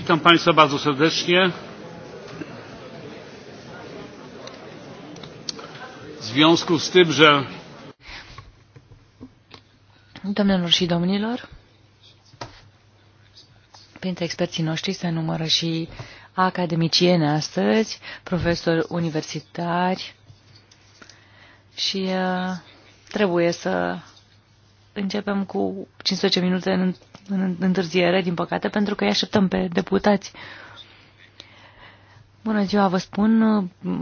Witam Państwa bardzo serdecznie. W związku z tym, że... Domnilor și domnilor, printre experții noștri se numără și academicieni astăzi, profesori universitari și uh, trebuie să începem cu 15 minute în, în întârziere, din păcate, pentru că îi așteptăm pe deputați. Bună ziua, vă spun,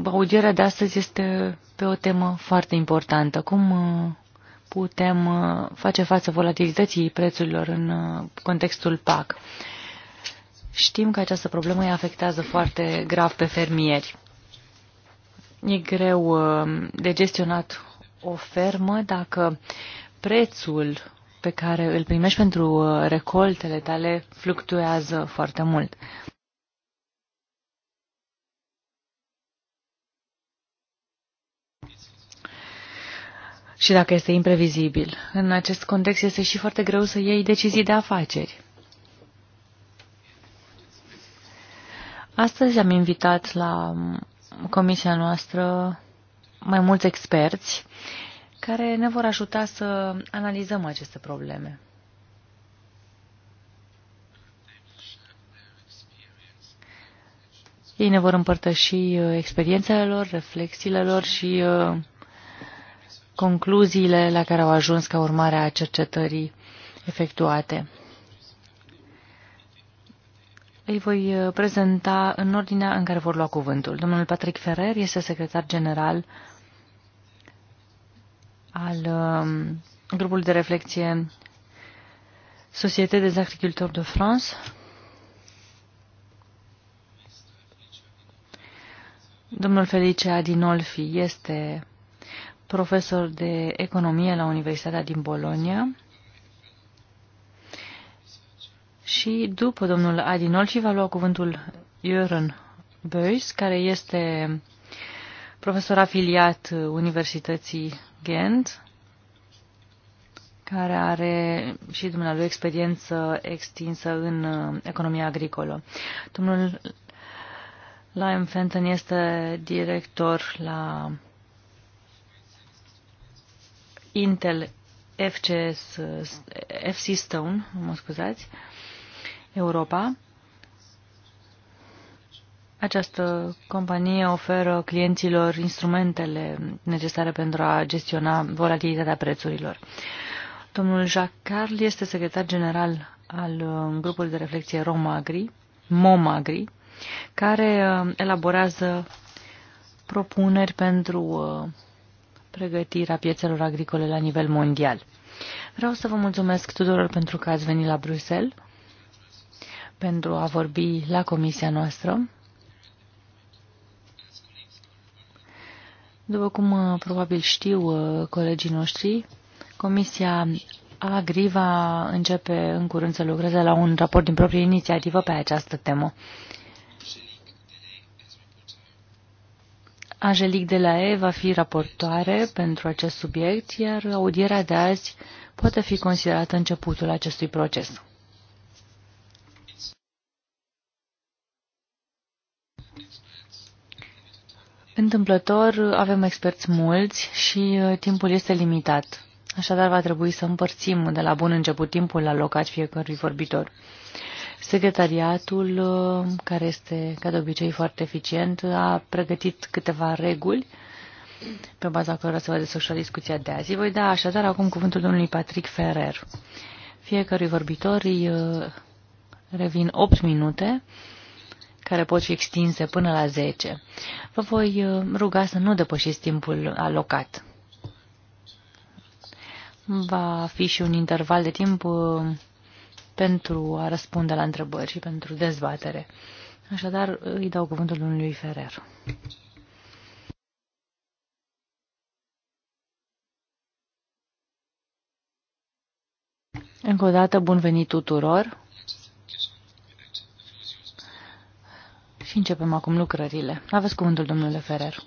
audierea de astăzi este pe o temă foarte importantă. Cum uh, putem uh, face față volatilității prețurilor în uh, contextul PAC? Știm că această problemă îi afectează foarte grav pe fermieri. E greu de gestionat o fermă dacă prețul pe care îl primești pentru uh, recoltele tale fluctuează foarte mult. Și dacă este imprevizibil, în acest context este și foarte greu să iei decizii de afaceri. Astăzi am invitat la um, comisia noastră mai mulți experți uh, care ne vor ajuta să analizăm aceste probleme. Ei ne vor împărtăși uh, experiențele lor, reflexiile lor și uh, concluziile la care au ajuns ca urmare a cercetării efectuate. Îi voi uh, prezenta în ordinea în care vor lua cuvântul. Domnul Patrick Ferrer este secretar general al um, grupului de reflexie Societe des Agriculteurs de France. Domnul Felice Adinolfi este profesor de economie la Universitatea din Bologna și după domnul Adinolfi va lua cuvântul Jörn Böis, care este profesor afiliat Universității Gent, care are și dumneavoastră experiență extinsă în uh, economia agricolă. Domnul Liam Fenton este director la Intel FCS, FC Stone, mă scuzați, Europa această companie oferă clienților instrumentele necesare pentru a gestiona volatilitatea prețurilor. Domnul Jacques Carl este secretar general al um, grupului de reflexie Romagri, Momagri, care um, elaborează propuneri pentru uh, pregătirea piețelor agricole la nivel mondial. Vreau să vă mulțumesc tuturor pentru că ați venit la Bruxelles, pentru a vorbi la comisia noastră După cum uh, probabil știu uh, colegii noștri, Comisia Agri va începe în curând să lucreze la un raport din proprie inițiativă pe această temă. la E va fi raportoare pentru acest subiect, iar audierea de azi poate fi considerată începutul acestui proces. Întâmplător avem experți mulți și uh, timpul este limitat. Așadar va trebui să împărțim de la bun început timpul alocat fiecărui vorbitor. Secretariatul, uh, care este, ca de obicei, foarte eficient, a pregătit câteva reguli pe baza cărora se va desfășura discuția de azi. Voi da așadar acum cuvântul domnului Patrick Ferrer. Fiecărui vorbitor îi uh, revin 8 minute care pot fi extinse până la 10. Vă voi uh, ruga să nu depășiți timpul alocat. Va fi și un interval de timp uh, pentru a răspunde la întrebări și pentru dezbatere. Așadar, îi dau cuvântul lui Ferrer. Încă o dată, bun venit tuturor! Și începem acum lucrările. Aveți cuvântul, domnule Ferrer.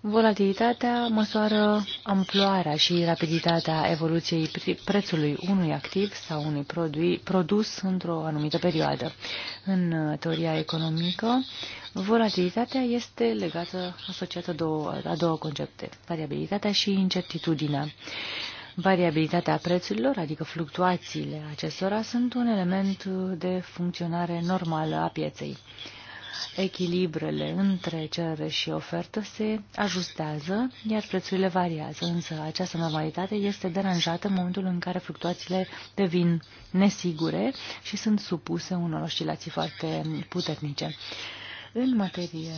Volatilitatea măsoară amploarea și rapiditatea evoluției prețului unui activ sau unui produs într-o anumită perioadă. În uh, teoria economică, volatilitatea este legată, asociată două, a două concepte, variabilitatea și incertitudinea. Variabilitatea prețurilor, adică fluctuațiile acestora, sunt un element de funcționare normală a pieței. Echilibrele între cerere și ofertă se ajustează, iar prețurile variază, însă această normalitate este deranjată în momentul în care fluctuațiile devin nesigure și sunt supuse unor oscilații foarte puternice. În materie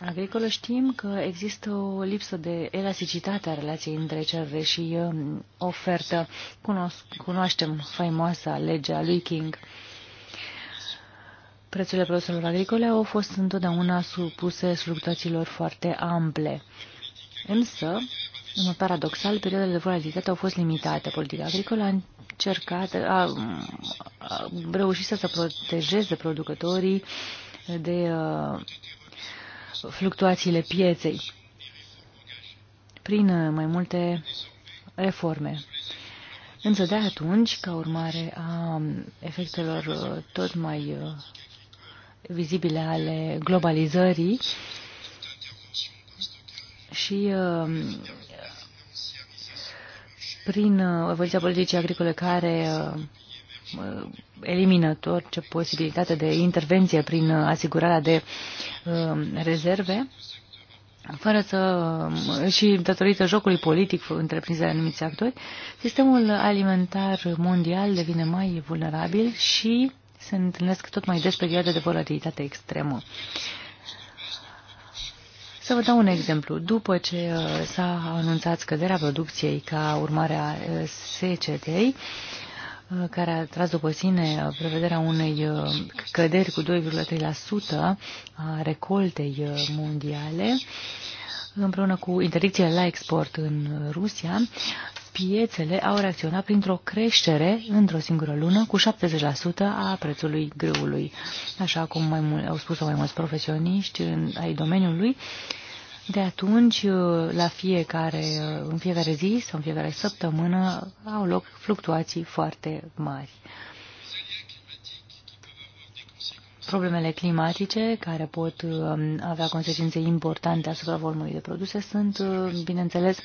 agricolă știm că există o lipsă de elasticitate a relației între cerere și um, ofertă. cunoaștem faimoasa legea lui King. Prețurile produselor agricole au fost întotdeauna supuse fluctuațiilor foarte ample. Însă, în mod paradoxal, perioadele de volatilitate au fost limitate. Politica agricolă a încercat, a, a reușit să protejeze producătorii de uh, fluctuațiile pieței prin uh, mai multe reforme. Însă de atunci, ca urmare a efectelor uh, tot mai vizibile ale globalizării și prin evoluția politicii agricole care Uh, elimină orice posibilitate de intervenție prin uh, asigurarea de um, rezerve fără să, um, și datorită jocului politic întreprins de anumiți actori, sistemul alimentar mondial devine mai vulnerabil și se întâlnesc tot mai des perioade de volatilitate extremă. Să vă dau un exemplu. După ce uh, s-a anunțat scăderea producției ca urmare a secetei, Uh, care a tras după sine uh, prevederea unei uh, căderi cu 2,3% a recoltei mondiale, împreună cu interdicțiile la export în Rusia, piețele au reacționat printr-o creștere într-o singură lună cu 70% a prețului grâului. Așa cum mai mult, au spus mai mulți profesioniști în, ai domeniului, uh, de atunci, uh, la fiecare, uh, în fiecare zi sau în fiecare săptămână, au loc fluctuații foarte mari. Problemele climatice, care pot uh, avea consecințe importante asupra volumului de produse, sunt, bineînțeles,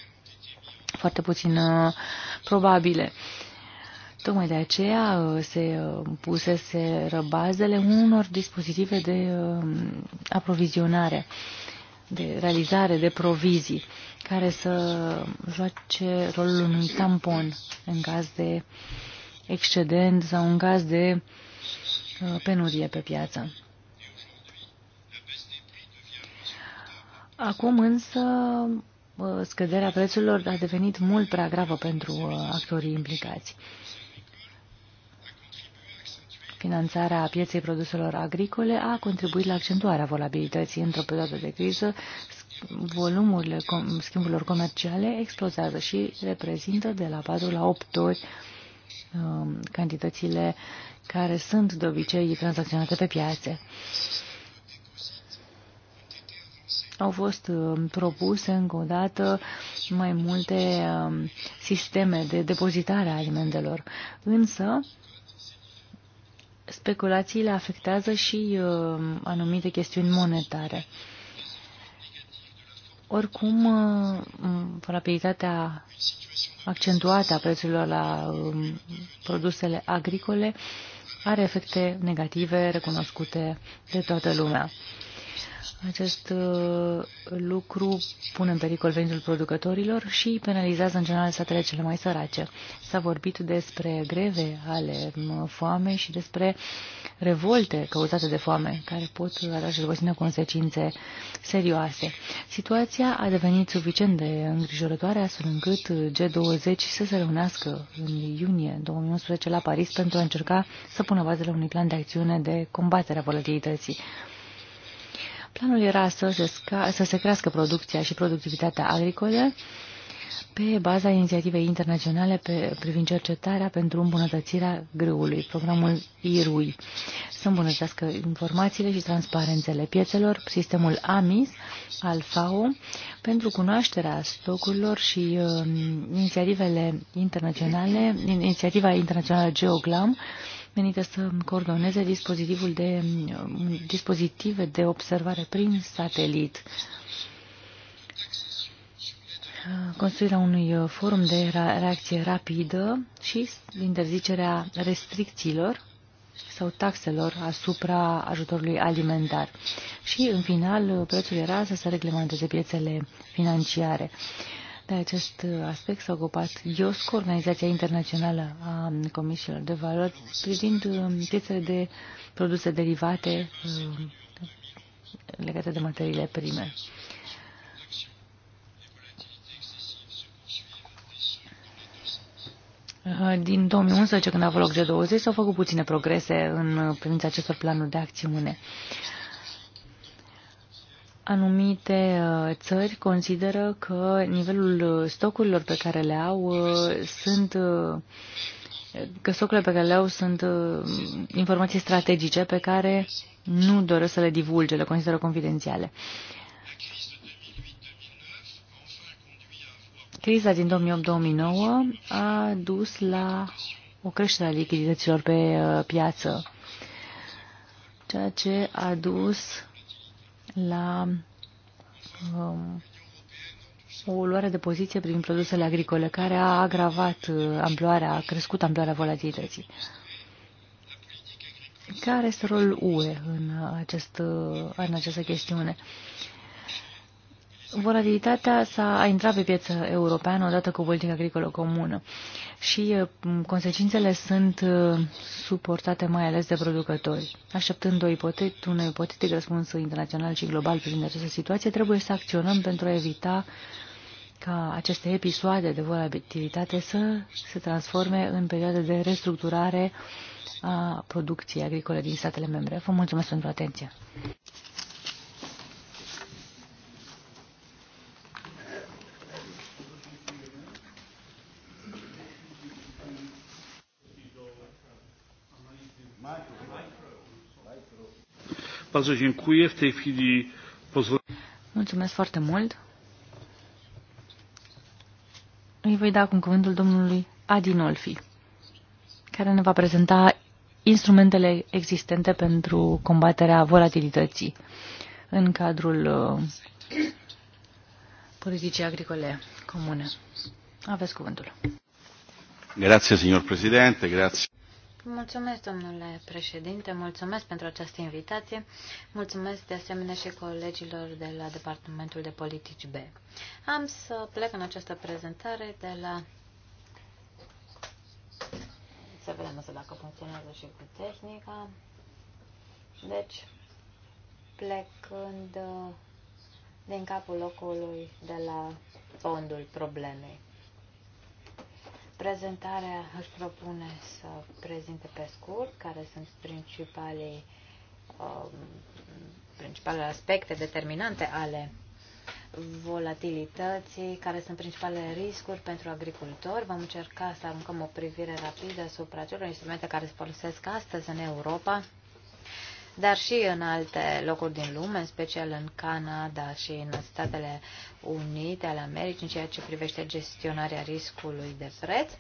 foarte puțin probabile. Tocmai de aceea se pusese bazele unor dispozitive de aprovizionare de realizare de provizii care să joace rolul unui tampon în caz de excedent sau în caz de uh, penurie pe piață. Acum însă uh, scăderea prețurilor a devenit mult prea gravă pentru uh, actorii implicați. Finanțarea pieței produselor agricole a contribuit la accentuarea volabilității într-o perioadă de criză. Volumurile schimburilor comerciale explozează și reprezintă de la 4 la 8 ori um, cantitățile care sunt de obicei tranzacționate pe piațe. Au fost um, propuse încă o dată mai multe um, sisteme de depozitare a alimentelor, însă speculațiile afectează și uh, anumite chestiuni monetare. Oricum, rapiditatea uh, accentuată a prețurilor la um, produsele agricole are efecte negative recunoscute de toată lumea. Acest uh, lucru pune în pericol venitul producătorilor și penalizează în general statele cele mai sărace. S-a vorbit despre greve ale mm, foame și despre revolte cauzate de foame, care pot avea și sine consecințe serioase. Situația a devenit suficient de îngrijorătoare astfel încât G20 să se reunească în iunie 2011 la Paris pentru a încerca să pună bazele unui plan de acțiune de combatere a volatilității. Planul era să se, să se crească producția și productivitatea agricole pe baza inițiativei internaționale pe, privind cercetarea pentru îmbunătățirea grâului, programul IRUI, să îmbunătățească informațiile și transparențele piețelor, sistemul AMIS al FAO, pentru cunoașterea stocurilor și uh, inițiativele internaționale, inițiativa internațională GeoGlam, uh, menite să coordoneze dispozitivul de, um, dispozitive de observare prin satelit construirea unui uh, forum de reacție rapidă și interzicerea restricțiilor sau taxelor asupra ajutorului alimentar. Și, în final, prețul era să se reglementeze piețele financiare. De acest aspect s-a ocupat IOSCO, Organizația Internațională a Comisiilor de Valori, privind uh, piețele de produse derivate uh, legate de materiile prime. Uh, din 2011, când a avut loc G20, s-au făcut puține progrese în privința acestor planuri de acțiune. Uh, Anumite uh, țări consideră că nivelul uh, stocurilor pe care le au uh, sunt că stocurile pe care le au sunt informații strategice pe care nu doresc să le divulge, le consideră confidențiale. Criza din 2008-2009 a dus la o creștere a lichidităților pe piață, ceea ce a dus la um, o luare de poziție prin produsele agricole, care a agravat uh, amploarea, a crescut amploarea volatilității. Care este rolul UE în, acest, în această chestiune? Uh, Volatilitatea s-a intrat pe piața europeană odată cu politica agricolă comună și uh, consecințele sunt uh, suportate mai ales de producători. Așteptând o ipotet, un ipotetic răspuns internațional și global privind această situație, trebuie să acționăm pentru a evita ca aceste episoade de volatilitate să se transforme în perioade de restructurare a producției agricole din statele membre. Vă mulțumesc pentru atenție! Bardzo dziękuję. W tej chwili pozwolę. Mulțumesc foarte mult. Îi voi da acum cuvântul domnului Adinolfi, care ne va prezenta instrumentele existente pentru combaterea volatilității în cadrul uh, politicii agricole comune. Aveți cuvântul. Grazie, signor Presidente, grazie. Mulțumesc, domnule președinte, mulțumesc pentru această invitație, mulțumesc de asemenea și colegilor de la Departamentul de Politici B. Am să plec în această prezentare de la... Să vedem să dacă funcționează și cu tehnica. Deci, plecând uh, din capul locului de la fondul problemei. Prezentarea își propune să prezinte pe scurt care sunt principalii, um, principalele aspecte determinante ale volatilității, care sunt principalele riscuri pentru agricultori. Vom încerca să aruncăm o privire rapidă asupra celor instrumente care se folosesc astăzi în Europa dar și în alte locuri din lume, în special în Canada și în Statele Unite ale Americii, în ceea ce privește gestionarea riscului de preț.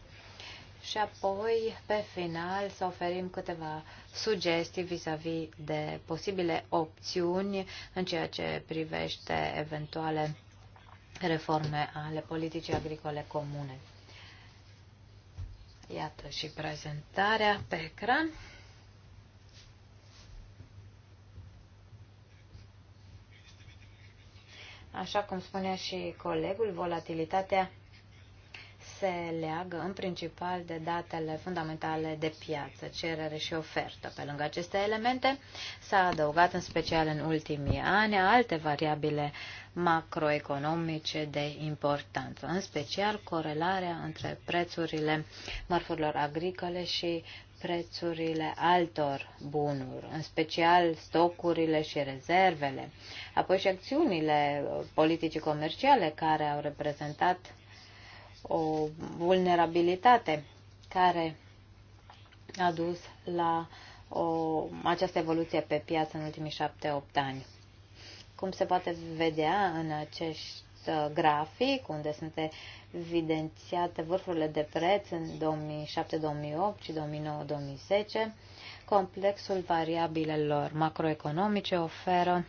Și apoi, pe final, să oferim câteva sugestii vis-a-vis -vis de posibile opțiuni în ceea ce privește eventuale reforme ale politicii agricole comune. Iată și prezentarea pe ecran. Așa cum spunea și colegul, volatilitatea se leagă în principal de datele fundamentale de piață, cerere și ofertă. Pe lângă aceste elemente s-a adăugat în special în ultimii ani alte variabile macroeconomice de importanță, în special corelarea între prețurile mărfurilor agricole și prețurile altor bunuri, în special stocurile și rezervele, apoi și acțiunile politicii comerciale care au reprezentat o vulnerabilitate care a dus la o, această evoluție pe piață în ultimii șapte-opt ani. Cum se poate vedea în acești Uh, grafic unde sunt evidențiate vârfurile de preț în 2007-2008 și 2009-2010. Complexul variabilelor macroeconomice oferă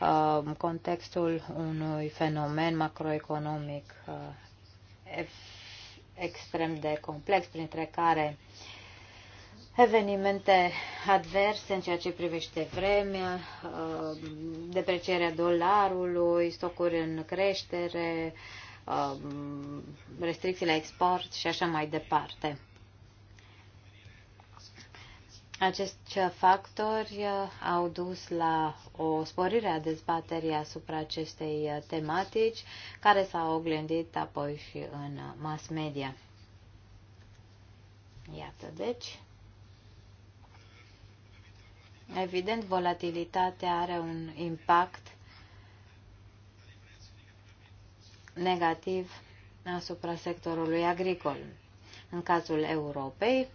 uh, contextul unui fenomen macroeconomic uh, extrem de complex, printre care uh, evenimente adverse în ceea ce privește vremea, uh, deprecierea dolarului, stocuri în creștere, uh, restricții la export și așa mai departe. Acești factori uh, au dus la o sporire a dezbaterii asupra acestei tematici, care s-a oglindit apoi și în mass media. Iată, deci. Evident, volatilitatea are un impact negativ asupra sectorului agricol. În cazul Europei,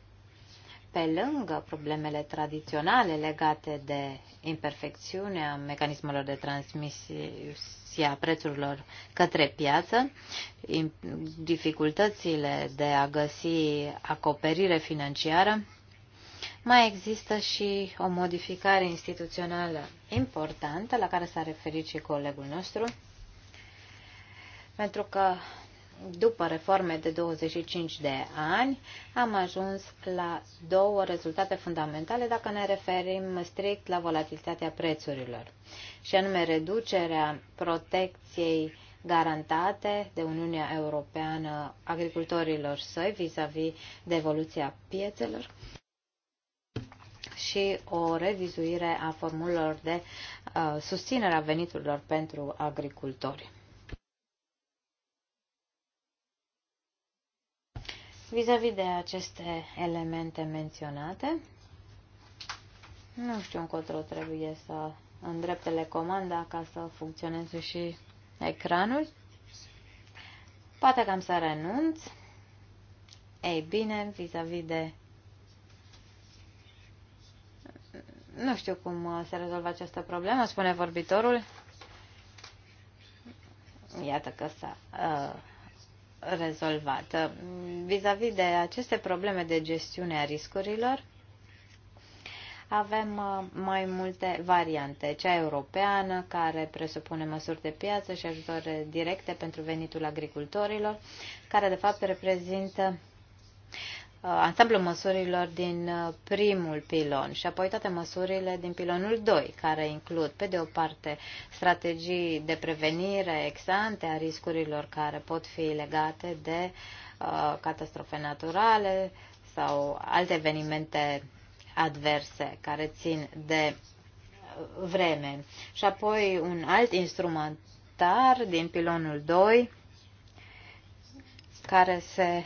pe lângă problemele tradiționale legate de imperfecțiunea mecanismelor de transmisie a prețurilor către piață, dificultățile de a găsi acoperire financiară, mai există și o modificare instituțională importantă la care s-a referit și colegul nostru, pentru că după reforme de 25 de ani, am ajuns la două rezultate fundamentale dacă ne referim strict la volatilitatea prețurilor, și anume reducerea protecției garantate de Uniunea Europeană agricultorilor săi vis-a-vis -vis de evoluția piețelor și o revizuire a formulelor de uh, susținere a veniturilor pentru agricultori. Vis-a-vis -vis de aceste elemente menționate, nu știu încotro trebuie să îndreptele telecomanda ca să funcționeze și ecranul. Poate că am să renunț. Ei bine, vis-a-vis -vis de Nu știu cum uh, se rezolvă această problemă, spune vorbitorul. Iată că s-a uh, rezolvat. Vis-a-vis -vis de aceste probleme de gestiune a riscurilor, avem uh, mai multe variante. Cea europeană, care presupune măsuri de piață și ajutoare directe pentru venitul agricultorilor, care de fapt reprezintă Uh, ansamblul măsurilor din uh, primul pilon și apoi toate măsurile din pilonul 2, care includ, pe de o parte, strategii de prevenire exante a riscurilor care pot fi legate de uh, catastrofe naturale sau alte evenimente adverse care țin de uh, vreme. Și apoi un alt instrumentar din pilonul 2 care se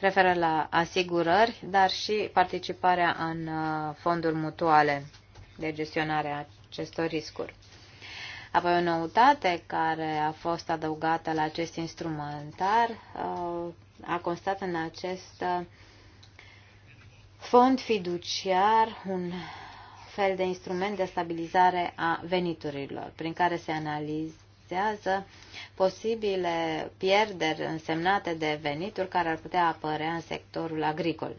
referă la asigurări, dar și participarea în uh, fonduri mutuale de gestionare a acestor riscuri. Apoi o noutate care a fost adăugată la acest instrumentar uh, a constat în acest uh, fond fiduciar un fel de instrument de stabilizare a veniturilor, prin care se analizează posibile pierderi însemnate de venituri care ar putea apărea în sectorul agricol.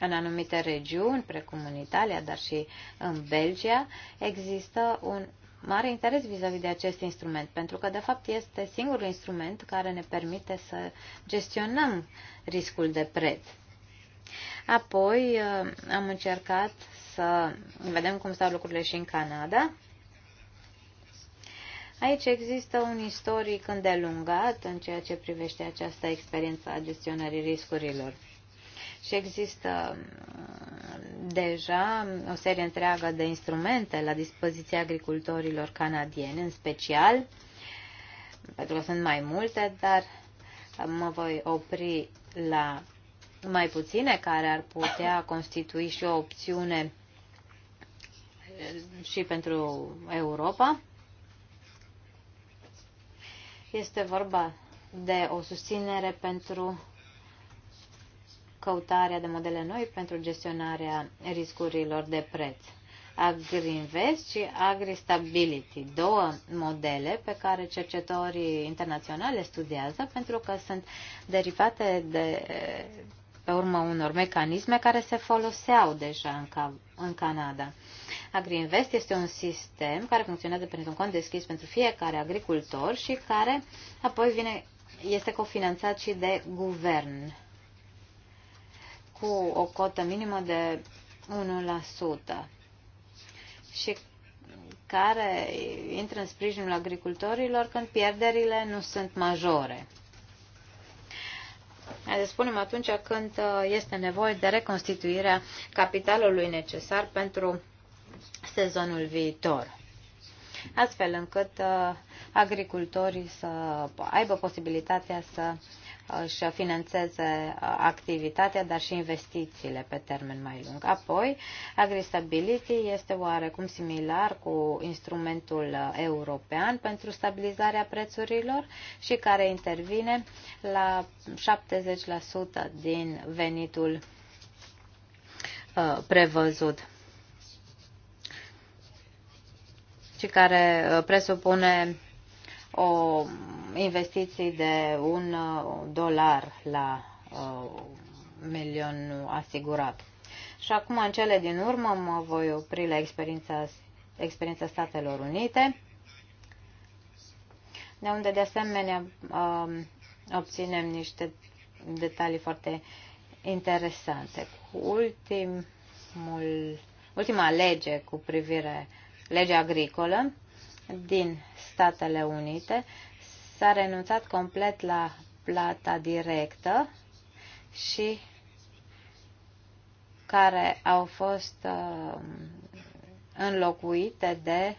În anumite regiuni, precum în Italia, dar și în Belgia, există un mare interes vis-a-vis -vis de acest instrument, pentru că, de fapt, este singurul instrument care ne permite să gestionăm riscul de preț. Apoi am încercat să vedem cum stau lucrurile și în Canada. Aici există un istoric îndelungat în ceea ce privește această experiență a gestionării riscurilor. Și există mm, deja o serie întreagă de instrumente la dispoziția agricultorilor canadieni, în special, pentru că sunt mai multe, dar mă voi opri la mai puține care ar putea constitui și o opțiune și pentru Europa. Este vorba de o susținere pentru căutarea de modele noi pentru gestionarea riscurilor de preț. AgriInvest și AgriStability, două modele pe care cercetătorii internaționale studiază pentru că sunt derivate de pe urma unor mecanisme care se foloseau deja în, ca, în Canada. AgriInvest este un sistem care funcționează printr-un cont deschis pentru fiecare agricultor și care apoi vine, este cofinanțat și de guvern cu o cotă minimă de 1% și care intră în sprijinul agricultorilor când pierderile nu sunt majore le spunem atunci când uh, este nevoie de reconstituirea capitalului necesar pentru sezonul viitor. Astfel încât uh, agricultorii să aibă posibilitatea să își financeze uh, activitatea, dar și investițiile pe termen mai lung. Apoi, AgriStability este oarecum similar cu instrumentul uh, european pentru stabilizarea prețurilor și care intervine la 70% din venitul uh, prevăzut și care presupune o investiții de un uh, dolar la uh, milion asigurat. Și acum, în cele din urmă, mă voi opri la experiența, experiența Statelor Unite, de unde, de asemenea, um, obținem niște detalii foarte interesante. ultimul, ultima lege cu privire legea agricolă din Statele Unite s-a renunțat complet la plata directă și care au fost uh, înlocuite de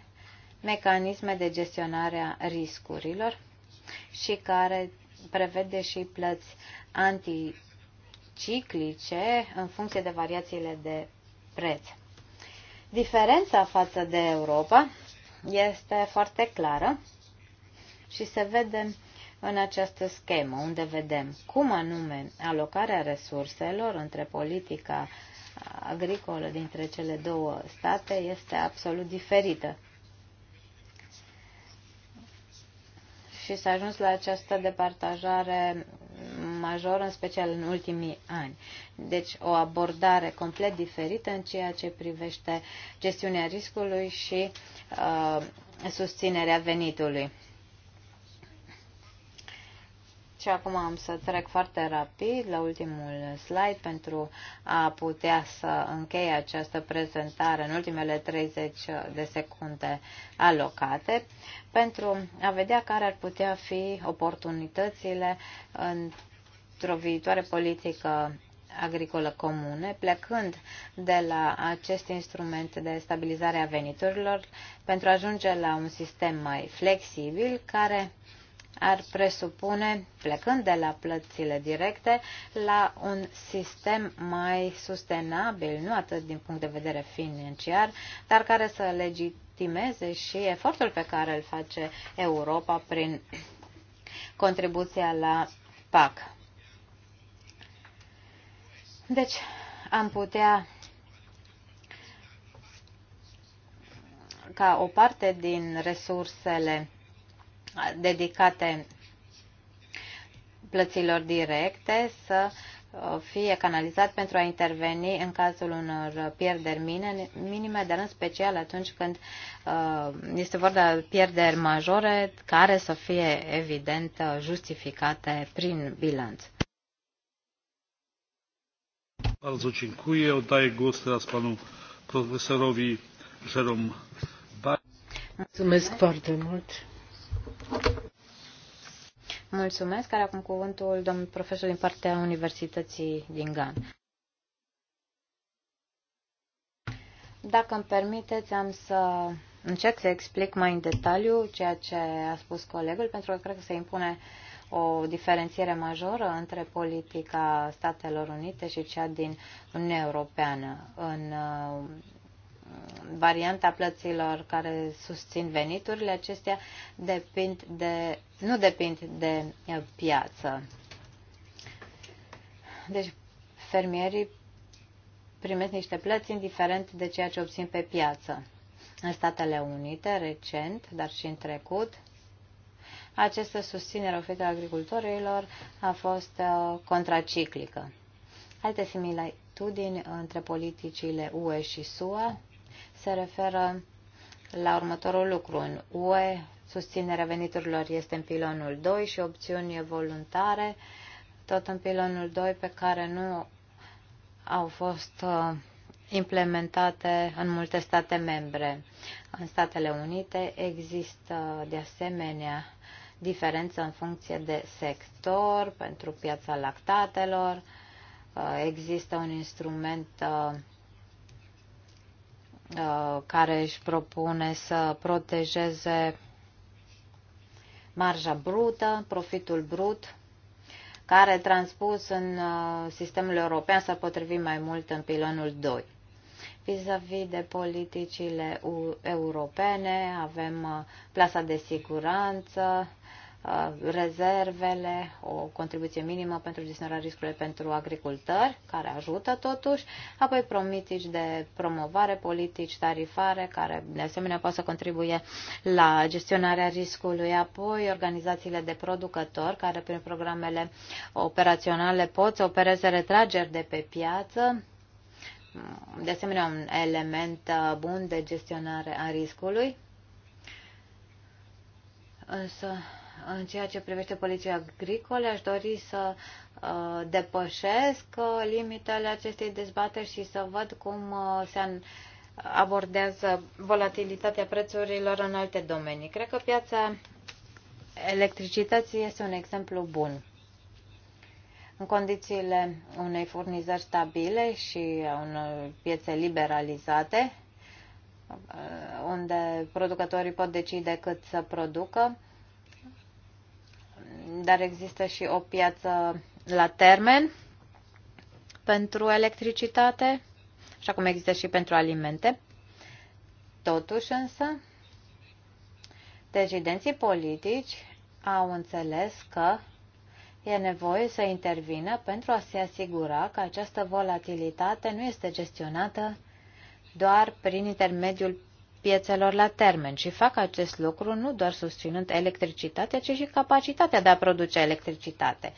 mecanisme de gestionare a riscurilor și care prevede și plăți anticiclice în funcție de variațiile de preț. Diferența față de Europa este foarte clară și se vede în această schemă, unde vedem cum anume alocarea resurselor între politica agricolă dintre cele două state este absolut diferită. Și s-a ajuns la această departajare majoră, în special în ultimii ani. Deci o abordare complet diferită în ceea ce privește gestiunea riscului și uh, susținerea venitului. Și acum am să trec foarte rapid la ultimul slide pentru a putea să închei această prezentare în ultimele 30 de secunde alocate pentru a vedea care ar putea fi oportunitățile într-o viitoare politică agricolă comune, plecând de la acest instrument de stabilizare a veniturilor pentru a ajunge la un sistem mai flexibil care ar presupune, plecând de la plățile directe, la un sistem mai sustenabil, nu atât din punct de vedere financiar, dar care să legitimeze și efortul pe care îl face Europa prin contribuția la PAC. Deci, am putea ca o parte din resursele dedicate plăților directe să uh, fie canalizat pentru a interveni în cazul unor pierderi minime, dar în special atunci când uh, este vorba de pierderi majore care să fie evident uh, justificate prin bilanț. Bardzo dziękuję. Oddaję głos teraz panu profesorowi Jerome Mulțumesc foarte mult. Mulțumesc. Are acum cuvântul domnul profesor din partea Universității din Gan. Dacă îmi permiteți, am să încerc să explic mai în detaliu ceea ce a spus colegul, pentru că cred că se impune o diferențiere majoră între politica Statelor Unite și cea din Uniunea Europeană. În uh, varianta plăților care susțin veniturile acestea depind de, nu depind de piață. Deci fermierii primesc niște plăți indiferent de ceea ce obțin pe piață. În Statele Unite, recent, dar și în trecut, această susținere oferită agricultorilor a fost uh, contraciclică. Alte similitudini între politicile UE și SUA se referă la următorul lucru. În UE, susținerea veniturilor este în pilonul 2 și opțiuni voluntare, tot în pilonul 2, pe care nu au fost uh, implementate în multe state membre. În Statele Unite există de asemenea diferență în funcție de sector pentru piața lactatelor. Uh, există un instrument uh, Uh, care își propune să protejeze marja brută, profitul brut, care transpus în uh, sistemul european s-ar potrivi mai mult în pilonul 2. Vis-a-vis -vis de politicile europene, avem uh, plasa de siguranță, Uh, rezervele, o contribuție minimă pentru gestionarea riscului pentru agricultori, care ajută totuși, apoi promitici de promovare, politici tarifare, care de asemenea poate să contribuie la gestionarea riscului, apoi organizațiile de producători, care prin programele operaționale pot să opereze retrageri de pe piață, de asemenea un element uh, bun de gestionare a riscului. Însă, în ceea ce privește poliția agricole, aș dori să uh, depășesc uh, limitele acestei dezbateri și să văd cum uh, se abordează volatilitatea prețurilor în alte domenii. Cred că piața electricității este un exemplu bun. În condițiile unei furnizări stabile și a unor piețe liberalizate, unde producătorii pot decide cât să producă, dar există și o piață la termen pentru electricitate, așa cum există și pentru alimente. Totuși însă, dezidenții politici au înțeles că e nevoie să intervină pentru a se asigura că această volatilitate nu este gestionată doar prin intermediul piețelor la termen și fac acest lucru nu doar susținând electricitatea, ci și capacitatea de a produce electricitate.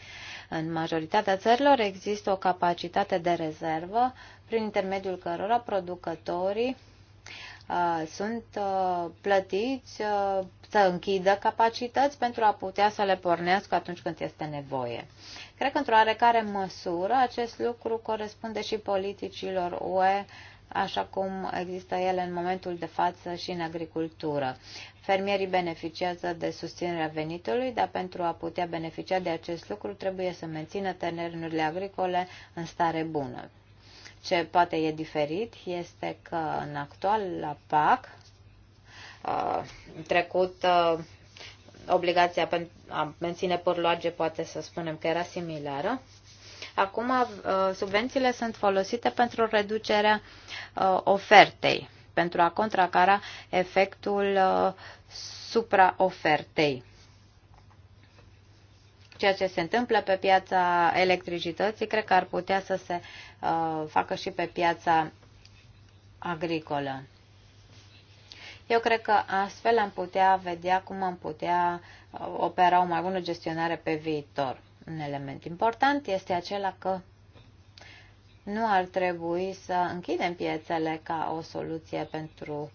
În majoritatea țărilor există o capacitate de rezervă prin intermediul cărora producătorii uh, sunt uh, plătiți uh, să închidă capacități pentru a putea să le pornească atunci când este nevoie. Cred că într-o oarecare măsură acest lucru corespunde și politicilor UE uh, așa cum există ele în momentul de față și în agricultură. Fermierii beneficiază de susținerea venitului, dar pentru a putea beneficia de acest lucru trebuie să mențină terenurile agricole în stare bună. Ce poate e diferit este că în actual la PAC, trecut obligația a menține porloage poate să spunem că era similară, Acum uh, subvențiile sunt folosite pentru reducerea uh, ofertei, pentru a contracara efectul uh, supraofertei. Ceea ce se întâmplă pe piața electricității, cred că ar putea să se facă și pe piața agricolă. Eu cred că astfel am putea vedea cum am putea opera o mai bună gestionare pe viitor un element important este acela că nu ar trebui să închidem piețele ca o soluție pentru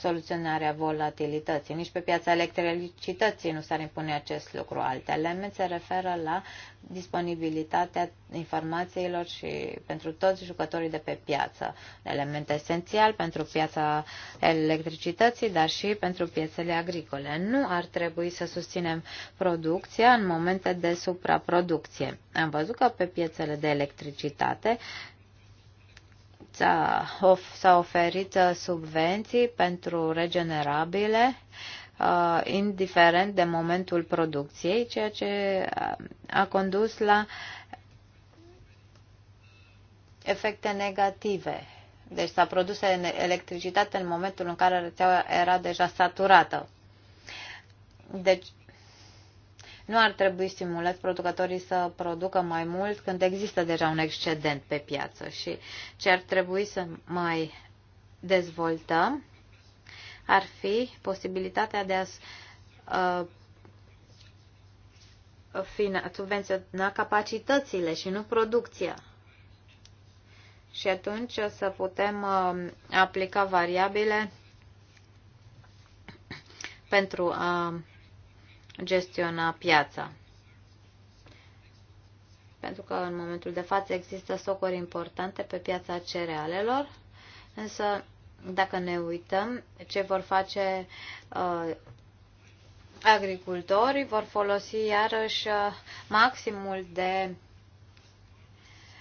soluționarea volatilității. Nici pe piața electricității nu s-ar impune acest lucru. Alte element se referă la disponibilitatea informațiilor și pentru toți jucătorii de pe piață. element esențial pentru piața electricității, dar și pentru piețele agricole. Nu ar trebui să susținem producția în momente de supraproducție. Am văzut că pe piețele de electricitate s a oferit uh, subvenții pentru regenerabile, uh, indiferent de momentul producției, ceea ce uh, a condus la efecte negative. Deci s-a produs electricitate în momentul în care rețeaua era deja saturată. Deci nu ar trebui stimulați producătorii să producă mai mult când există deja un excedent pe piață și ce ar trebui să mai dezvoltăm ar fi posibilitatea de uh, a subvenționa capacitățile și nu producția. Și atunci să putem uh, aplica variabile pentru a gestiona piața. Pentru că în momentul de față există socuri importante pe piața cerealelor, însă dacă ne uităm ce vor face uh, agricultorii, vor folosi iarăși uh, maximul de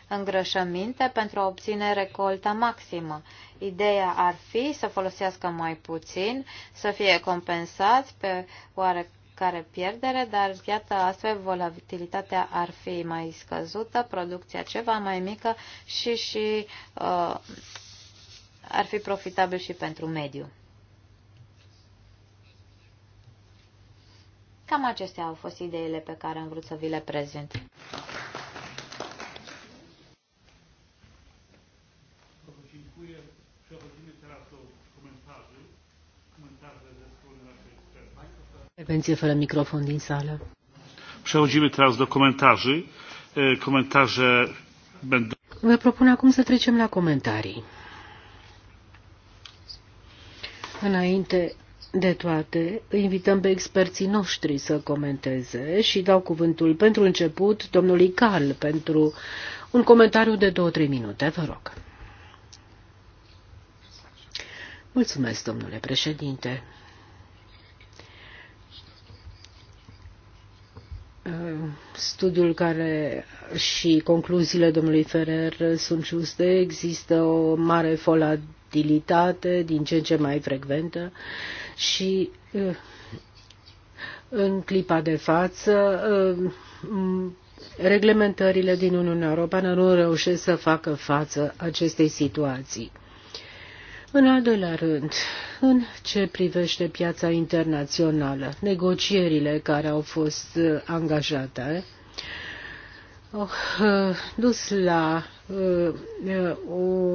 îngrășăminte pentru a obține recolta maximă. Ideea ar fi să folosească mai puțin, să fie compensați pe oarecare care pierdere, dar iată astfel volatilitatea ar fi mai scăzută, producția ceva mai mică și, și uh, ar fi profitabil și pentru mediu. Cam acestea au fost ideile pe care am vrut să vi le prezint. Intervenție fără microfon din sală. Przechodzimy teraz do komentarzy. Komentarze będą... Vă propun acum să trecem la comentarii. Înainte de toate, invităm pe experții noștri să comenteze și dau cuvântul pentru început domnului Carl pentru un comentariu de 2-3 minute, vă rog. Mulțumesc, domnule președinte. studiul care și concluziile domnului Ferrer sunt juste, există o mare volatilitate din ce în ce mai frecventă și uh, în clipa de față uh, reglementările din Uniunea Europeană nu reușesc să facă față acestei situații. În al doilea rând, în ce privește piața internațională, negocierile care au fost uh, angajate au oh, uh, dus la uh, o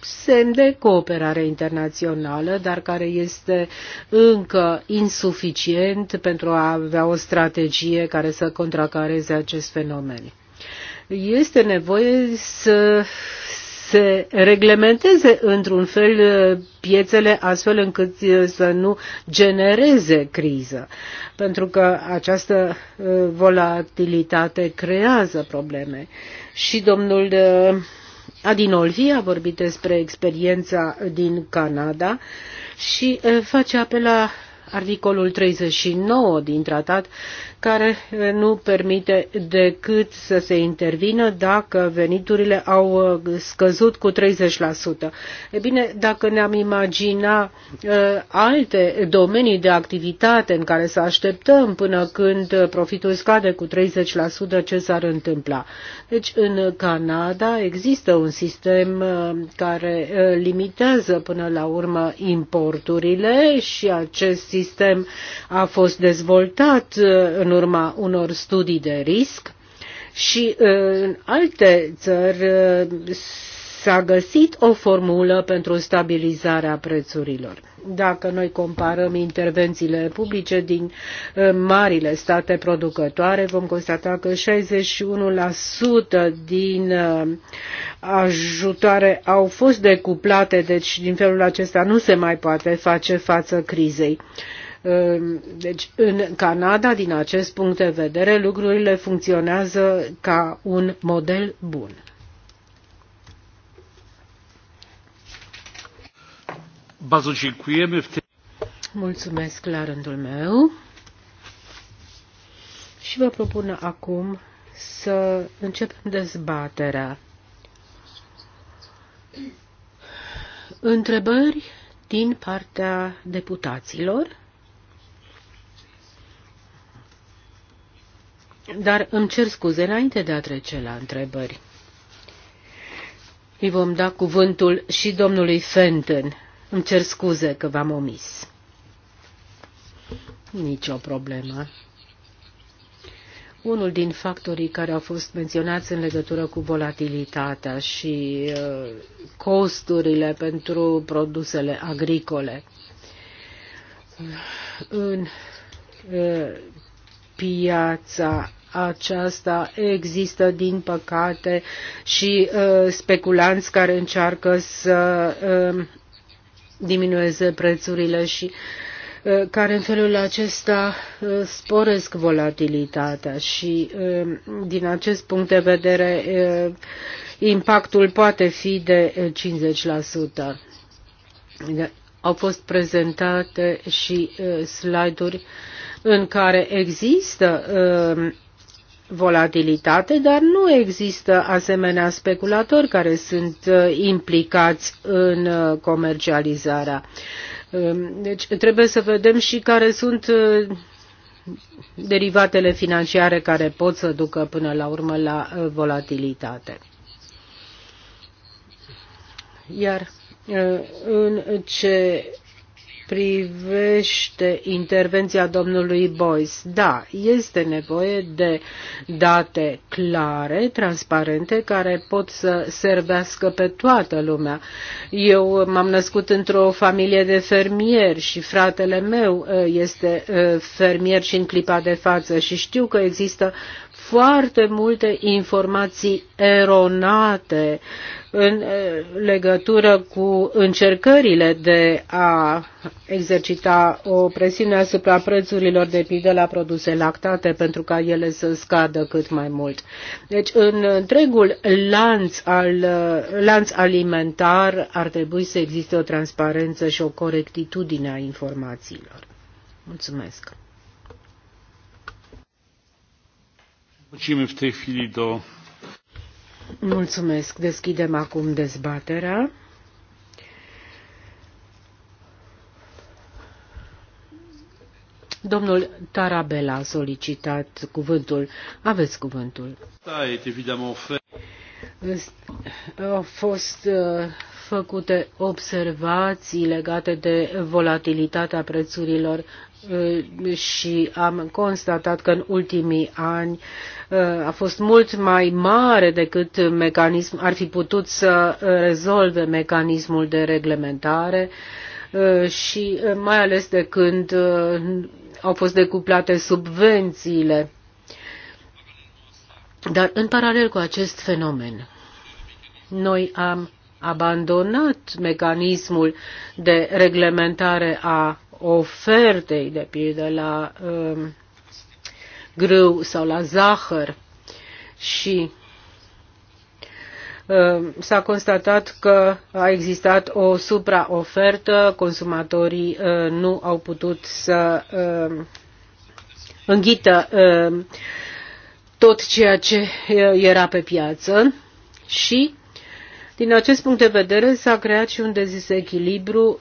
semn de cooperare internațională, dar care este încă insuficient pentru a avea o strategie care să contracareze acest fenomen. Este nevoie să se reglementeze într-un fel uh, piețele astfel încât uh, să nu genereze criză. Pentru că această uh, volatilitate creează probleme. Și domnul Adinolvi a vorbit despre experiența din Canada și face apel la articolul 39 din tratat, care eh, nu permite decât să se intervină dacă veniturile au eh, scăzut cu 30%. E bine, dacă ne-am imagina eh, alte domenii de activitate în care să așteptăm până când profitul scade cu 30%, ce s-ar întâmpla? Deci, în Canada există un sistem care limitează până la urmă importurile și acest sistem sistem a fost dezvoltat uh, în urma unor studii de risc și uh, în alte țări uh, s-a găsit o formulă pentru stabilizarea prețurilor. Dacă noi comparăm intervențiile publice din eh, marile state producătoare, vom constata că 61% din eh, ajutoare au fost decuplate, deci din felul acesta nu se mai poate face față crizei. Eh, deci, în Canada, din acest punct de vedere, lucrurile funcționează ca un model bun. Mulțumesc la rândul meu și vă propun acum să începem dezbaterea. Întrebări din partea deputaților. Dar îmi cer scuze înainte de a trece la întrebări. Îi vom da cuvântul și domnului Fenton îmi cer scuze că v-am omis. Nicio problemă. Unul din factorii care au fost menționați în legătură cu volatilitatea și uh, costurile pentru produsele agricole. În uh, piața aceasta există, din păcate, și uh, speculanți care încearcă să uh, diminueze prețurile și uh, care în felul acesta uh, sporesc volatilitatea și uh, din acest punct de vedere impactul poate fi de 50%. Au fost prezentate și slide-uri în care există volatilitate, dar nu există asemenea speculatori care sunt uh, implicați în uh, comercializarea. Um, deci trebuie să vedem și care sunt uh, derivatele financiare care pot să ducă până la urmă la volatilitate. Iar în ce privește intervenția domnului Boyce, da, este nevoie de date clare, transparente, care pot să servească pe toată lumea. Eu m-am născut într-o familie de fermieri și fratele meu uh, este uh, fermier și în clipa de față și știu că există foarte multe informații eronate în legătură cu încercările de a exercita o presiune asupra prețurilor de pildă la produse lactate pentru ca ele să scadă cât mai mult. Deci în întregul lanț, al, lanț alimentar ar trebui să existe o transparență și o corectitudine a informațiilor. Mulțumesc! Mulțumesc. Deschidem acum dezbaterea. Domnul Tarabella a solicitat cuvântul. Aveți cuvântul. Da, au fost uh, făcute observații legate de volatilitatea prețurilor Uh, și am constatat că în ultimii ani uh, a fost mult mai mare decât mecanism, ar fi putut să rezolve mecanismul de reglementare uh, și mai ales de când au fost decuplate subvențiile. Dar în paralel cu acest fenomen, noi am abandonat mecanismul de reglementare a ofertei, de pildă la uh, grâu sau la zahăr și um, s-a constatat că a existat o supraofertă, consumatorii uh, nu au putut să um, înghită tot ceea ce uh, era pe piață și din acest punct de vedere s-a creat și un dezechilibru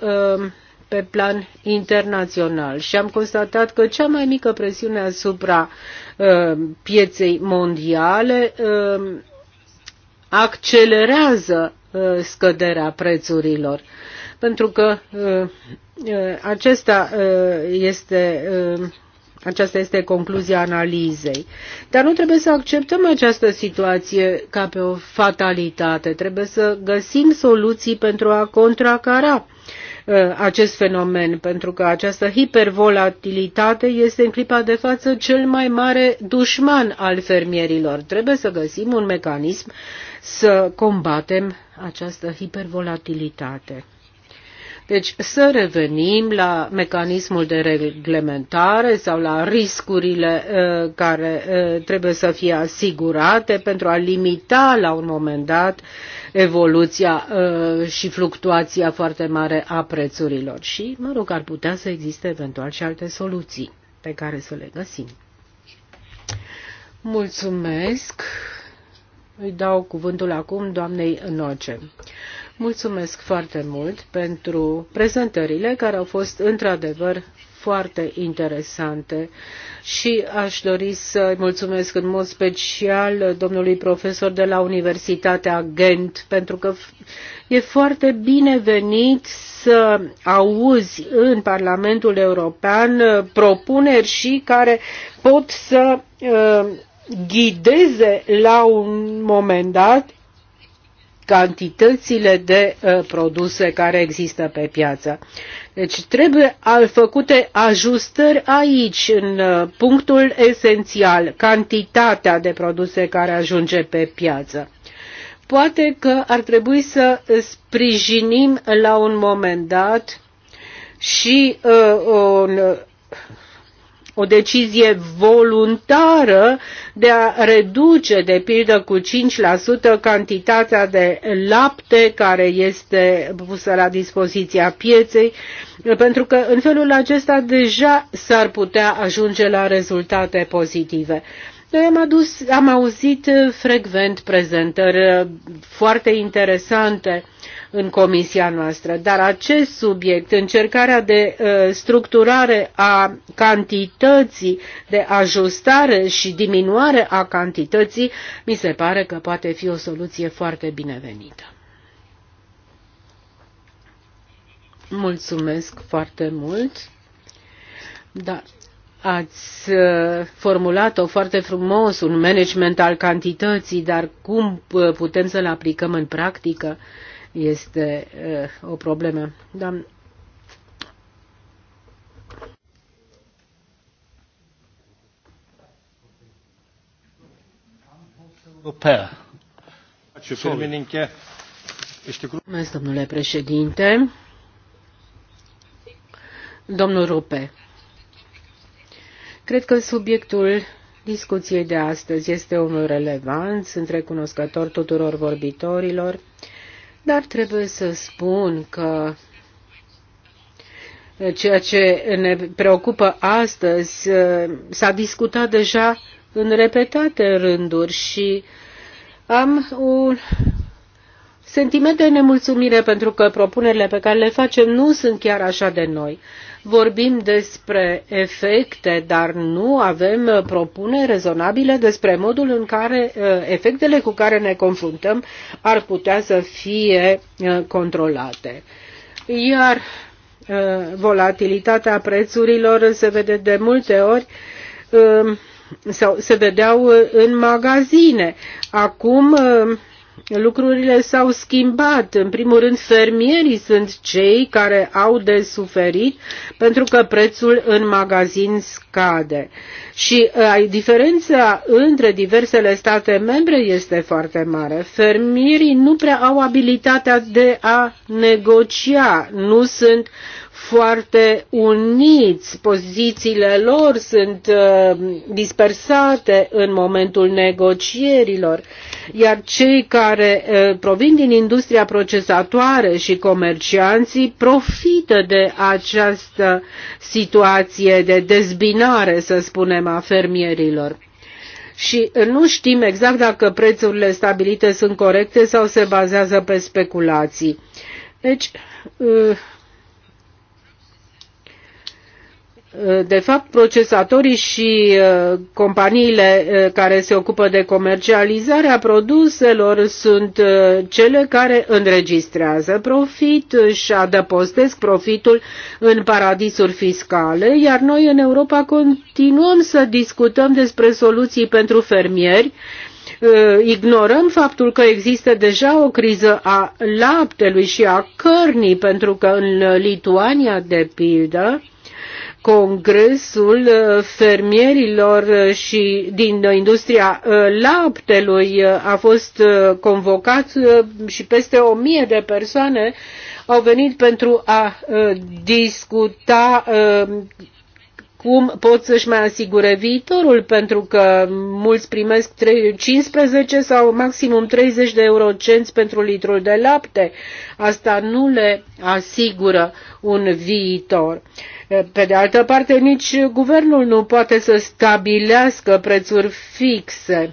pe plan internațional și am constatat că cea mai mică presiune asupra uh, pieței mondiale uh, accelerează uh, scăderea prețurilor. Pentru că uh, uh, acesta uh, este uh, aceasta este concluzia analizei. Dar nu trebuie să acceptăm această situație ca pe o fatalitate. Trebuie să găsim soluții pentru a contracara Uh, acest fenomen, pentru că această hipervolatilitate este în clipa de față cel mai mare dușman al fermierilor. Trebuie să găsim un mecanism să combatem această hipervolatilitate. Deci să revenim la mecanismul de reglementare sau la riscurile uh, care uh, trebuie să fie asigurate pentru a limita la un moment dat evoluția uh, și fluctuația foarte mare a prețurilor. Și, mă rog, ar putea să existe eventual și alte soluții pe care să le găsim. Mulțumesc. Îi dau cuvântul acum doamnei Noce. Mulțumesc foarte mult pentru prezentările care au fost într-adevăr foarte interesante și aș dori să mulțumesc în mod special domnului profesor de la Universitatea Ghent pentru că e foarte binevenit să auzi în Parlamentul European propuneri și care pot să uh, ghideze la un moment dat cantitățile de uh, produse care există pe piață. Deci trebuie al făcute ajustări aici, în uh, punctul esențial, cantitatea de produse care ajunge pe piață. Poate că ar trebui să sprijinim la un moment dat și uh, un o decizie voluntară de a reduce, de pildă, cu 5% cantitatea de lapte care este pusă la dispoziția pieței, pentru că în felul acesta deja s-ar putea ajunge la rezultate pozitive. Noi am, adus, am auzit frecvent prezentări foarte interesante în comisia noastră. Dar acest subiect, încercarea de uh, structurare a cantității, de ajustare și diminuare a cantității, mi se pare că poate fi o soluție foarte binevenită. Mulțumesc foarte mult. Da, ați uh, formulat-o foarte frumos, un management al cantității, dar cum uh, putem să-l aplicăm în practică? este eh, o problemă. Doamne, Mulțumesc, domnule președinte. Domnul Rupe, cred că subiectul discuției de astăzi este unul relevant. Sunt recunoscător tuturor vorbitorilor dar trebuie să spun că ceea ce ne preocupă astăzi eh, s-a discutat deja în repetate rânduri și am un sentiment de nemulțumire pentru că propunerile pe care le facem nu sunt chiar așa de noi. Vorbim despre efecte, dar nu avem propuneri rezonabile despre modul în care uh, efectele cu care ne confruntăm ar putea să fie uh, controlate. Iar uh, volatilitatea prețurilor se vede de multe ori um, sau se vedeau în magazine. Acum um, lucrurile s-au schimbat. În primul rând, fermierii sunt cei care au de suferit pentru că prețul în magazin scade. Și a, uh, diferența între diversele state membre este foarte mare. Fermierii nu prea au abilitatea de a negocia, nu sunt foarte uniți, pozițiile lor sunt uh, dispersate în momentul negocierilor. Uh, iar cei care provin din industria procesatoare și comercianții profită de această situație de dezbinare, să spunem, a fermierilor și nu știm exact dacă prețurile stabilite sunt corecte sau se bazează pe speculații. Deci, de fapt, procesatorii și uh, companiile uh, care se ocupă de comercializarea produselor sunt uh, cele care înregistrează profit și adăpostesc profitul în paradisuri fiscale, iar noi în Europa continuăm să discutăm despre soluții pentru fermieri, ignorăm faptul că există deja o criză a laptelui și a cărnii, pentru că în Lituania, de pildă, Congresul uh, Fermierilor uh, și din industria uh, laptelui a fost convocat și peste o mie de persoane au venit pentru a discuta cum pot să-și mai asigure viitorul, pentru că mulți primesc 15 sau maximum 30 de eurocenți pentru litrul de lapte. Asta nu le asigură un viitor. Uh, pe de altă parte, nici guvernul nu poate să stabilească prețuri fixe.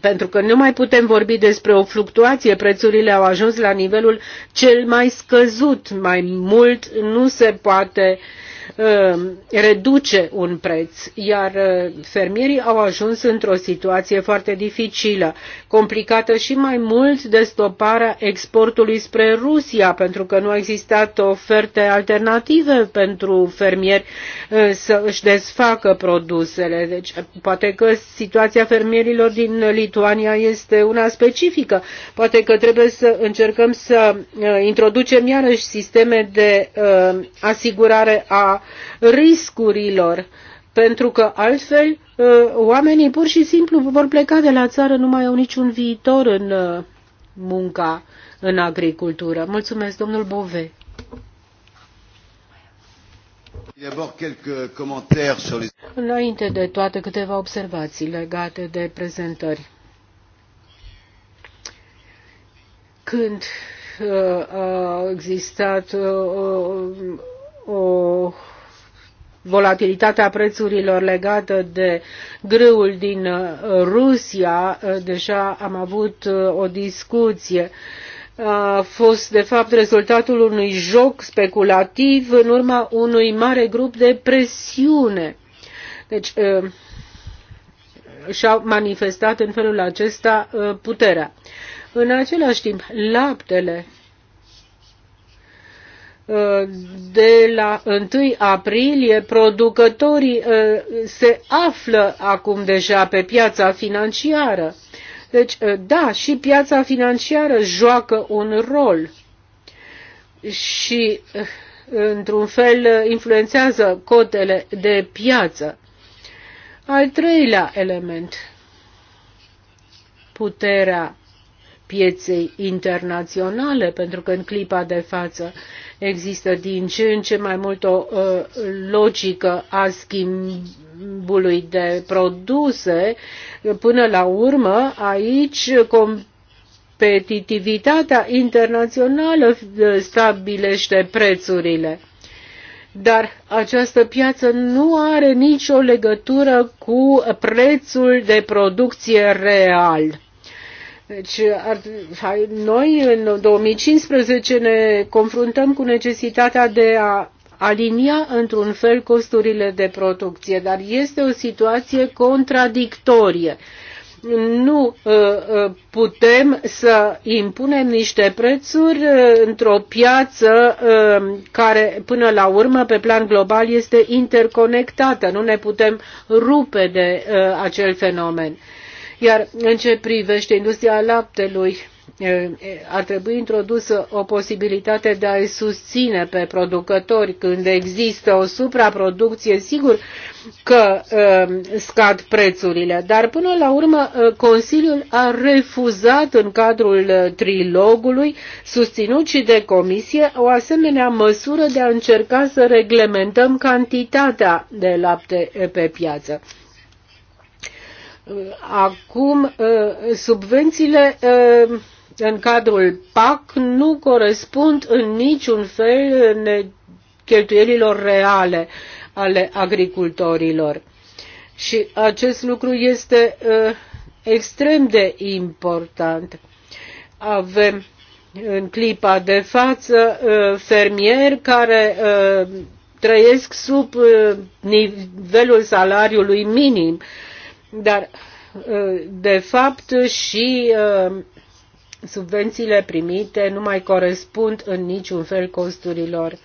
Pentru că nu mai putem vorbi despre o fluctuație, prețurile au ajuns la nivelul cel mai scăzut. Mai mult nu se poate uh, Uh, reduce un preț, iar uh, fermierii au ajuns într-o situație foarte dificilă, complicată și mai mult de stoparea exportului spre Rusia, pentru că nu a existat oferte alternative pentru fermieri uh, să își desfacă produsele. Deci, poate că situația fermierilor din Lituania este una specifică. Poate că trebuie să încercăm să introducem iarăși sisteme de asigurare a riscurilor, pentru că altfel uh, oamenii pur și simplu vor pleca de la țară, nu mai au niciun viitor în uh, munca în agricultură. Mulțumesc, domnul Bove. Înainte de toate, câteva observații legate de prezentări. Când uh, a existat o volatilitatea prețurilor legată de grâul din uh, Rusia, uh, deja am avut uh, o discuție a fost de fapt rezultatul unui joc speculativ în urma unui mare grup de presiune. Deci și-au manifestat în felul acesta puterea. În același timp, laptele de la 1 aprilie producătorii uh, se află acum deja pe piața financiară. Deci, uh, da, și piața financiară joacă un rol și, uh, într-un fel, influențează cotele de piață. Al treilea element, puterea pieței internaționale, pentru că în clipa de față Există din ce în ce mai mult o uh, logică a schimbului de produse. Până la urmă, aici competitivitatea internațională uh, stabilește prețurile. Dar această piață nu are nicio legătură cu prețul de producție real. Deci ar, hai, noi în 2015 ne confruntăm cu necesitatea de a alinia într-un fel costurile de producție, dar este o situație contradictorie. Nu uh, uh, putem să impunem niște prețuri uh, într-o piață uh, care până la urmă pe plan global este interconectată. Nu ne putem rupe de uh, acel fenomen. Iar în ce privește industria laptelui, ar trebui introdusă o posibilitate de a-i susține pe producători când există o supraproducție, sigur că scad prețurile, dar până la urmă Consiliul a refuzat în cadrul trilogului, susținut și de comisie, o asemenea măsură de a încerca să reglementăm cantitatea de lapte pe piață. Acum, ă, subvențiile ă, în cadrul PAC nu corespund în niciun fel cheltuielilor reale ale agricultorilor. Și acest lucru este ă, extrem de important. Avem în clipa de față fermieri care trăiesc sub nivelul salariului minim dar, ă, de fapt, și ă, subvențiile primite nu mai corespund în niciun fel costurilor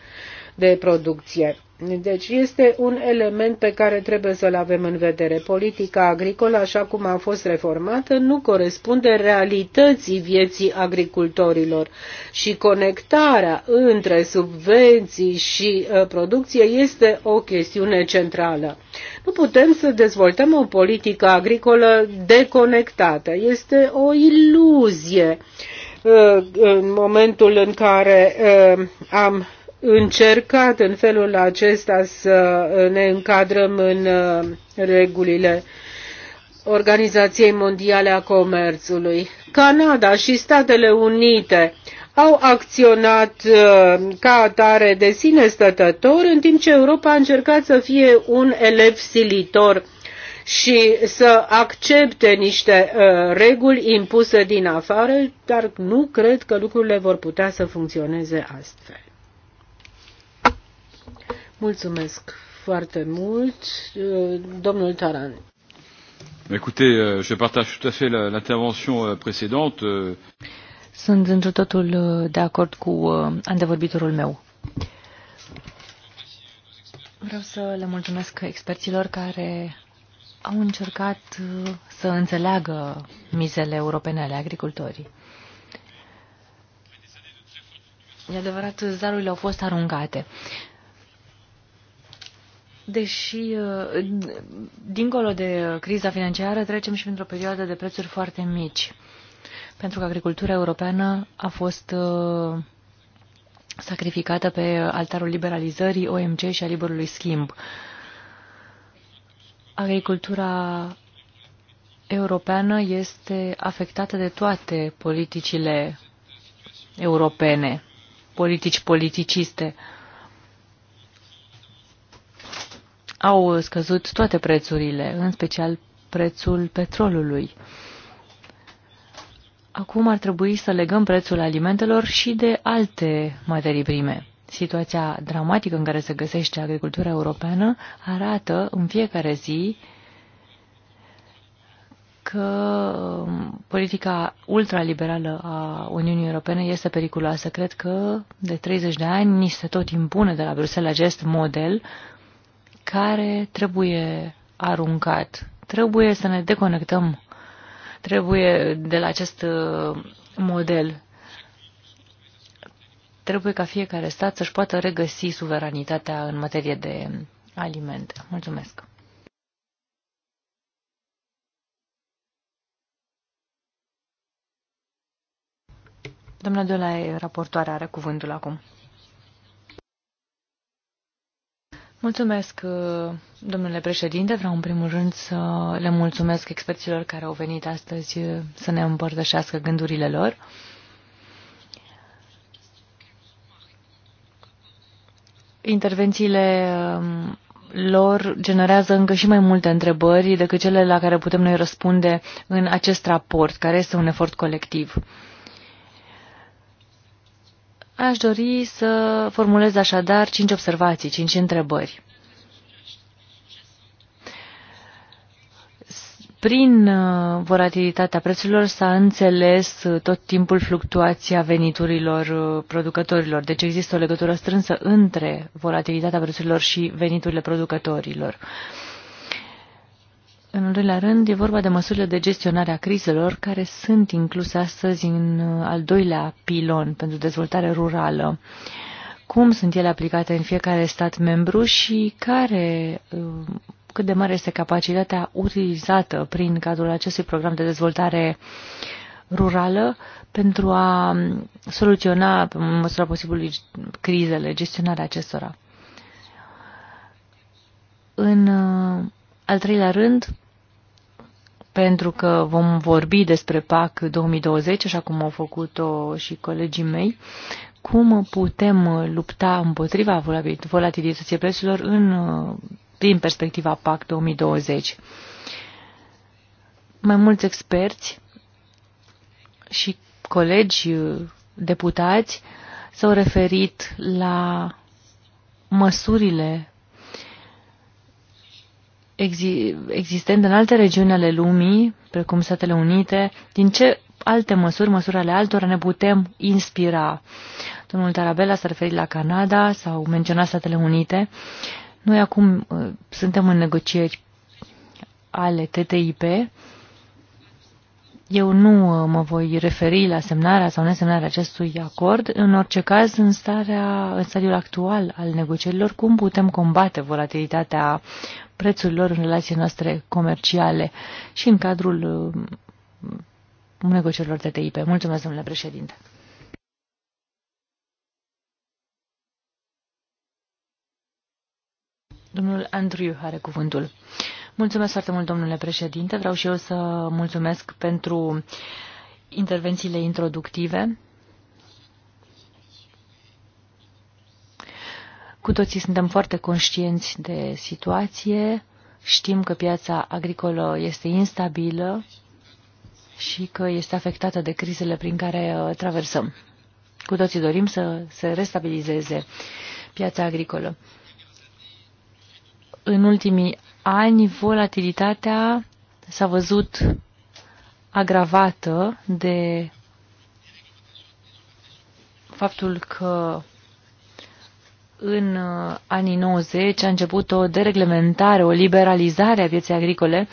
de producție. Deci este un element pe care trebuie să-l avem în vedere. Politica agricolă, așa cum a fost reformată, nu corespunde realității vieții agricultorilor și conectarea între subvenții și uh, producție este o chestiune centrală. Nu putem să dezvoltăm o politică agricolă deconectată. Este o iluzie uh, în momentul în care uh, am încercat în felul acesta să ne încadrăm în uh, regulile Organizației Mondiale a Comerțului. Canada și Statele Unite au acționat uh, ca atare de sine stătător, în timp ce Europa a încercat să fie un elev silitor și să accepte niște uh, reguli impuse din afară, dar nu cred că lucrurile vor putea să funcționeze astfel. Mulțumesc foarte mult, uh, domnul Taran. Écoutez, euh, je partage tout à fait l'intervention euh, précédente. Euh. Sunt într totul uh, de acord cu uh, antevorbitorul meu. Vreau să le mulțumesc experților care au încercat să înțeleagă mizele europene ale agricultorii. E adevărat, zarurile au fost aruncate. Deși, uh, dincolo de criza financiară, trecem și într o perioadă de prețuri foarte mici, pentru că agricultura europeană a fost uh, sacrificată pe altarul liberalizării OMC și a liberului schimb. Agricultura europeană este afectată de toate politicile europene, politici politiciste. au scăzut toate prețurile, în special prețul petrolului. Acum ar trebui să legăm prețul alimentelor și de alte materii prime. Situația dramatică în care se găsește agricultura europeană arată în fiecare zi că um, politica ultraliberală a Uniunii Europene este periculoasă. Cred că de 30 de ani ni se tot impune de la Bruxelles acest model care trebuie aruncat. Trebuie să ne deconectăm trebuie de la acest uh, model. Trebuie ca fiecare stat să-și poată regăsi suveranitatea în materie de alimente. Mulțumesc! Doamna Dola, raportoarea are cuvântul acum. Mulțumesc, uh, domnule președinte. Vreau în primul rând să le mulțumesc experților care au venit astăzi uh, să ne împărtășească gândurile lor. Intervențiile um, lor generează încă și mai multe întrebări decât cele la care putem noi răspunde în acest raport, care este un efort colectiv. Aș dori să formulez așadar cinci observații, cinci întrebări. Prin uh, volatilitatea prețurilor s-a înțeles uh, tot timpul fluctuația veniturilor uh, producătorilor, deci există o legătură strânsă între volatilitatea prețurilor și veniturile producătorilor. Uh, în al doilea rând, e vorba de măsurile de gestionare a crizelor care sunt incluse astăzi în uh, al doilea pilon pentru dezvoltare rurală. Cum sunt ele aplicate în fiecare stat membru și care, uh, cât de mare este capacitatea utilizată prin cadrul acestui program de dezvoltare rurală pentru a um, soluționa, pe măsura posibilului, crizele, gestionarea acestora? În uh, al treilea rând, pentru că vom vorbi despre PAC 2020, așa cum au făcut-o și colegii mei, cum putem lupta împotriva volatilității prețurilor în, din perspectiva PAC 2020. Mai mulți experți și colegi deputați s-au referit la măsurile existent în alte regiuni ale lumii, precum Statele Unite, din ce alte măsuri, măsuri ale altora, ne putem inspira. Domnul Tarabella s-a referit la Canada sau menționat Statele Unite. Noi acum uh, suntem în negocieri ale TTIP. Eu nu uh, mă voi referi la semnarea sau nesemnarea acestui acord. În orice caz, în, starea, în stadiul actual al negocierilor, cum putem combate volatilitatea prețurilor în relații noastre comerciale și în cadrul um, negocierilor TTIP. Mulțumesc, domnule președinte. Domnul Andriu are cuvântul. Mulțumesc foarte mult, domnule președinte. Vreau și eu să mulțumesc pentru intervențiile introductive Cu toții suntem foarte conștienți de situație, știm că piața agricolă este instabilă și că este afectată de crizele prin care uh, traversăm. Cu toții dorim să se restabilizeze piața agricolă. În ultimii ani, volatilitatea s-a văzut agravată de faptul că în uh, anii 90 a început o dereglementare, o liberalizare a vieții agricole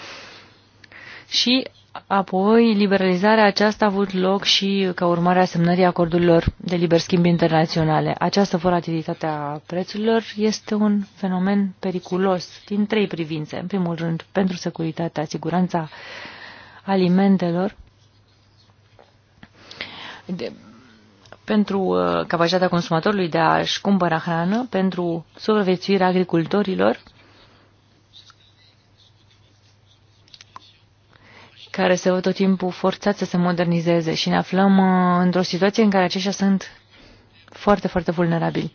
și apoi liberalizarea aceasta a avut loc și ca urmare a semnării acordurilor de liber schimb internaționale. Această volatilitate a prețurilor este un fenomen periculos din trei privințe. În primul rând, pentru securitatea, siguranța alimentelor, de, pentru uh, capacitatea consumatorului de a-și cumpăra hrană, pentru supraviețuirea agricultorilor, care se văd tot timpul forțați să se modernizeze și ne aflăm uh, într-o situație în care aceștia sunt foarte, foarte vulnerabili.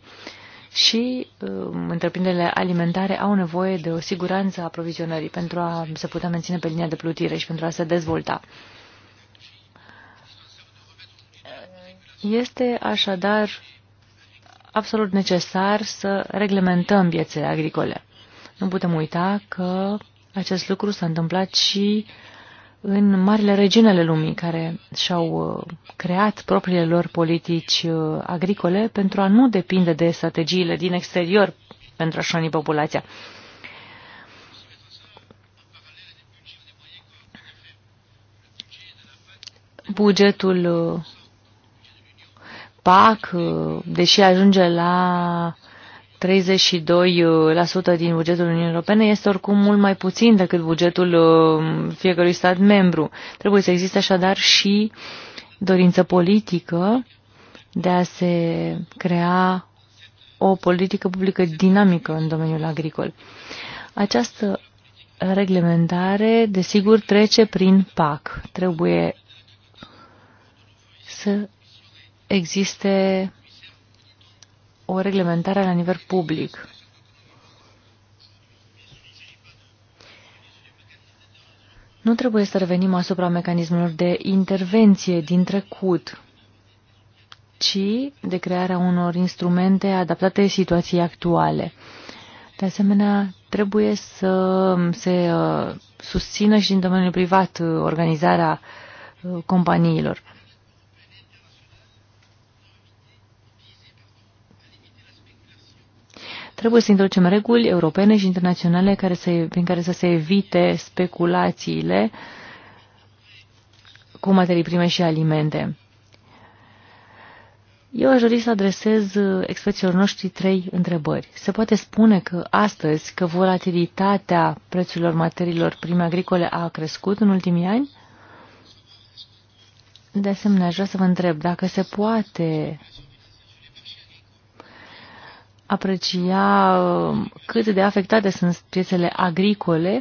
Și um, întreprinderile alimentare au nevoie de o siguranță a aprovizionării pentru a se putea menține pe linia de plutire și pentru a se dezvolta. Este așadar absolut necesar să reglementăm piețele agricole. Nu putem uita că acest lucru s-a întâmplat și în marile regiuni ale lumii care și-au uh, creat propriile lor politici uh, agricole pentru a nu depinde de strategiile din exterior pentru a șoni populația. Bugetul uh, PAC, deși ajunge la 32% din bugetul Uniunii Europene este oricum mult mai puțin decât bugetul uh, fiecărui stat membru. Trebuie să existe așadar și dorință politică de a se crea o politică publică dinamică în domeniul agricol. Această reglementare, desigur, trece prin PAC. Trebuie să existe o reglementare la nivel public. Nu trebuie să revenim asupra mecanismelor de intervenție din trecut, ci de crearea unor instrumente adaptate situației actuale. De asemenea, trebuie să se uh, susțină și din domeniul privat uh, organizarea uh, companiilor. Trebuie să introducem reguli europene și internaționale care să, prin care să se evite speculațiile cu materii prime și alimente. Eu aș dori să adresez experților noștri trei întrebări. Se poate spune că astăzi că volatilitatea prețurilor materiilor prime agricole a crescut în ultimii ani? De asemenea, aș vrea să vă întreb dacă se poate aprecia uh, cât de afectate sunt piețele agricole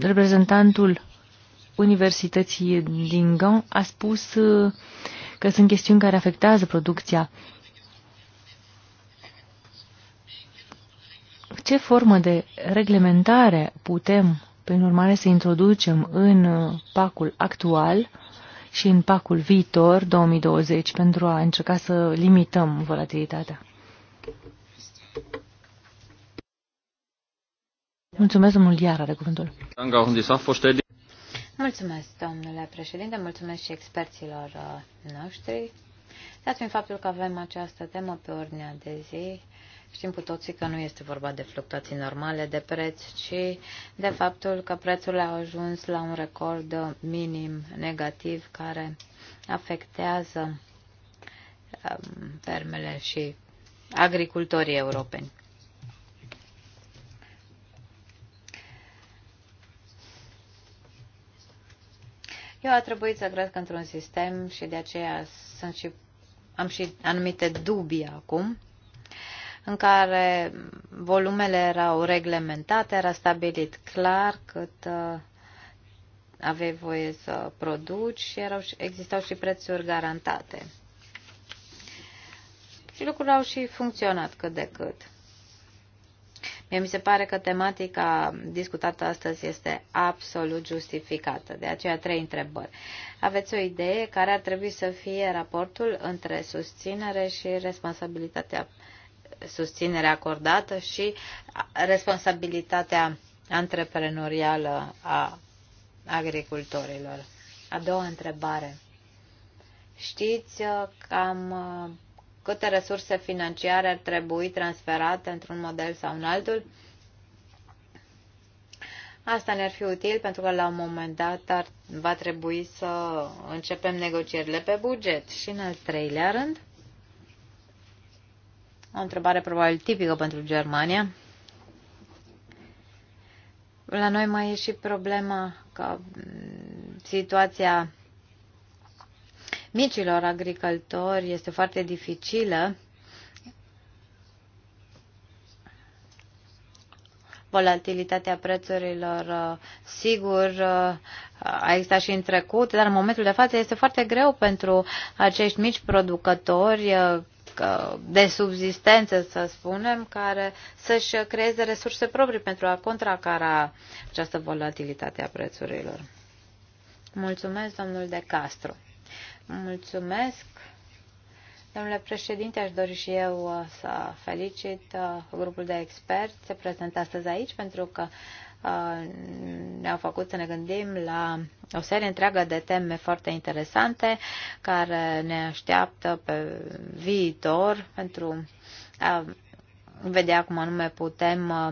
reprezentantul Universității din Gand a spus uh, că sunt chestiuni care afectează producția. Ce formă de reglementare putem, prin urmare, să introducem în uh, pacul actual și în pacul viitor 2020 pentru a încerca să limităm volatilitatea. Mulțumesc, domnul Iar are cuvântul. Mulțumesc, domnule președinte, mulțumesc și experților uh, noștri. Dat fiind faptul că avem această temă pe ordinea de zi, Știm cu toții că nu este vorba de fluctuații normale de preț, ci de faptul că prețul a ajuns la un record minim negativ care afectează um, fermele și agricultorii europeni. Eu a trebuit să cresc într-un sistem și de aceea sunt și, am și anumite dubii acum în care volumele erau reglementate, era stabilit clar cât uh, aveai voie să produci și erau, existau și prețuri garantate. Și lucrurile au și funcționat cât de cât. Mie mi se pare că tematica discutată astăzi este absolut justificată. De aceea trei întrebări. Aveți o idee care ar trebui să fie raportul între susținere și responsabilitatea susținere acordată și responsabilitatea antreprenorială a agricultorilor. A doua întrebare. Știți uh, cam uh, câte resurse financiare ar trebui transferate într-un model sau în altul? Asta ne-ar fi util pentru că la un moment dat ar, va trebui să începem negocierile pe buget. Și în al treilea rând, o întrebare probabil tipică pentru Germania. La noi mai e și problema că mm, situația micilor agricultori este foarte dificilă. Volatilitatea prețurilor, uh, sigur, uh, a existat și în trecut, dar în momentul de față este foarte greu pentru acești mici producători uh, de subzistență, să spunem, care să-și creeze resurse proprii pentru a contracara această volatilitate a prețurilor. Mulțumesc, domnul De Castro. Mulțumesc. Domnule președinte, aș dori și eu uh, să felicit uh, grupul de experți prezent astăzi aici pentru că Uh, ne-au făcut să ne gândim la o serie întreagă de teme foarte interesante care ne așteaptă pe viitor pentru a vedea cum anume putem uh,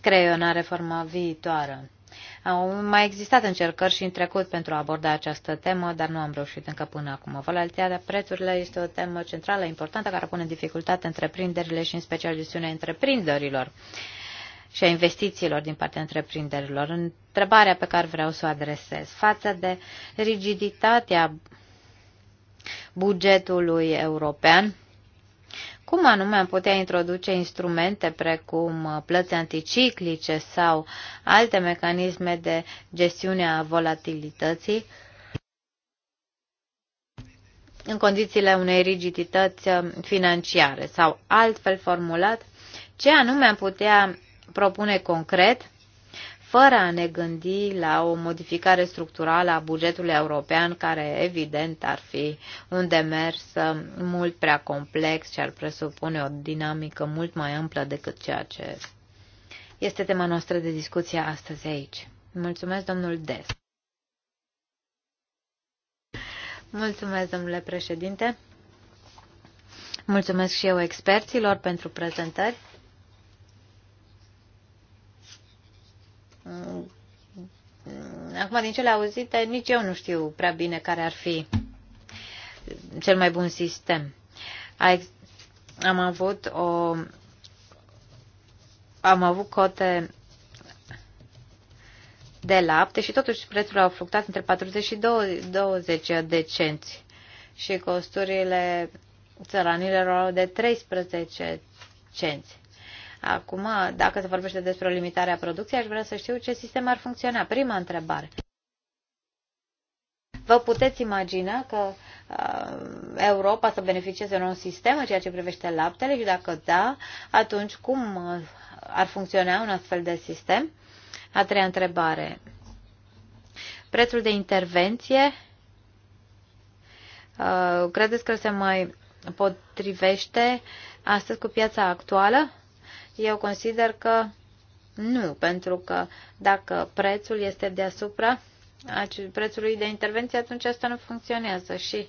creiona reforma viitoară. Au mai existat încercări și în trecut pentru a aborda această temă, dar nu am reușit încă până acum. Volatilitatea prețurile este o temă centrală importantă care pune în dificultate întreprinderile și în special gestiunea întreprinderilor. Uh, și a investițiilor din partea întreprinderilor. Întrebarea pe care vreau să o adresez față de rigiditatea bugetului european, cum anume am putea introduce instrumente precum plăți anticiclice sau alte mecanisme de gestiune a volatilității în condițiile unei rigidități financiare sau altfel formulat, ce anume am putea propune concret, fără a ne gândi la o modificare structurală a bugetului european, care evident ar fi un demers uh, mult prea complex și ar presupune o dinamică mult mai amplă decât ceea ce este tema noastră de discuție astăzi aici. Mulțumesc, domnul Des. Mulțumesc, domnule președinte. Mulțumesc și eu experților pentru prezentări. Mm, acum, din cele auzit, nici eu nu știu prea bine care ar fi cel mai bun sistem. Am avut o. Am avut cote de lapte și totuși prețurile au fluctuat între 40 și 20 de cenți și costurile țăranilor au de 13 cenți. Acum, dacă se vorbește despre o limitare a producției, aș vrea să știu ce sistem ar funcționa. Prima întrebare. Vă puteți imagina că uh, Europa să beneficieze de un sistem în ceea ce privește laptele și dacă da, atunci cum uh, ar funcționa un astfel de sistem? A treia întrebare. Prețul de intervenție uh, credeți că se mai potrivește astăzi cu piața actuală? Eu consider că nu, pentru că dacă prețul este deasupra prețului de intervenție, atunci asta nu funcționează și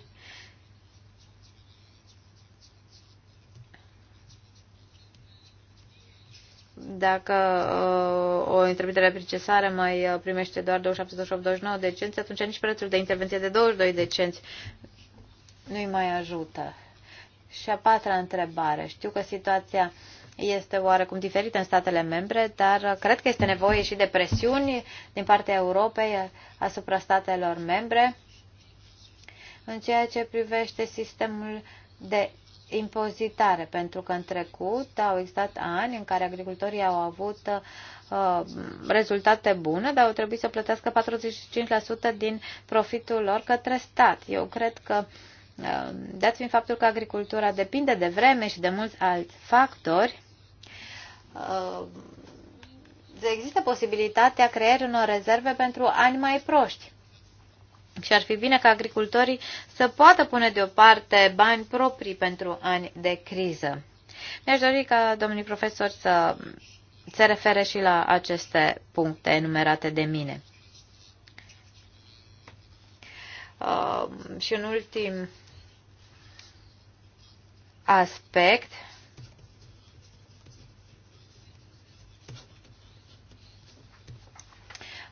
dacă uh, o întreprindere de procesare mai uh, primește doar 27, 28, 29 de cenți, atunci nici prețul de intervenție de 22 de cenți nu-i mai ajută. Și a patra întrebare. Știu că situația este oarecum diferită în statele membre, dar cred că este nevoie și de presiuni din partea Europei asupra statelor membre în ceea ce privește sistemul de impozitare, pentru că în trecut au existat ani în care agricultorii au avut uh, rezultate bune, dar au trebuit să plătească 45% din profitul lor către stat. Eu cred că uh, dat fiind faptul că agricultura depinde de vreme și de mulți alți factori, Uh, există posibilitatea creării unor rezerve pentru ani mai proști. Și ar fi bine ca agricultorii să poată pune deoparte bani proprii pentru ani de criză. Mi-aș dori ca domnii profesori să se refere și la aceste puncte enumerate de mine. Uh, și un ultim aspect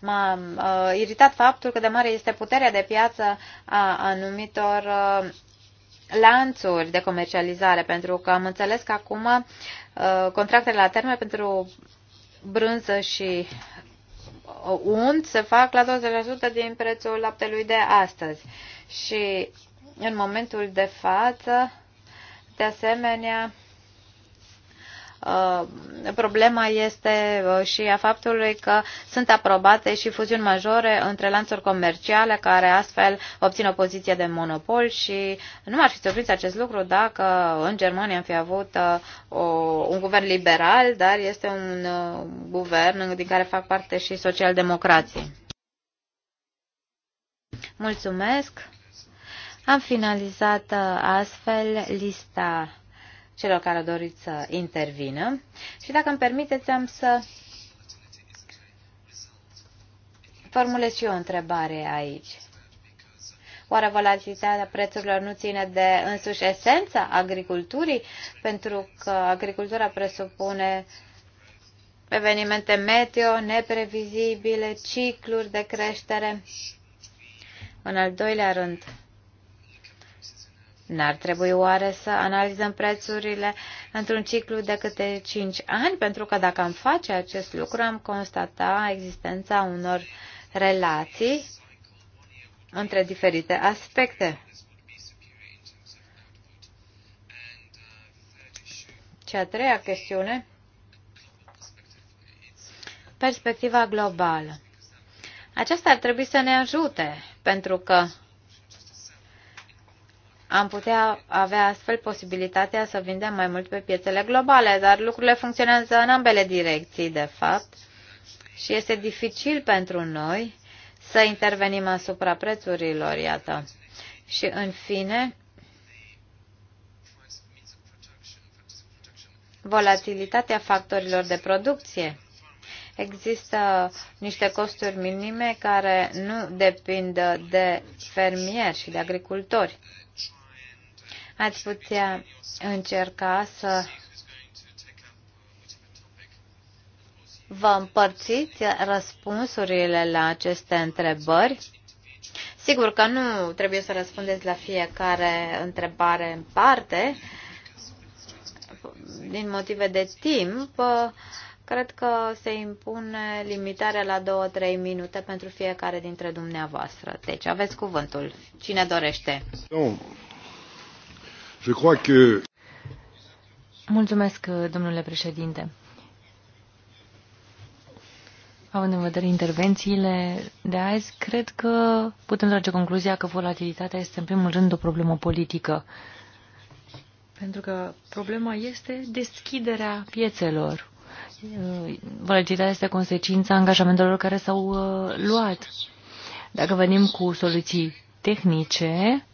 M-a uh, iritat faptul că de mare este puterea de piață a anumitor uh, lanțuri de comercializare, pentru că am înțeles că acum uh, contractele la termen pentru brânză și uh, unt se fac la 20% din prețul laptelui de astăzi. Și în momentul de față, de asemenea, Uh, problema este uh, și a faptului că sunt aprobate și fuziuni majore între lanțuri comerciale care astfel obțin o poziție de monopol și nu m-ar fi surprins acest lucru dacă în Germania am fi avut uh, o, un guvern liberal, dar este un guvern din care fac parte și socialdemocrații. Mulțumesc! Am finalizat astfel lista celor care doriți să intervină. Și dacă îmi permiteți, am să formulez și eu o întrebare aici. Oare volatilitatea prețurilor nu ține de însuși esența agriculturii? Pentru că agricultura presupune evenimente meteo, neprevizibile, cicluri de creștere. În al doilea rând, N-ar trebui oare să analizăm prețurile într-un ciclu de câte 5 ani? Pentru că dacă am face acest lucru, am constata existența unor relații între diferite aspecte. Și a treia chestiune, perspectiva globală. Aceasta ar trebui să ne ajute, pentru că am putea avea astfel posibilitatea să vindem mai mult pe piețele globale, dar lucrurile funcționează în ambele direcții, de fapt, și este dificil pentru noi să intervenim asupra prețurilor, iată. Și, în fine, volatilitatea factorilor de producție. Există niște costuri minime care nu depind de fermieri și de agricultori ați putea încerca să vă împărțiți răspunsurile la aceste întrebări. Sigur că nu trebuie să răspundeți la fiecare întrebare în parte. Din motive de timp, cred că se impune limitarea la 2-3 minute pentru fiecare dintre dumneavoastră. Deci aveți cuvântul. Cine dorește? Je crois que... Mulțumesc, domnule președinte. Având în vedere intervențiile de azi, cred că putem trage concluzia că volatilitatea este în primul rând o problemă politică. Pentru că problema este deschiderea piețelor. Volatilitatea este consecința angajamentelor care s-au uh, luat. Dacă venim cu soluții tehnice,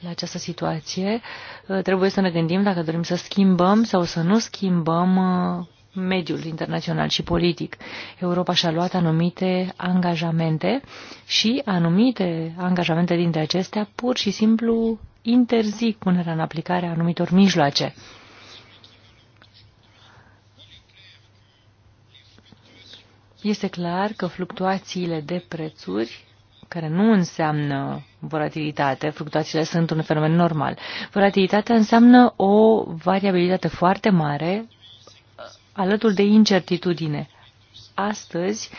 la această situație, uh, trebuie să ne gândim dacă dorim să schimbăm sau să nu schimbăm uh, mediul internațional și politic. Europa și-a luat anumite angajamente și anumite angajamente dintre acestea pur și simplu interzic punerea în aplicare a anumitor mijloace. Este clar că fluctuațiile de prețuri care nu înseamnă volatilitate. Fluctuațiile sunt un fenomen normal. Volatilitatea înseamnă o variabilitate foarte mare alături de incertitudine. Astăzi,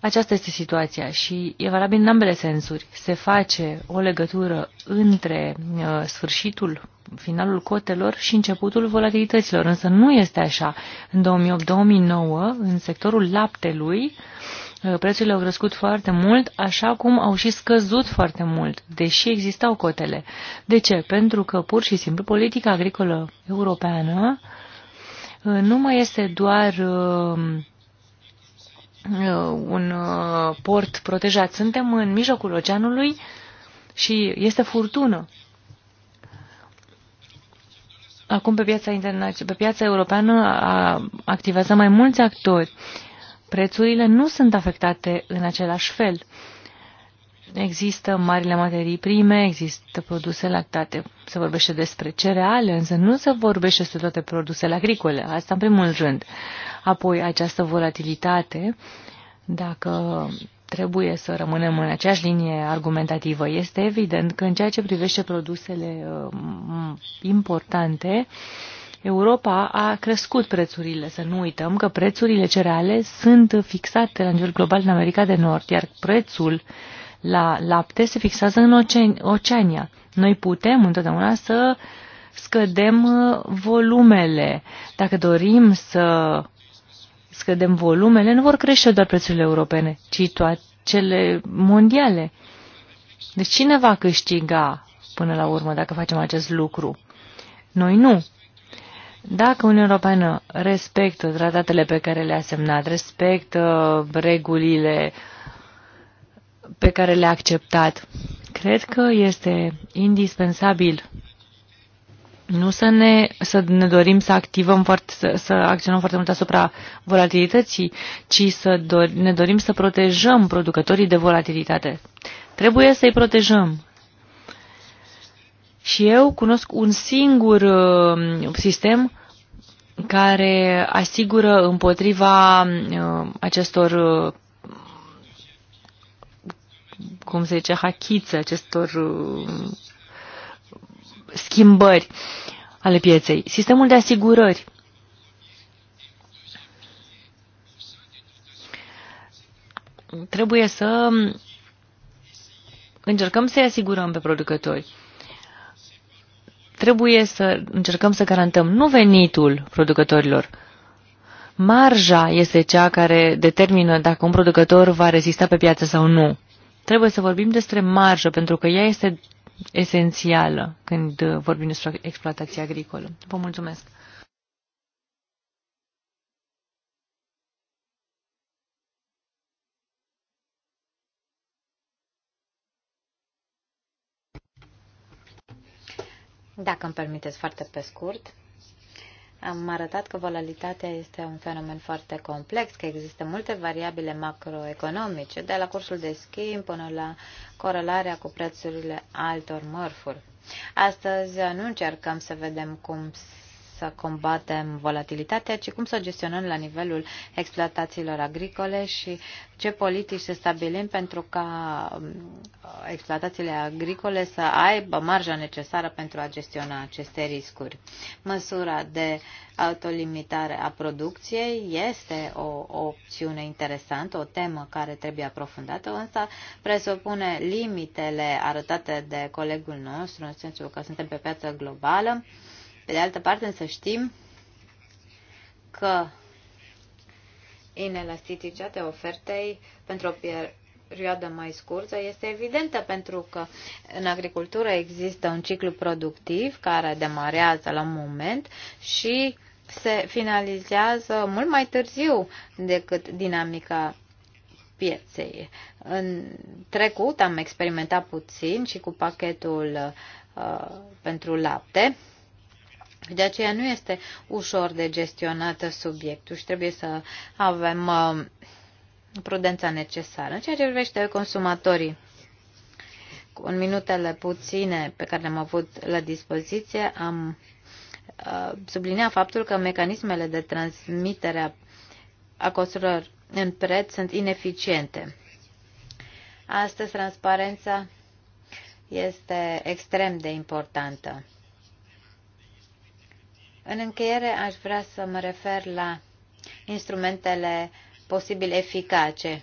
aceasta este situația și e valabil în ambele sensuri. Se face o legătură între uh, sfârșitul, finalul cotelor și începutul volatilităților, însă nu este așa. În 2008-2009, în sectorul laptelui, uh, Uh, prețurile au crescut foarte mult, așa cum au și scăzut foarte mult, deși existau cotele. De ce? Pentru că pur și simplu politica agricolă europeană uh, nu mai este doar uh, un port protejat. Suntem în mijlocul oceanului și este furtună. Acum pe piața, internațională, pe piața europeană a, activează mai mulți actori prețurile nu sunt afectate în același fel. Există marile materii prime, există produse lactate. Se vorbește despre cereale, însă nu se vorbește despre toate produsele agricole. Asta în primul rând. Apoi această volatilitate, dacă trebuie să rămânem în aceeași linie argumentativă, este evident că în ceea ce privește produsele uh, importante, uh, Europa a crescut prețurile. Să nu uităm că prețurile cereale sunt fixate la nivel global în America de Nord, iar prețul la lapte se fixează în Oceania. Noi putem întotdeauna să scădem uh, volumele. Dacă dorim să scădem volumele, nu vor crește doar prețurile europene, ci toate cele mondiale. Deci cine va câștiga până la urmă dacă facem acest lucru? Noi nu. Dacă Uniunea Europeană respectă tratatele pe care le-a semnat, respectă regulile pe care le-a acceptat, cred că este indispensabil nu să ne, să ne dorim să activăm foarte, să, să acționăm foarte mult asupra volatilității, ci să do, ne dorim să protejăm producătorii de volatilitate. Trebuie să-i protejăm, și eu cunosc un singur uh, sistem care asigură împotriva uh, acestor, uh, cum se zice, hachiță, acestor schimbări ale pieței. Sistemul de asigurări. Trebuie să încercăm să-i asigurăm pe producători trebuie să încercăm să garantăm nu venitul producătorilor. Marja este cea care determină dacă un producător va rezista pe piață sau nu. Trebuie să vorbim despre marjă, pentru că ea este esențială când vorbim despre exploatația agricolă. Vă mulțumesc! Dacă îmi permiteți foarte pe scurt, am arătat că volatilitatea este un fenomen foarte complex, că există multe variabile macroeconomice, de la cursul de schimb până la corelarea cu prețurile altor mărfuri. Astăzi nu încercăm să vedem cum să combatem volatilitatea, ci cum să o gestionăm la nivelul exploatațiilor agricole și ce politici să stabilim pentru ca um, exploatațiile agricole să aibă marja necesară pentru a gestiona aceste riscuri. Măsura de autolimitare a producției este o, opțiune interesantă, o temă care trebuie aprofundată, însă presupune limitele arătate de colegul nostru, în sensul că suntem pe piață globală, pe de altă parte, însă știm că inelasticitatea ofertei pentru o perioadă mai scurtă este evidentă pentru că în agricultură există un ciclu productiv care demarează la un moment și se finalizează mult mai târziu decât dinamica pieței. În trecut am experimentat puțin și cu pachetul uh, pentru lapte, de aceea nu este ușor de gestionată subiectul și trebuie să avem uh, prudența necesară. În ceea ce privește consumatorii, în minutele puține pe care le-am avut la dispoziție, am uh, subliniat faptul că mecanismele de transmitere a costurilor în preț sunt ineficiente. Astăzi, transparența este extrem de importantă. În încheiere aș vrea să mă refer la instrumentele posibil eficace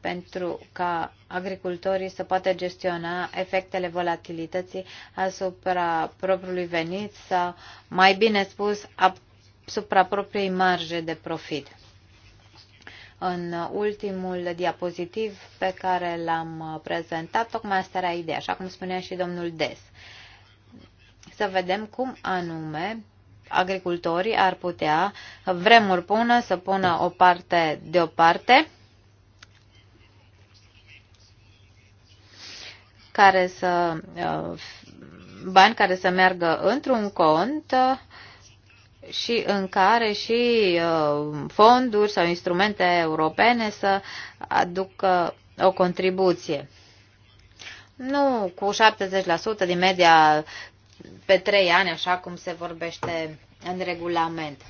pentru ca agricultorii să poată gestiona efectele volatilității asupra propriului venit sau, mai bine spus, asupra propriei marje de profit. În ultimul diapozitiv pe care l-am prezentat, tocmai asta era ideea, așa cum spunea și domnul Des. Uh, să vedem cum anume agricultorii ar putea vremuri pună să pună o parte deoparte care să uh, bani care să meargă într-un cont uh, și în care și uh, fonduri sau instrumente europene să aducă o contribuție. Nu cu 70% din media pe trei ani, așa cum se vorbește în regulament.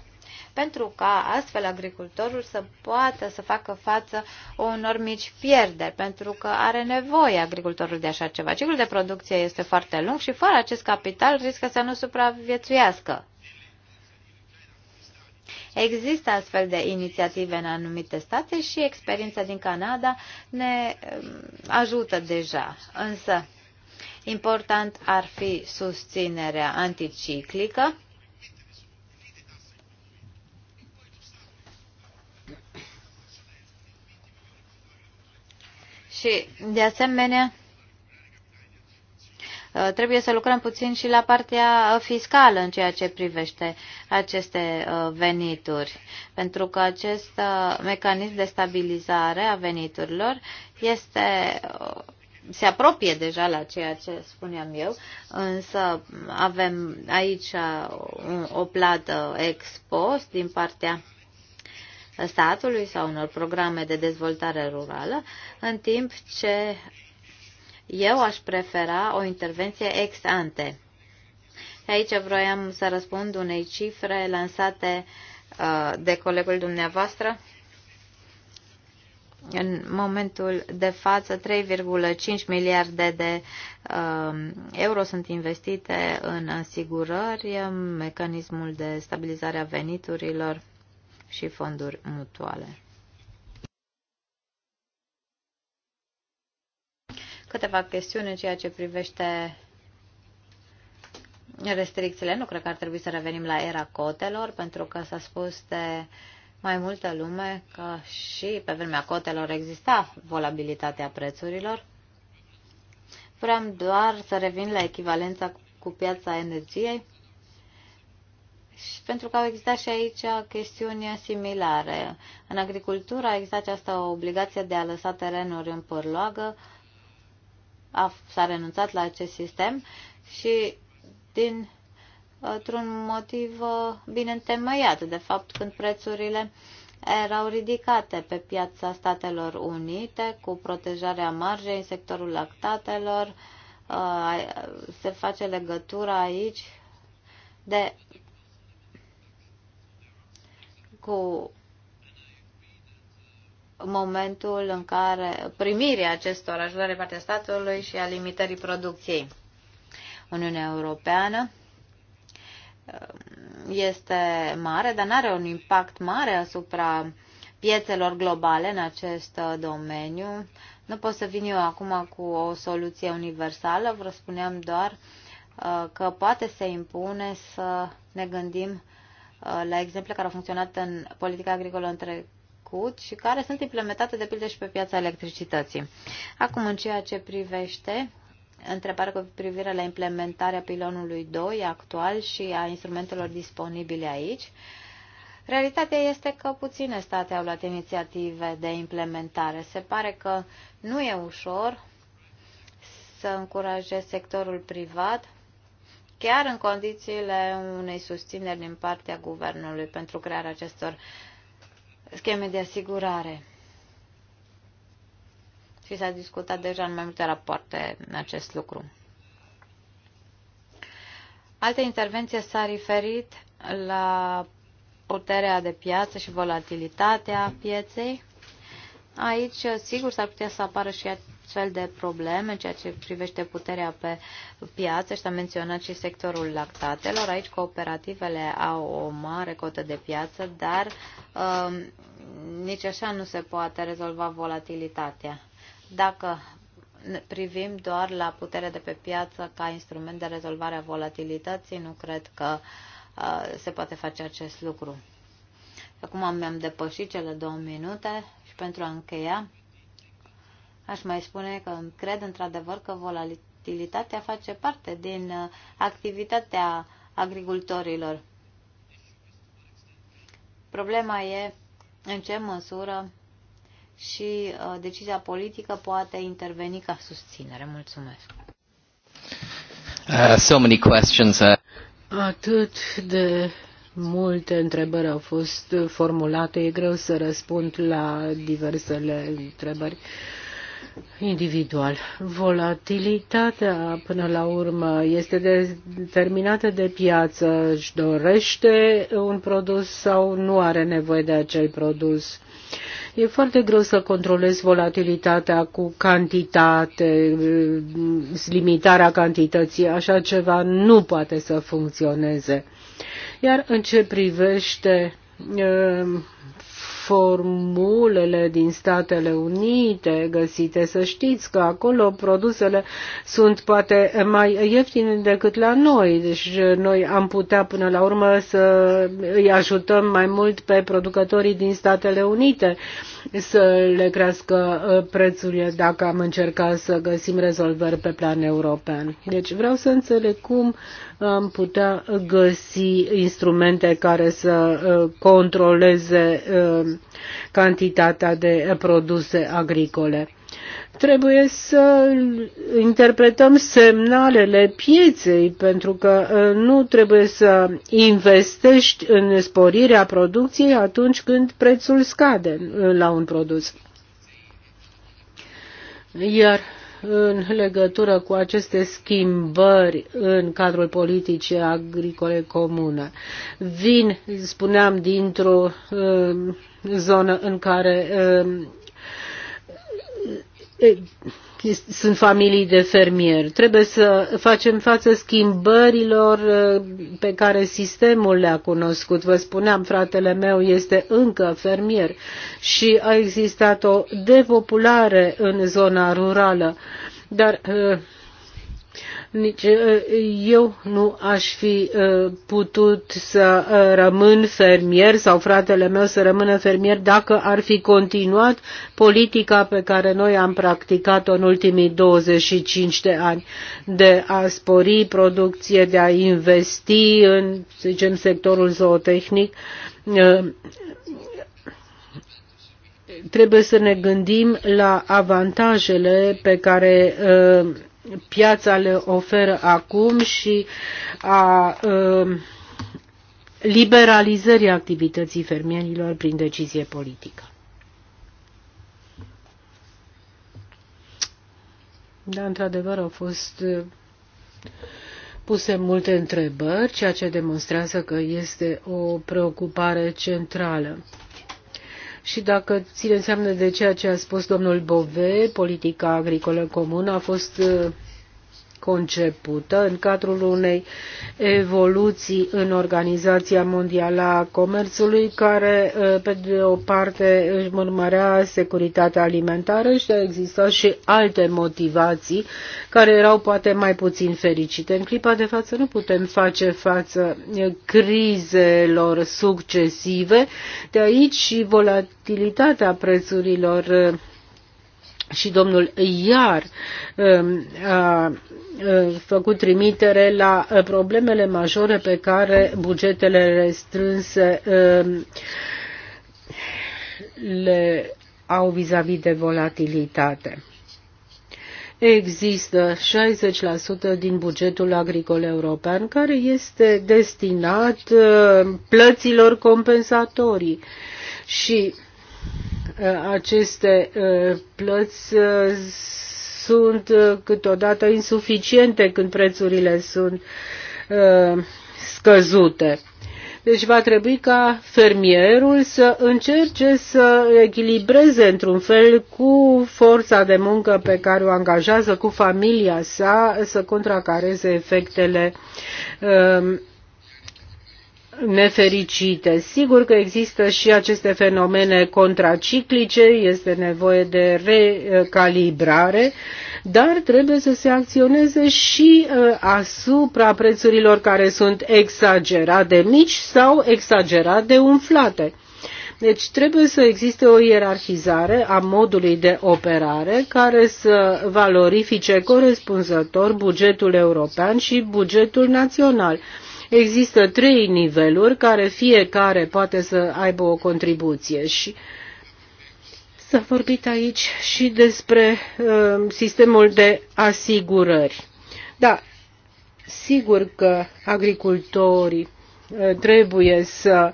Pentru ca astfel agricultorul să poată să facă față unor mici pierderi, pentru că are nevoie agricultorul de așa ceva. Ciclul de producție este foarte lung și fără acest capital riscă să nu supraviețuiască. Există astfel de inițiative în anumite state și experiența din Canada ne um, ajută deja. Însă, Important ar fi susținerea anticiclică, Și, de asemenea, uh, trebuie să lucrăm puțin și la partea uh, fiscală în ceea ce privește aceste uh, venituri, pentru că acest mecanism de stabilizare a veniturilor este se apropie deja la ceea ce spuneam eu, însă avem aici o plată ex din partea statului sau unor programe de dezvoltare rurală, în timp ce eu aș prefera o intervenție ex ante. Aici vroiam să răspund unei cifre lansate uh, de colegul dumneavoastră în momentul de față 3,5 miliarde de um, euro sunt investite în asigurări, mecanismul de stabilizare a veniturilor și fonduri mutuale. Câteva chestiuni în ceea ce privește restricțiile. Nu cred că ar trebui să revenim la era cotelor, pentru că s-a spus de uh, mai multă lume că și pe vremea cotelor exista volabilitatea prețurilor. Vreau doar să revin la echivalența cu piața energiei și pentru că au existat și aici chestiuni similare. În agricultură există această obligație de a lăsa terenuri în pârloagă, s-a renunțat la acest sistem și din într-un motiv uh, bine întemeiat. De fapt, când prețurile erau ridicate pe piața Statelor Unite cu protejarea marjei în sectorul lactatelor, uh, se face legătura aici de cu momentul în care primirea acestor ajutoare partea statului și a limitării producției. Uniunea Europeană este mare, dar nu are un impact mare asupra piețelor globale în acest uh, domeniu. Nu pot să vin eu acum cu o soluție universală, vă spuneam doar uh, că poate se impune să ne gândim uh, la exemple care au funcționat în politica agricolă în trecut și care sunt implementate de pildă și pe piața electricității. Acum, în ceea ce privește întrebare cu privire la implementarea pilonului 2 actual și a instrumentelor disponibile aici. Realitatea este că puține state au luat inițiative de implementare. Se pare că nu e ușor să încurajezi sectorul privat chiar în condițiile unei susțineri din partea guvernului pentru crearea acestor scheme de asigurare și s-a discutat deja în mai multe rapoarte în acest lucru. Alte intervenție s-a referit la puterea de piață și volatilitatea pieței. Aici, sigur, s-ar putea să apară și fel de probleme în ceea ce privește puterea pe piață și s-a menționat și sectorul lactatelor. Aici cooperativele au o mare cotă de piață, dar uh, nici așa nu se poate rezolva volatilitatea. Dacă privim doar la putere de pe piață ca instrument de rezolvare a volatilității, nu cred că uh, se poate face acest lucru. Acum mi-am depășit cele două minute și pentru a încheia, aș mai spune că cred într-adevăr că volatilitatea face parte din uh, activitatea agricultorilor. Problema e în ce măsură și uh, decizia politică poate interveni ca susținere. Mulțumesc. Uh, so many questions. Uh... Atât de multe întrebări au fost formulate. E greu să răspund la diversele întrebări individual. Volatilitatea, până la urmă, este determinată de piață. Își dorește un produs sau nu are nevoie de acel produs E foarte greu să controlezi volatilitatea cu cantitate, limitarea cantității, așa ceva nu poate să funcționeze. Iar în ce privește uh, formulele din Statele Unite găsite. Să știți că acolo produsele sunt poate mai ieftine decât la noi, deci noi am putea până la urmă să îi ajutăm mai mult pe producătorii din Statele Unite să le crească uh, prețurile dacă am încercat să găsim rezolvări pe plan european. Deci vreau să înțeleg cum uh, am putea găsi instrumente care să uh, controleze uh, cantitatea de produse agricole. Trebuie să interpretăm semnalele pieței, pentru că uh, nu trebuie să investești în sporirea producției atunci când prețul scade la un produs. Iar în legătură cu aceste schimbări în cadrul politicii agricole comune. Vin, spuneam, dintr-o um, zonă în care um, sunt familii de fermieri. Trebuie să facem față schimbărilor uh, pe care sistemul le-a cunoscut. Vă spuneam, fratele meu este încă fermier și a existat o depopulare în zona rurală. Dar uh, nici uh, eu nu aș fi uh, putut să uh, rămân fermier sau fratele meu să rămână fermier dacă ar fi continuat politica pe care noi am practicat-o în ultimii 25 de ani de a spori producție, de a investi în, să zicem, sectorul zootehnic trebuie să ne gândim la avantajele pe care uh, piața le oferă acum și a um, liberalizării activității fermierilor prin decizie politică. Da, într-adevăr au fost uh, puse multe întrebări, ceea ce demonstrează că este o preocupare centrală. Și dacă ține seamă de ceea ce a spus domnul Bove, politica agricolă comună a fost uh, concepută în cadrul unei evoluții în Organizația Mondială a Comerțului, care, uh, pe de o parte, își mărmărea securitatea alimentară și exista și alte motivații care erau poate mai puțin fericite. În clipa de față nu putem face față crizelor succesive, de aici și volatilitatea prețurilor uh, și domnul Iar um, a Uh, făcut trimitere la uh, problemele majore pe care bugetele restrânse uh, le au vis-a-vis -vis de volatilitate. Există 60% din bugetul agricol european care este destinat plăților compensatorii și aceste plăți sunt uh, câteodată insuficiente când prețurile sunt uh, scăzute. Deci va trebui ca fermierul să încerce să echilibreze într-un fel cu forța de muncă pe care o angajează, cu familia sa, să contracareze efectele uh, nefericite. Sigur că există și aceste fenomene contraciclice, este nevoie de recalibrare, dar trebuie să se acționeze și uh, asupra prețurilor care sunt exagerat de mici sau exagerat de umflate. Deci trebuie să existe o ierarhizare a modului de operare care să valorifice corespunzător bugetul european și bugetul național. Există trei niveluri care fiecare poate să aibă o contribuție și s-a vorbit aici și despre uh, sistemul de asigurări. Da, sigur că agricultorii uh, trebuie să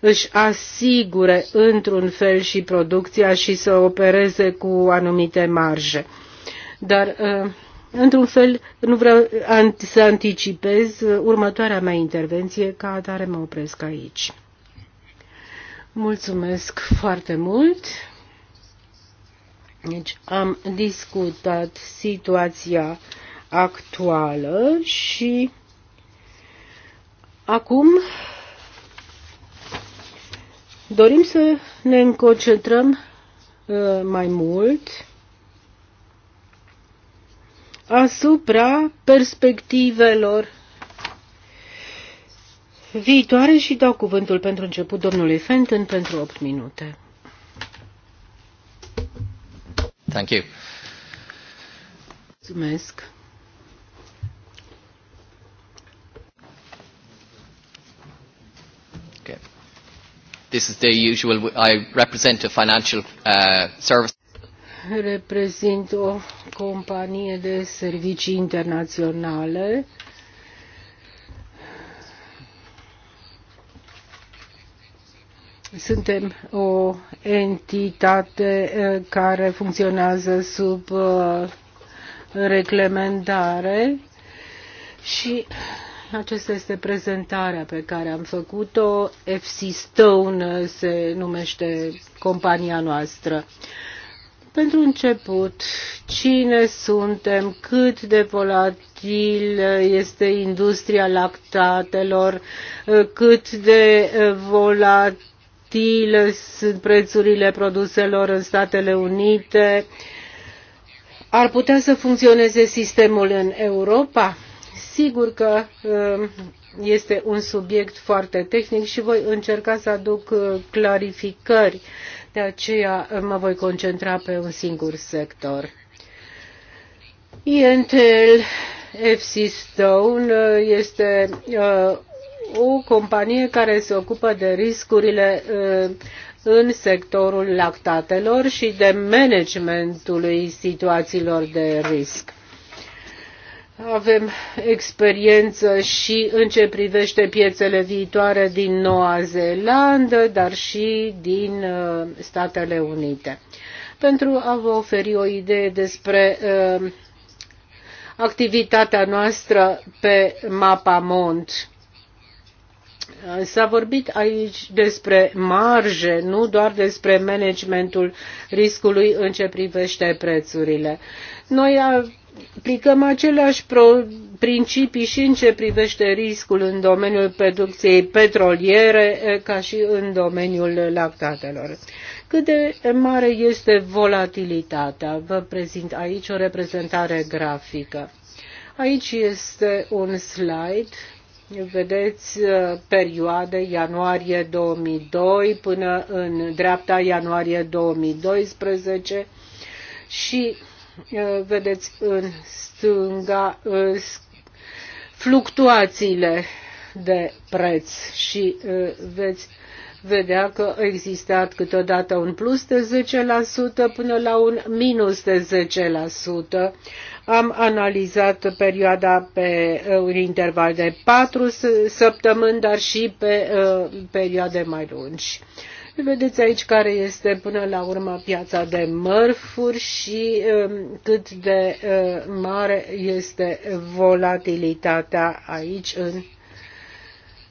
își asigure într-un fel și producția și să opereze cu anumite marje. Dar uh, într-un fel, nu vreau să anticipez uh, următoarea mea intervenție, ca atare mă opresc aici. Mulțumesc foarte mult! Deci am discutat situația actuală și acum dorim să ne concentrăm uh, mai mult asupra perspectivelor viitoare și dau cuvântul pentru început domnului Fenton pentru 8 minute. Thank you. Mulțumesc. This is the usual. I represent a financial uh, service reprezint o companie de servicii internaționale Suntem o entitate eh, care funcționează sub eh, reglementare și aceasta este prezentarea pe care am făcut-o. FC Stone se numește compania noastră. Pentru început, cine suntem, cât de volatil este industria lactatelor, cât de eh, volatil sunt prețurile produselor în Statele Unite, ar putea să funcționeze sistemul în Europa? Sigur că eh, este un subiect foarte tehnic și voi încerca să aduc eh, clarificări de aceea mă voi concentra pe un singur sector. Intel FC Stone uh, este uh, o companie care se ocupă de riscurile uh, în sectorul lactatelor și de managementului situațiilor de risc avem experiență și în ce privește piețele viitoare din Noua Zeelandă, dar și din uh, Statele Unite. Pentru a vă oferi o idee despre uh, activitatea noastră pe mapa Mont, S-a vorbit aici despre marje, nu doar despre managementul riscului în ce privește prețurile. Noi aplicăm aceleași principii și în ce privește riscul în domeniul producției petroliere eh, ca și în domeniul lactatelor. Cât de mare este volatilitatea? Vă prezint aici o reprezentare grafică. Aici este un slide Vedeți eh, perioade ianuarie 2002 până în dreapta ianuarie 2012 și vedeți în stânga fluctuațiile de preț și veți vedea că a existat câteodată un plus de 10% până la un minus de 10%. Am analizat perioada pe un interval de 4 săptămâni, dar și pe perioade mai lungi. Vedeți aici care este până la urmă piața de mărfuri și um, cât de uh, mare este volatilitatea aici în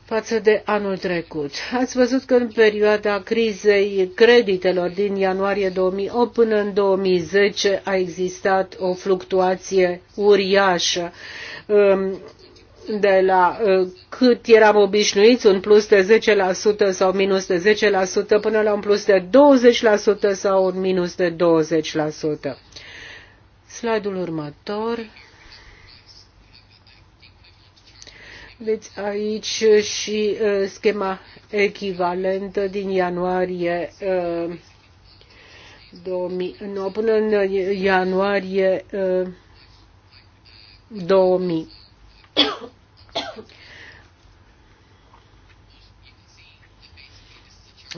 față de anul trecut. Ați văzut că în perioada crizei creditelor din ianuarie 2008 până în 2010 a existat o fluctuație uriașă. Um, de la uh, cât eram obișnuiți, un plus de 10% sau minus de 10%, până la un plus de 20% sau un minus de 20%. Slide-ul următor. Veți aici și uh, schema echivalentă din ianuarie 2009 uh, până în ianuarie 2000.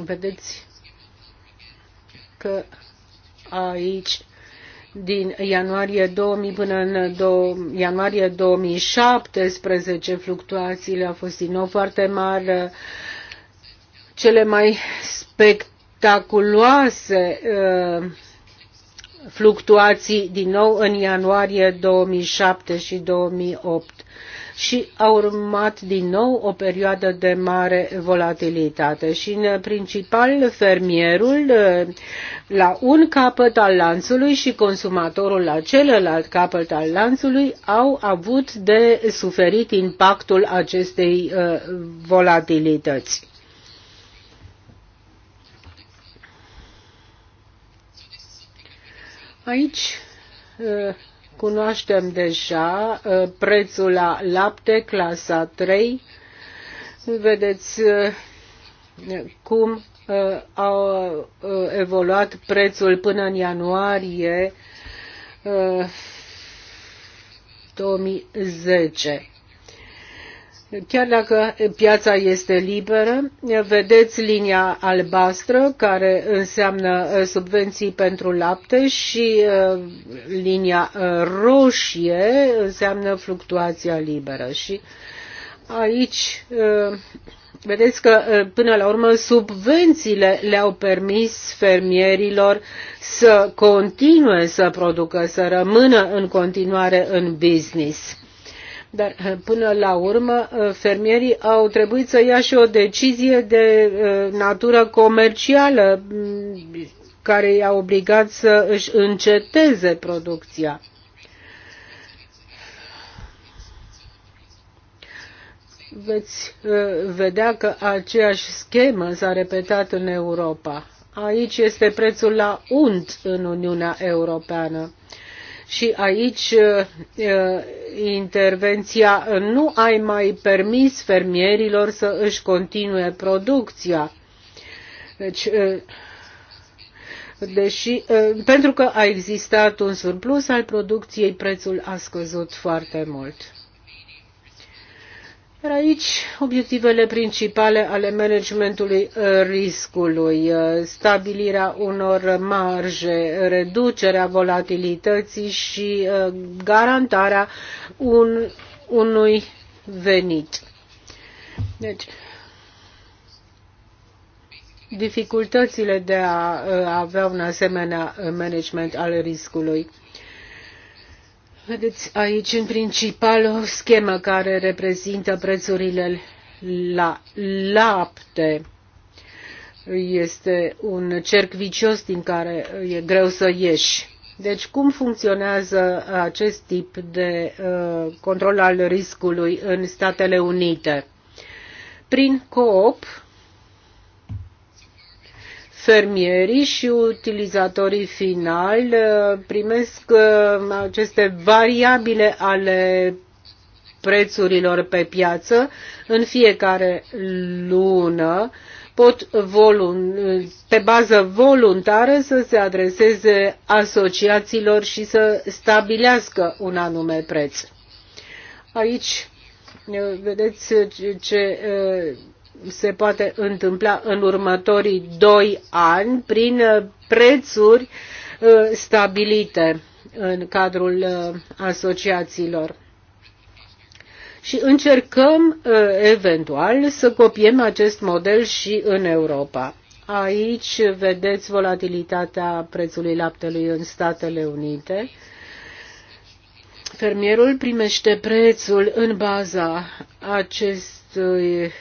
Vedeți că aici din ianuarie 2000 până în do- ianuarie 2017 fluctuațiile au fost din nou foarte mari. Cele mai spectaculoase uh, fluctuații din nou în ianuarie 2007 și 2008 și a urmat din nou o perioadă de mare volatilitate și în principal fermierul eh, la un capăt al lanțului și consumatorul la celălalt capăt al lanțului au avut de suferit impactul acestei eh, volatilități. Aici eh, Cunoaștem deja uh, prețul la lapte, clasa 3. Vedeți uh, cum uh, a evoluat prețul până în ianuarie 2010. Chiar dacă piața este liberă, vedeți linia albastră care înseamnă uh, subvenții pentru lapte și uh, linia uh, roșie înseamnă fluctuația liberă. Și aici vedeți că până la urmă subvențiile le-au permis fermierilor să continue să producă, să rămână în continuare în business dar eh, până la urmă, eh, fermierii au trebuit să ia și o decizie de eh, natură comercială mm, care i-a obligat să își înceteze producția. Veți vedea că aceeași schemă s-a repetat în Europa. Aici este prețul la unt în Uniunea Europeană și aici uh, uh, intervenția nu ai mai permis fermierilor să își continue producția. Deci, uh, deși, pentru că a existat un surplus al producției, prețul a scăzut foarte mult. Iar aici obiectivele principale ale managementului uh, riscului, uh, stabilirea unor marje, reducerea volatilității și uh, garantarea un, unui venit. Deci, dificultățile de a avea un asemenea management al riscului. Vedeți aici în principal o schemă care reprezintă prețurile la lapte. Este un cerc vicios din care e greu să ieși. Deci cum funcționează acest tip de uh, control al riscului în Statele Unite? Prin COOP, fermierii și utilizatorii finali uh, primesc uh, aceste variabile ale prețurilor pe piață în fiecare lună pot pe bază voluntară să se adreseze asociațiilor și să stabilească un anume preț. Aici uh, vedeți ce se poate întâmpla în următorii doi ani prin uh, prețuri uh, stabilite în cadrul uh, asociațiilor. Și încercăm eventual să copiem acest model și în Europa. Aici vedeți volatilitatea prețului laptelui în Statele Unite. Fermierul primește prețul în baza acestui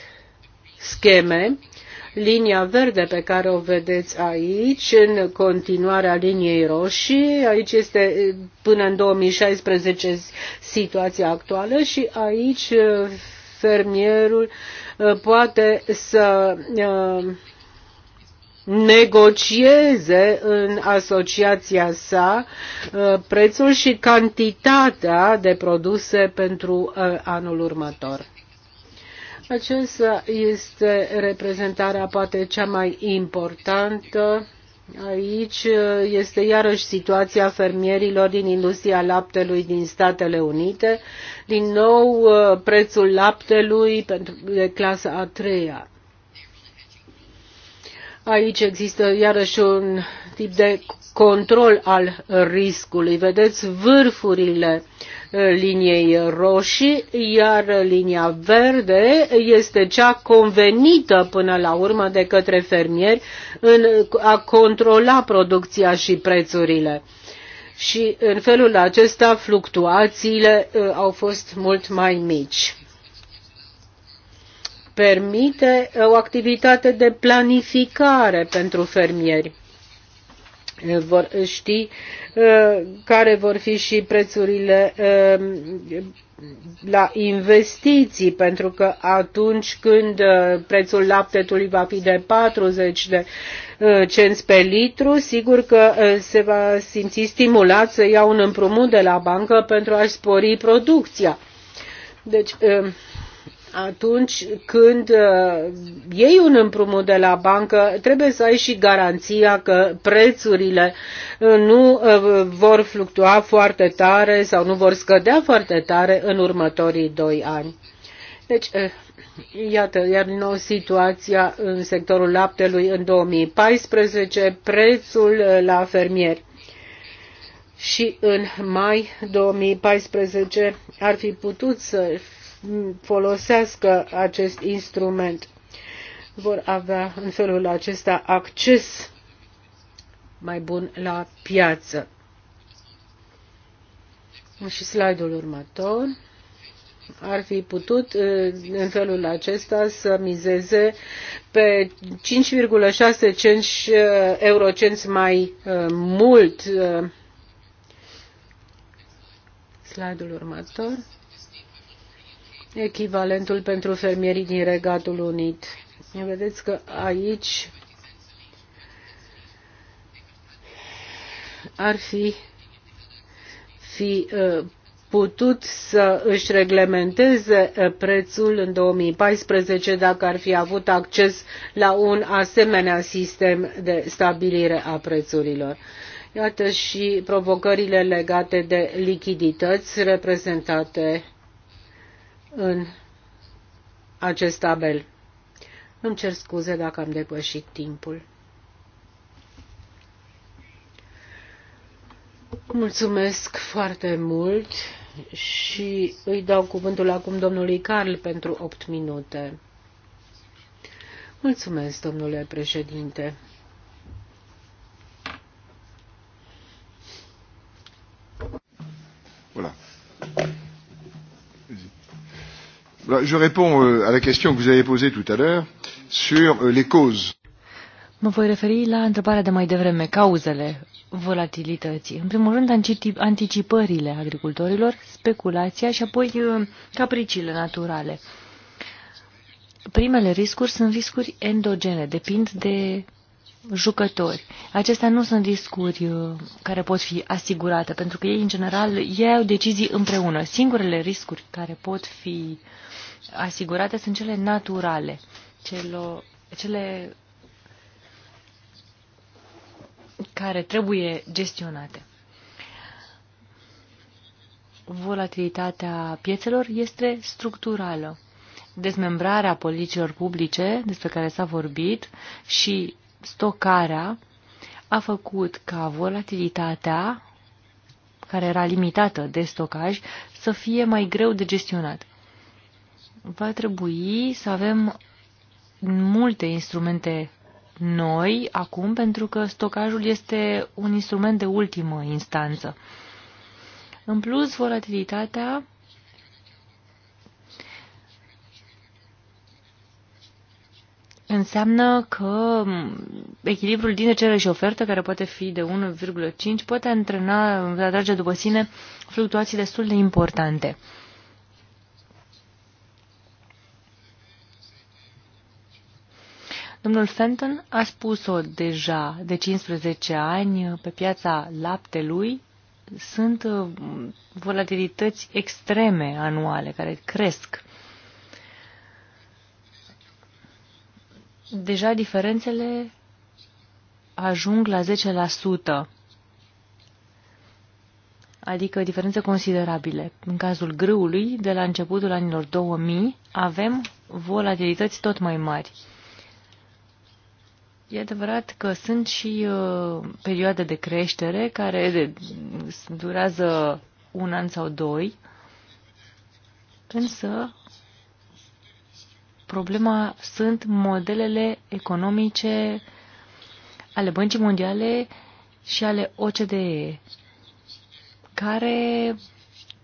scheme. Linia verde pe care o vedeți aici, în continuarea liniei roșii, aici este până în 2016 situația actuală și aici uh, fermierul uh, poate să uh, negocieze în asociația sa prețul și cantitatea de produse pentru anul următor. Aceasta este reprezentarea poate cea mai importantă. Aici este iarăși situația fermierilor din industria laptelui din Statele Unite. Din nou, prețul laptelui pentru clasa a treia. Aici există iarăși un tip de control al riscului. Vedeți vârfurile uh, liniei roșii, iar linia verde este cea convenită până la urmă de către fermieri în a controla producția și prețurile. Și în felul acesta fluctuațiile uh, au fost mult mai mici. Permite uh, o activitate de planificare pentru fermieri vor ști Uh, care vor fi și prețurile uh, la investiții, pentru că atunci când uh, prețul laptetului va fi de 40 de cenți pe litru, sigur că se va simți stimulat să ia un împrumut de la bancă pentru a-și spori producția. Deci atunci când uh, iei un împrumut de la bancă, trebuie să ai și garanția că prețurile uh, nu uh, vor fluctua foarte tare sau nu vor scădea foarte tare în următorii doi ani. Deci, iată, iar nou situația în sectorul laptelui în 2014, prețul la fermieri și în mai 2014 ar fi putut să folosească acest instrument. Vor avea în felul acesta acces mai bun la piață. Și slide-ul următor ar fi putut uh, în felul acesta să mizeze pe 5,6 uh, eurocenți mai uh, mult. Slide-ul următor echivalentul pentru fermierii din Regatul Unit. Vedeți că aici ar fi, fi uh, putut să își reglementeze uh, prețul în 2014 dacă ar fi avut acces la un asemenea sistem de stabilire a prețurilor. Iată și provocările legate de lichidități reprezentate în acest tabel. Îmi cer scuze dacă am depășit timpul. Mulțumesc foarte mult și îi dau cuvântul acum domnului Carl pentru 8 minute. Mulțumesc, domnule președinte. Voilà. Je réponds euh, à la question que vous avez posée tout à l'heure sur euh, les causes. Mă voi referi la întrebarea de mai devreme, cauzele volatilității. În primul rând, anticipările agricultorilor, speculația și apoi uh, capriciile naturale. Primele riscuri sunt riscuri endogene, depind de jucători. Acestea nu sunt riscuri uh, care pot fi asigurate, pentru că ei, în general, iau decizii împreună. Singurele riscuri care pot fi uh, asigurate sunt cele naturale, celo, cele care trebuie gestionate. Volatilitatea piețelor este structurală. Dezmembrarea politicilor publice, despre care s-a vorbit, și stocarea a făcut ca volatilitatea, care era limitată de stocaj, să fie mai greu de gestionat va trebui să avem multe instrumente noi acum, pentru că stocajul este un instrument de ultimă instanță. În plus, volatilitatea înseamnă că echilibrul dintre cerere și ofertă, care poate fi de 1,5, poate antrena, atrage după sine fluctuații destul de importante. Domnul Fenton a spus-o deja de 15 ani pe piața laptelui. Sunt uh, volatilități extreme anuale care cresc. Deja diferențele ajung la 10%, adică diferențe considerabile. În cazul grâului, de la începutul anilor 2000, avem volatilități tot mai mari. E adevărat că sunt și uh, perioade de creștere care durează un an sau doi, însă problema sunt modelele economice ale Băncii Mondiale și ale OCDE, care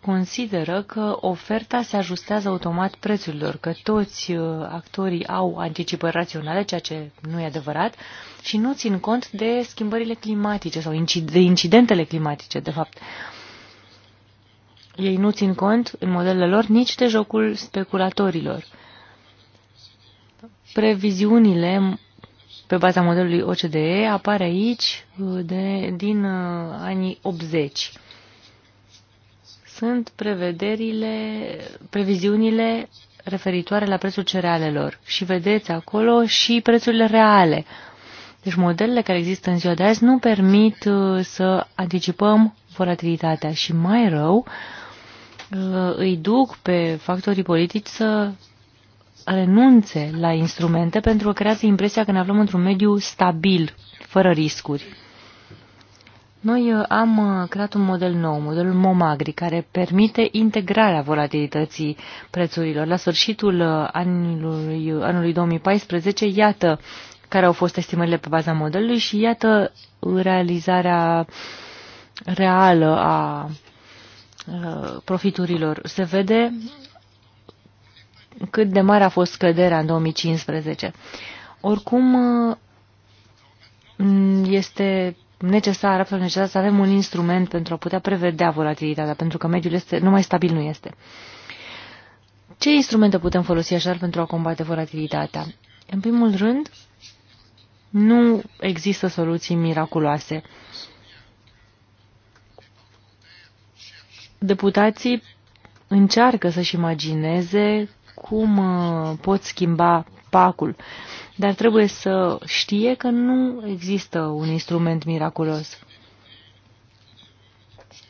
consideră că oferta se ajustează automat prețurilor, că toți uh, actorii au anticipări raționale, ceea ce nu e adevărat, și nu țin cont de schimbările climatice sau de incidentele climatice, de fapt. Ei nu țin cont, în modelele lor, nici de jocul speculatorilor. Previziunile pe baza modelului OCDE apar aici uh, de, din uh, anii 80 sunt prevederile, previziunile referitoare la prețul cerealelor și vedeți acolo și prețurile reale. Deci modelele care există în ziua de azi nu permit uh, să anticipăm volatilitatea și mai rău uh, îi duc pe factorii politici să renunțe la instrumente pentru că creează impresia că ne aflăm într-un mediu stabil, fără riscuri. Noi uh, am uh, creat un model nou, modelul Momagri, care permite integrarea volatilității prețurilor. La sfârșitul uh, anului, anului 2014, iată care au fost estimările pe baza modelului și iată realizarea reală a profiturilor. Se vede cât de mare a fost scăderea în 2015. Oricum, este necesar, absolut necesar să avem un instrument pentru a putea prevedea volatilitatea, pentru că mediul este, numai stabil nu este. Ce instrumente putem folosi așa pentru a combate volatilitatea? În primul rând, nu există soluții miraculoase. Deputații încearcă să-și imagineze cum uh, pot schimba pacul dar trebuie să știe că nu există un instrument miraculos.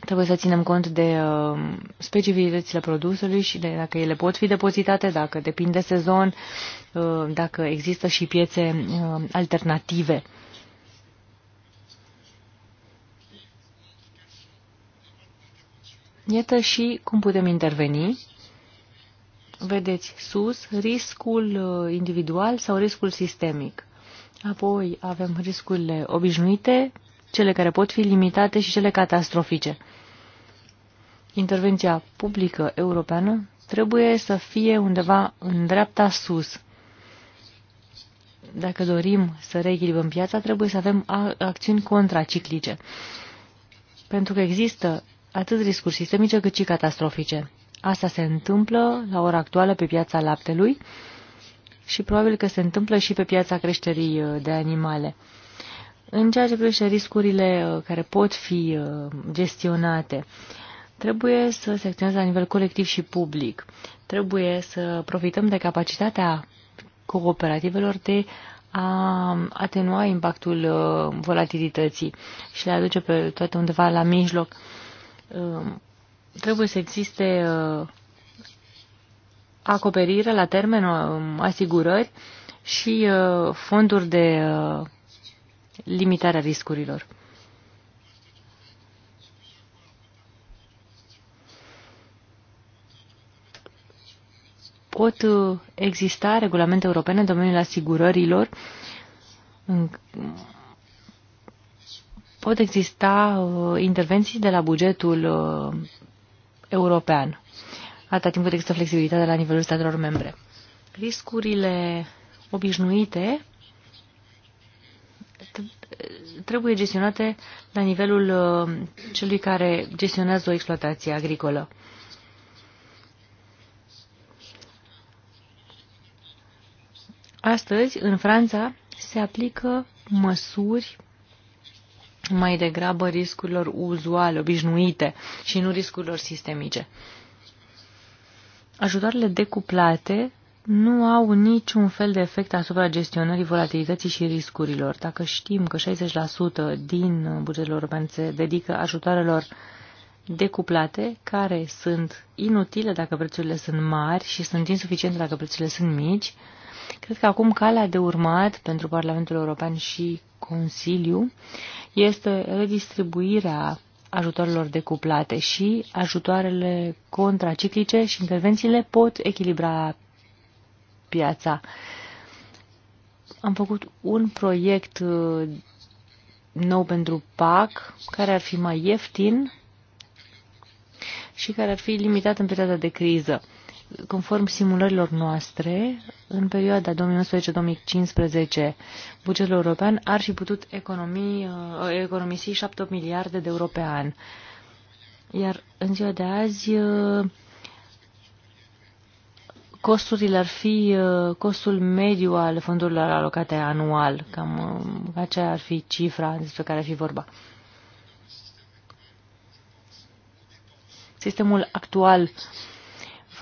Trebuie să ținem cont de uh, specificitățile produsului și de dacă ele pot fi depozitate, dacă depinde sezon, sezon, uh, dacă există și piețe uh, alternative. Iată și cum putem interveni vedeți sus riscul uh, individual sau riscul sistemic. Apoi avem riscurile obișnuite, cele care pot fi limitate și cele catastrofice. Intervenția publică europeană trebuie să fie undeva în dreapta sus. Dacă dorim să reechilibrăm piața, trebuie să avem acțiuni contraciclice. Pentru că există atât riscuri sistemice cât și catastrofice. Asta se întâmplă la ora actuală pe piața laptelui și probabil că se întâmplă și pe piața creșterii uh, de animale. În ceea ce privește riscurile uh, care pot fi uh, gestionate, trebuie să se acționeze la nivel colectiv și public. Trebuie să profităm de capacitatea cooperativelor de a atenua impactul volatilității și le aduce pe toate undeva la mijloc. Um, trebuie să existe uh, acoperire la termen, um, asigurări și uh, fonduri de uh, limitare a riscurilor. Pot exista regulamente europene în domeniul asigurărilor pot exista intervenții de la bugetul european, atâta timp cât există flexibilitate la nivelul statelor membre. Riscurile obișnuite trebuie gestionate la nivelul uh, celui care gestionează o exploatație agricolă. Astăzi, în Franța, se aplică măsuri mai degrabă riscurilor uzuale, obișnuite și nu riscurilor sistemice. Ajutoarele decuplate nu au niciun fel de efect asupra gestionării volatilității și riscurilor. Dacă știm că 60% din bugetul european se dedică ajutoarelor decuplate, care sunt inutile dacă prețurile sunt mari și sunt insuficiente dacă prețurile sunt mici, Cred că acum calea de urmat pentru Parlamentul European și Consiliu este redistribuirea ajutoarelor decuplate și ajutoarele contraciclice și intervențiile pot echilibra piața. Am făcut un proiect uh, nou pentru PAC, care ar fi mai ieftin și care ar fi limitat în perioada de criză conform simulărilor noastre, în perioada 2011-2015, bugetul european ar fi putut economii, uh, economisi 7 miliarde de euro pe an. Iar în ziua de azi, uh, costurile ar fi uh, costul mediu al fondurilor alocate anual. Cam aceea ar fi cifra despre care ar fi vorba. Sistemul actual uh,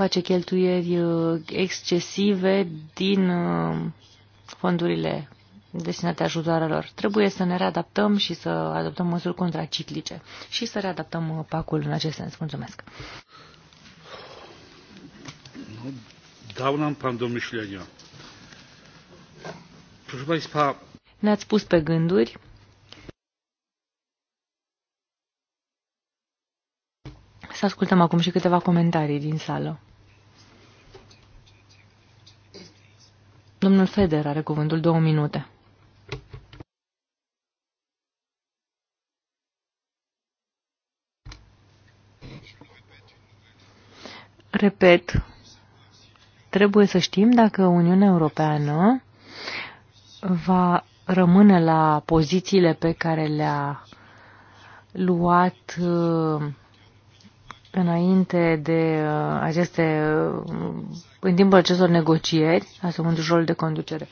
face cheltuieri uh, excesive din uh, fondurile destinate ajutoarelor. Trebuie să ne readaptăm și să adoptăm măsuri contraciclice și să readaptăm uh, pacul în acest sens. Mulțumesc. Ne-ați pus pe gânduri. Să ascultăm acum și câteva comentarii din sală. Domnul Feder are cuvântul două minute. Repet, trebuie să știm dacă Uniunea Europeană va rămâne la pozițiile pe care le-a luat uh, înainte de uh, aceste, uh, în timpul acestor negocieri, asumându-și rolul de conducere.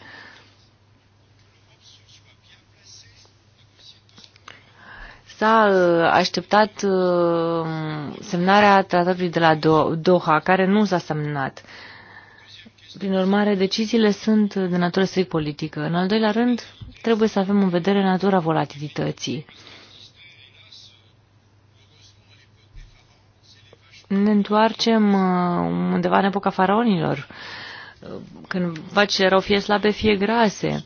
S-a uh, așteptat semnarea tratatului de la Doha, care nu s-a semnat. Prin urmare, deciziile sunt de natură strict politică. În al doilea rând, trebuie să avem în vedere natura volatilității. ne întoarcem uh, undeva în epoca faraonilor, uh, când vacile erau fie slabe, fie grase.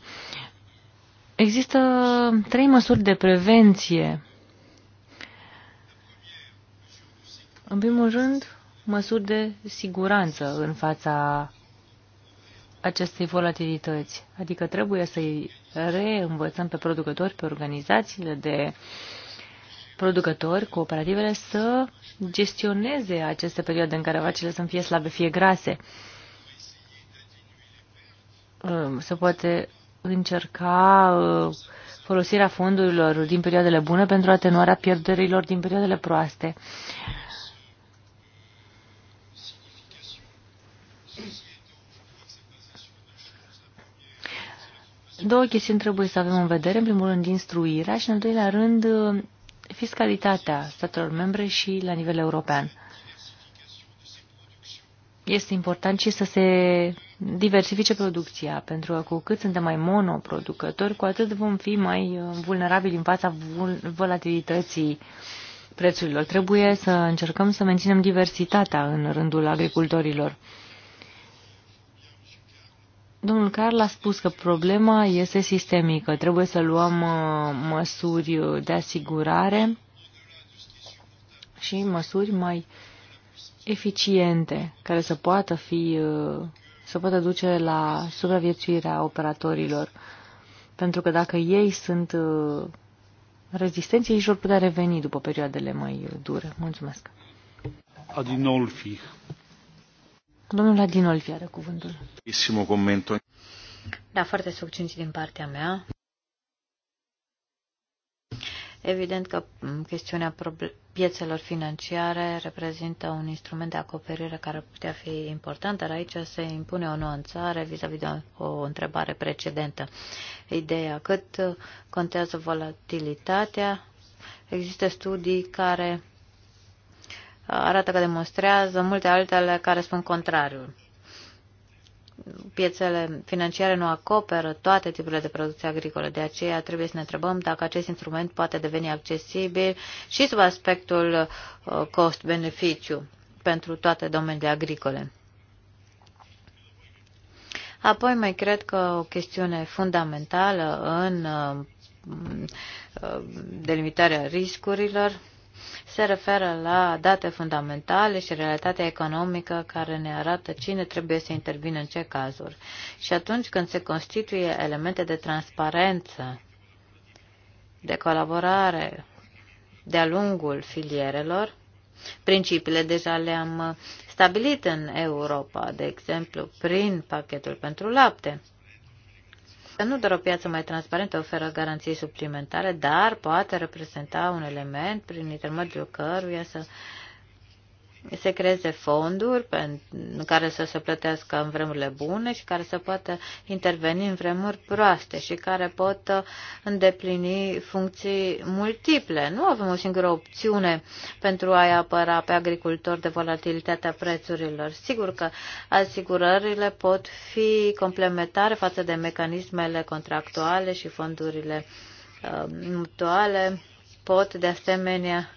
Există trei măsuri de prevenție. În primul rând, măsuri de siguranță în fața acestei volatilități. Adică trebuie să-i reînvățăm pe producători, pe organizațiile de uh, producători, cooperativele, să gestioneze aceste perioade în care vacile să fie slabe, fie grase. Uh, se poate încerca uh, folosirea fondurilor din perioadele bune pentru atenuarea pierderilor din perioadele proaste. Două chestiuni trebuie să avem în vedere, în primul rând instruirea și în al doilea rând fiscalitatea statelor membre și la nivel european. Este important și să se diversifice producția, pentru că cu cât suntem mai monoproducători, cu atât vom fi mai uh, vulnerabili în fața volatilității prețurilor. Trebuie să încercăm să menținem diversitatea în rândul agricultorilor. Domnul Carl a spus că problema este sistemică. Trebuie să luăm uh, măsuri de asigurare și măsuri mai eficiente care să poată fi uh, să poată duce la supraviețuirea operatorilor. Pentru că dacă ei sunt uh, rezistenți, ei vor putea reveni după perioadele mai dure. Mulțumesc. Adinolfi. Domnul Adinolfi are cuvântul. Da, foarte succint din partea mea. Evident că chestiunea piețelor financiare reprezintă un instrument de acoperire care ar putea fi important, dar aici se impune o nuanțare vis-a-vis -vis de o întrebare precedentă. Ideea cât contează volatilitatea, există studii care arată că demonstrează multe altele care spun contrariul. Piețele financiare nu acoperă toate tipurile de producție agricole, de aceea trebuie să ne întrebăm dacă acest instrument poate deveni accesibil și sub aspectul uh, cost-beneficiu pentru toate domeniile agricole. Apoi mai cred că o chestiune fundamentală în uh, uh, delimitarea riscurilor se referă la date fundamentale și realitatea economică care ne arată cine trebuie să intervină în ce cazuri. Și atunci când se constituie elemente de transparență, de colaborare de-a lungul filierelor, principiile deja le-am stabilit în Europa, de exemplu, prin pachetul pentru lapte nu doar o piață mai transparentă oferă garanții suplimentare, dar poate reprezenta un element prin intermediul căruia să se creeze fonduri în care să se plătească în vremurile bune și care să poată interveni în vremuri proaste și care pot uh, îndeplini funcții multiple. Nu avem o singură opțiune pentru a-i apăra pe agricultori de volatilitatea prețurilor. Sigur că asigurările pot fi complementare față de mecanismele contractuale și fondurile uh, mutuale pot de asemenea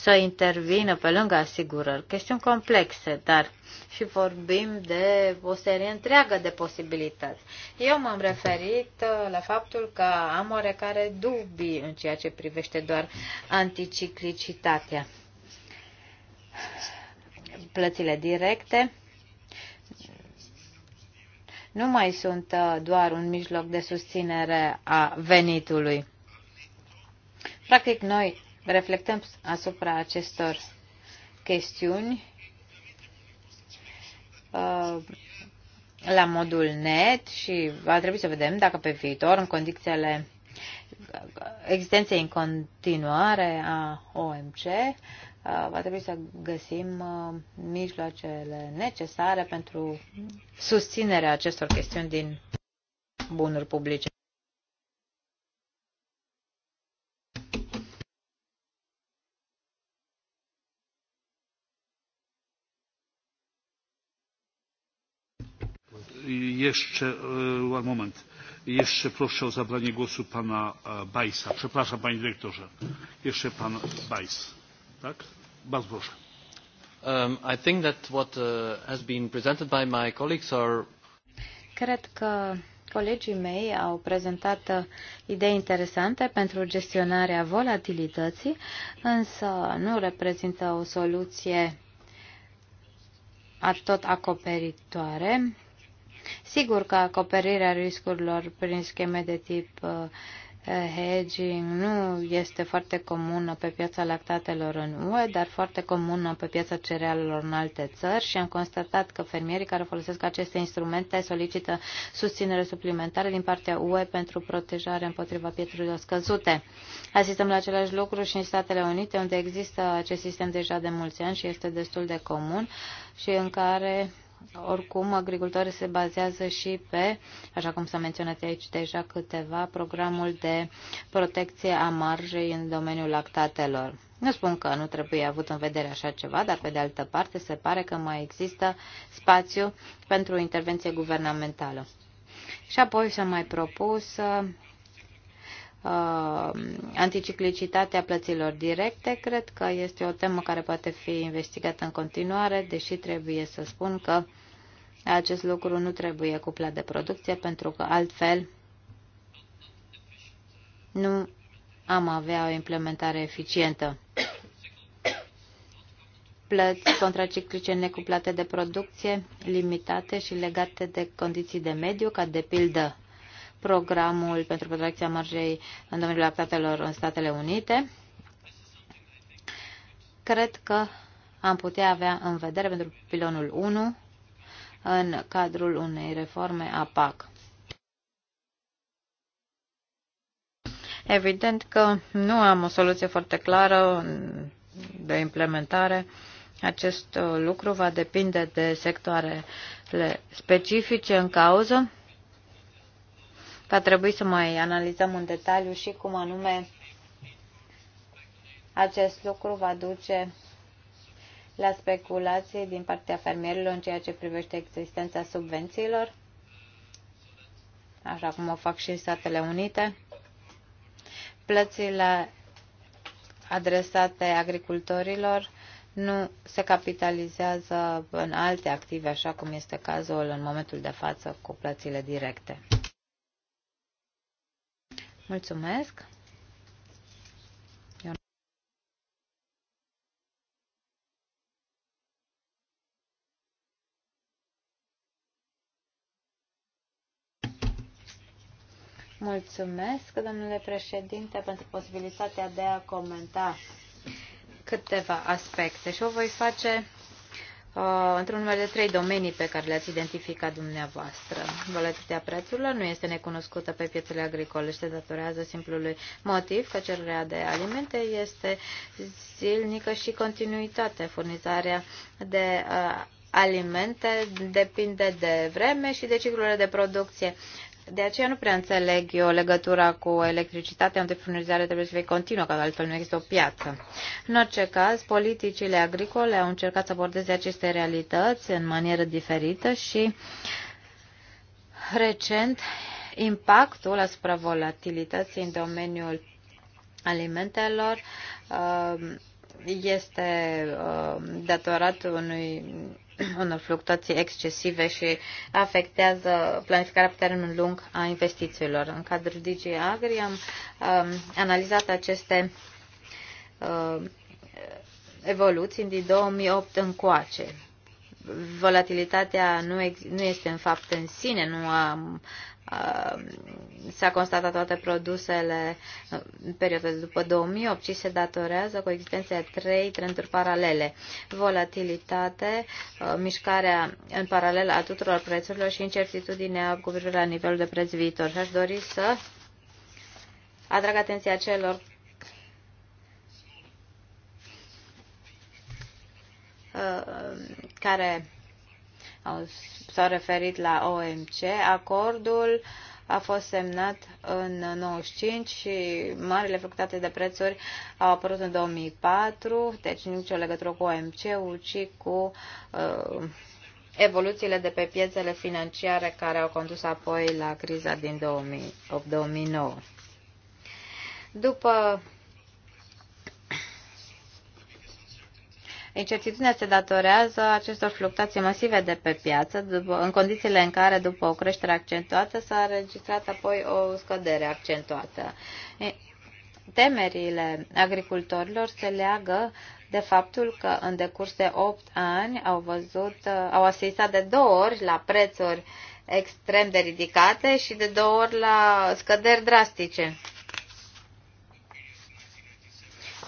să intervină pe lângă asigurări. Chestiuni complexe, dar și vorbim de o serie întreagă de posibilități. Eu m-am referit uh, la faptul că am oarecare dubii în ceea ce privește doar anticiclicitatea. Plățile directe nu mai sunt uh, doar un mijloc de susținere a venitului. Practic, noi reflectăm asupra acestor chestiuni uh, la modul net și va trebui să vedem dacă pe viitor, în condițiile existenței în continuare a OMC, uh, va trebui să găsim uh, mijloacele necesare pentru susținerea acestor chestiuni din bunuri publice. Jeszcze, one moment, jeszcze proszę o zabranie głosu pana Bajsa. Przepraszam panie dyrektorze. Jeszcze pan Bajs. Tak? Bardzo proszę. Um, I think that what uh, has been presented by my colleagues are Cred că colegii mei au prezentat idei interesante pentru gestionarea volatilității, însă nu reprezintă o soluție tot acoperitoare. Sigur că acoperirea riscurilor prin scheme de tip uh, hedging nu este foarte comună pe piața lactatelor în UE, dar foarte comună pe piața cerealelor în alte țări și am constatat că fermierii care folosesc aceste instrumente solicită susținere suplimentară din partea UE pentru protejare împotriva pietrurilor scăzute. Asistăm la același lucru și în Statele Unite, unde există acest sistem deja de mulți ani și este destul de comun și în care oricum, agricultorii se bazează și pe, așa cum s-a menționat aici deja câteva, programul de protecție a marjei în domeniul lactatelor. Nu spun că nu trebuie avut în vedere așa ceva, dar pe de altă parte se pare că mai există spațiu pentru o intervenție guvernamentală. Și apoi s-a mai propus uh, anticiclicitatea plăților directe, cred că este o temă care poate fi investigată în continuare, deși trebuie să spun că acest lucru nu trebuie cuplat de producție, pentru că altfel nu am avea o implementare eficientă. Plăți contraciclice necuplate de producție, limitate și legate de condiții de mediu, ca de pildă programul pentru protecția mărgei în domeniul lactatelor în Statele Unite. Cred că am putea avea în vedere pentru pilonul 1 în cadrul unei reforme a PAC. Evident că nu am o soluție foarte clară de implementare. Acest lucru va depinde de sectoarele specifice în cauză va trebui să mai analizăm în detaliu și cum anume acest lucru va duce la speculații din partea fermierilor în ceea ce privește existența subvențiilor, așa cum o fac și Statele Unite. Plățile adresate agricultorilor nu se capitalizează în alte active, așa cum este cazul în momentul de față cu plățile directe. Mulțumesc! Mulțumesc, domnule președinte, pentru posibilitatea de a comenta câteva aspecte și o voi face Uh, într-un număr de trei domenii pe care le-ați identificat dumneavoastră. Volatilitatea prețurilor nu este necunoscută pe piețele agricole și se datorează simplului motiv că cererea de alimente este zilnică și continuitate. Furnizarea de uh, alimente depinde de vreme și de ciclurile de producție de aceea nu prea înțeleg eu legătura cu electricitatea, unde furnizarea trebuie să fie continuă, că altfel nu există o piață. În orice caz, politicile agricole au încercat să abordeze aceste realități în manieră diferită și recent impactul asupra volatilității în domeniul alimentelor uh, este uh, datorat unui, unor fluctuații excesive și afectează planificarea pe termen lung a investițiilor. În cadrul DG Agri am um, analizat aceste uh, evoluții din 2008 încoace. Volatilitatea nu, nu este în fapt în sine, nu a Um, s-a constatat toate produsele în perioada de după 2008 și se datorează cu existența trei trenduri paralele. Volatilitate, uh, mișcarea în paralel a tuturor prețurilor și incertitudinea cu privire la nivelul de preț viitor. Și aș dori să atrag atenția celor uh, care au s a referit la OMC. Acordul a fost semnat în 95 și marile fluctuații de prețuri au apărut în 2004, deci nicio legătură cu OMC-ul, ci cu uh, evoluțiile de pe piețele financiare care au condus apoi la criza din 2008-2009. După Incertitudinea se datorează acestor fluctuații masive de pe piață, după, în condițiile în care, după o creștere accentuată, s-a înregistrat apoi o scădere accentuată. Temerile agricultorilor se leagă de faptul că în decurs de 8 ani au văzut, au asistat de două ori la prețuri extrem de ridicate și de două ori la scăderi drastice.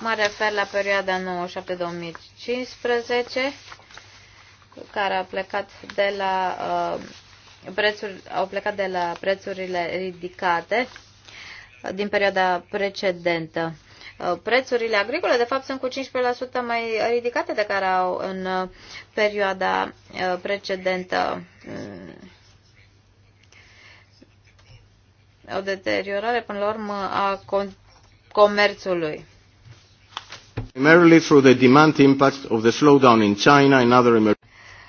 Mă refer la perioada 97 2015, care a plecat de la uh, prețuri, au plecat de la prețurile ridicate din perioada precedentă. Uh, prețurile agricole, de fapt, sunt cu 15% mai ridicate de care au în uh, perioada uh, precedentă. Mm. O deteriorare, până la urmă, a comerțului.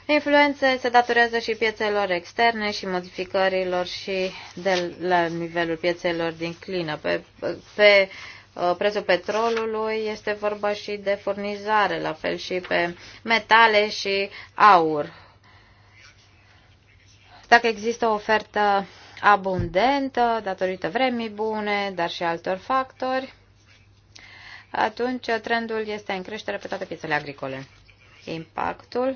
Influențe se datorează și piețelor externe și modificărilor și de la nivelul piețelor din clină. Pe, pe uh, prețul petrolului este vorba și de furnizare, la fel și pe metale și aur. Dacă există o ofertă abundentă, datorită vremii bune, dar și altor factori, atunci trendul este în creștere pe toate piețele agricole. Impactul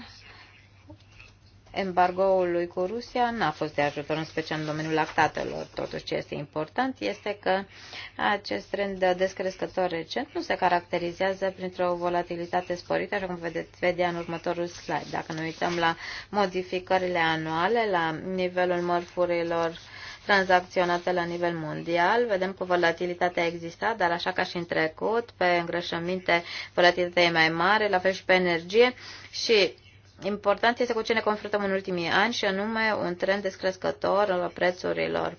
embargoului cu Rusia n-a fost de ajutor, în special în domeniul lactatelor. Totuși, ce este important este că acest trend de descrescător recent nu se caracterizează printr-o volatilitate sporită, așa cum vedeți, vedea în următorul slide. Dacă ne uităm la modificările anuale, la nivelul mărfurilor tranzacționate la nivel mondial. Vedem că volatilitatea existat, dar așa ca și în trecut, pe îngrășăminte volatilitatea e mai mare, la fel și pe energie și important este cu ce ne confruntăm în ultimii ani și anume un trend descrescător al prețurilor.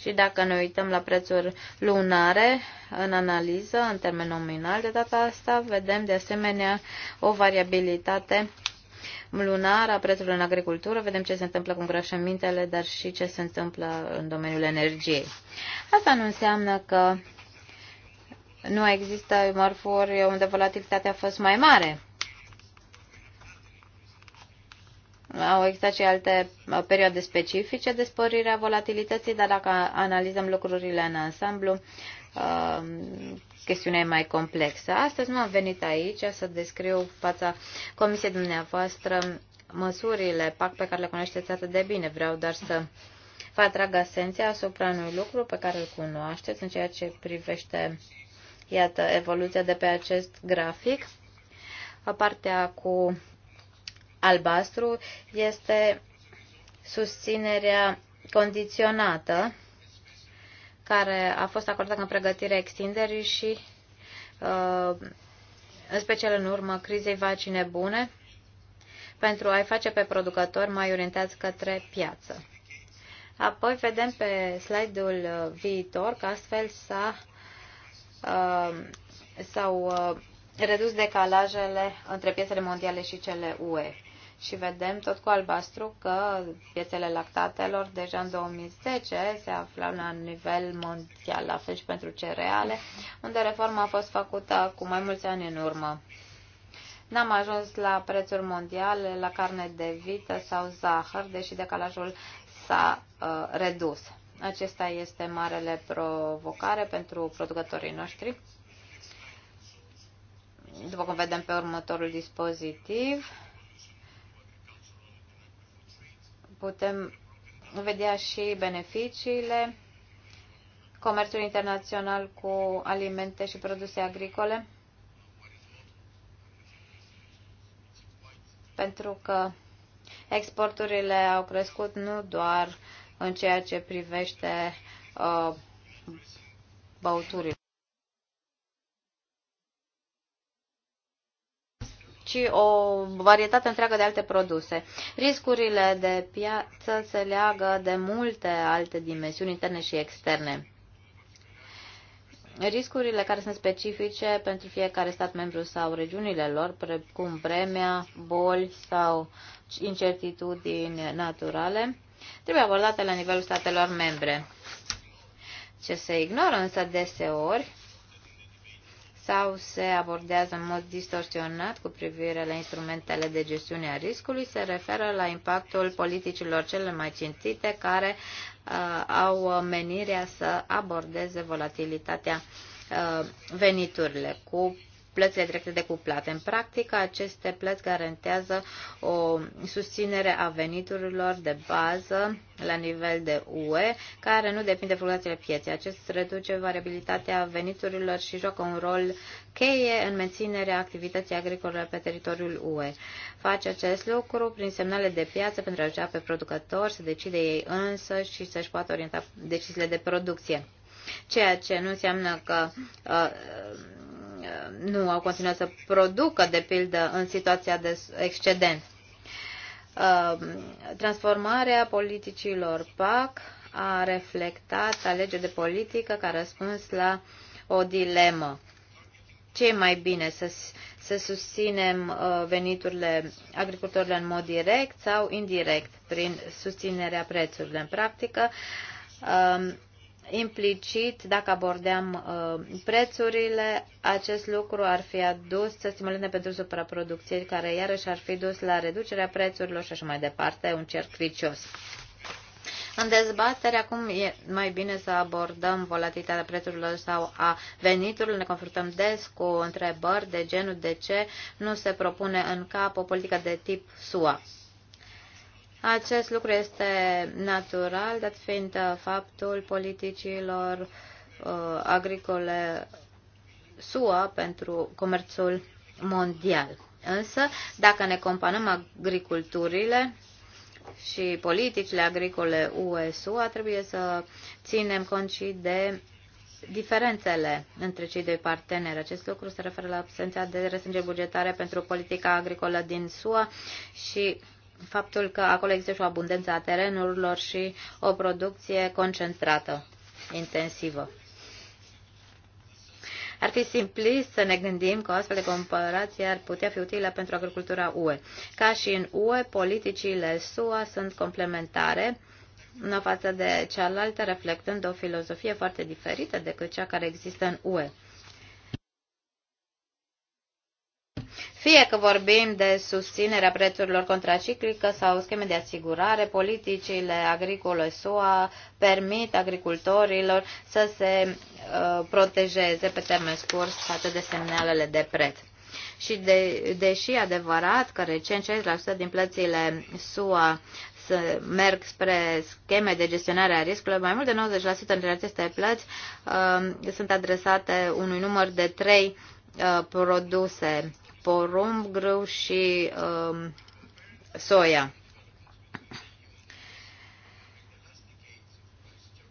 Și dacă ne uităm la prețuri lunare în analiză, în termen nominal, de data asta vedem de asemenea o variabilitate lunar a prețurilor în agricultură, vedem ce se întâmplă cu îngrășămintele, dar și ce se întâmplă în domeniul energiei. Asta nu înseamnă că nu există mărfuri unde volatilitatea a fost mai mare. Au existat și alte perioade specifice de a volatilității, dar dacă analizăm lucrurile în ansamblu, Um, chestiunea e mai complexă. Astăzi nu am venit aici să descriu fața comisiei dumneavoastră măsurile PAC pe care le cunoașteți atât de bine. Vreau doar să vă atrag asenția asupra unui lucru pe care îl cunoașteți în ceea ce privește, iată, evoluția de pe acest grafic. Partea cu albastru este susținerea condiționată care a fost acordată în pregătirea extinderii și uh, în special în urma crizei vacine-bune, pentru a-i face pe producători mai orientați către piață. Apoi vedem pe slide-ul uh, viitor că astfel s-a, uh, s-au redus decalajele între piețele mondiale și cele UE și vedem tot cu albastru că piețele lactatelor deja în 2010 se aflau la nivel mondial, la fel și pentru cereale, unde reforma a fost făcută cu mai mulți ani în urmă. N-am ajuns la prețuri mondiale la carne de vită sau zahăr, deși decalajul s-a uh, redus. Acesta este marele provocare pentru producătorii noștri. După cum vedem pe următorul dispozitiv, putem vedea și beneficiile comerțului internațional cu alimente și produse agricole, pentru că exporturile au crescut nu doar în ceea ce privește uh, băuturile. ci o varietate întreagă de alte produse. Riscurile de piață se leagă de multe alte dimensiuni interne și externe. Riscurile care sunt specifice pentru fiecare stat membru sau regiunile lor, precum vremea, boli sau incertitudini naturale, trebuie abordate la nivelul statelor membre. Ce se ignoră însă deseori sau se abordează în mod distorsionat cu privire la instrumentele de gestiune a riscului, se referă la impactul politicilor cele mai cinstite care uh, au menirea să abordeze volatilitatea uh, veniturile cu plățile directe decuplate. În practică, aceste plăți garantează o susținere a veniturilor de bază la nivel de UE, care nu depinde de fluctuațiile pieței. Acest reduce variabilitatea veniturilor și joacă un rol cheie în menținerea activității agricole pe teritoriul UE. Face acest lucru prin semnale de piață pentru a ajuta pe producători să decide ei însă și să-și poată orienta deciziile de producție ceea ce nu înseamnă că uh, nu au continuat să producă, de pildă, în situația de excedent. Uh, transformarea politicilor PAC a reflectat alegeri de politică ca răspuns la o dilemă. Ce e mai bine, să, să susținem uh, veniturile agricultorilor în mod direct sau indirect, prin susținerea prețurilor? În practică, um, implicit, dacă abordeam uh, prețurile, acest lucru ar fi adus să stimulente pentru supraproducție, care iarăși ar fi dus la reducerea prețurilor și așa mai departe, un cerc vicios. În dezbatere, acum e mai bine să abordăm volatilitatea prețurilor sau a veniturilor. Ne confruntăm des cu întrebări de genul de ce nu se propune în cap o politică de tip SUA. Acest lucru este natural, dat fiind uh, faptul politicilor uh, agricole SUA pentru comerțul mondial. Însă, dacă ne comparăm agriculturile și politicile agricole UE-SUA, trebuie să ținem cont și de diferențele între cei doi parteneri. Acest lucru se referă la absența de restrângeri bugetare pentru politica agricolă din SUA și faptul că acolo există și o abundență a terenurilor și o producție concentrată, intensivă. Ar fi simplist să ne gândim că o astfel de comparație ar putea fi utilă pentru agricultura UE. Ca și în UE, politicile SUA sunt complementare, una față de cealaltă, reflectând o filozofie foarte diferită decât cea care există în UE. Fie că vorbim de susținerea prețurilor contraciclică sau scheme de asigurare, politicile agricole SUA permit agricultorilor să se uh, protejeze pe termen scurt față de semnalele de preț. Și de, deși adevărat că recent 60% din plățile SUA să merg spre scheme de gestionare a riscului, mai mult de 90% dintre aceste plăți uh, sunt adresate unui număr de trei uh, produse porumb grâu și um, soia.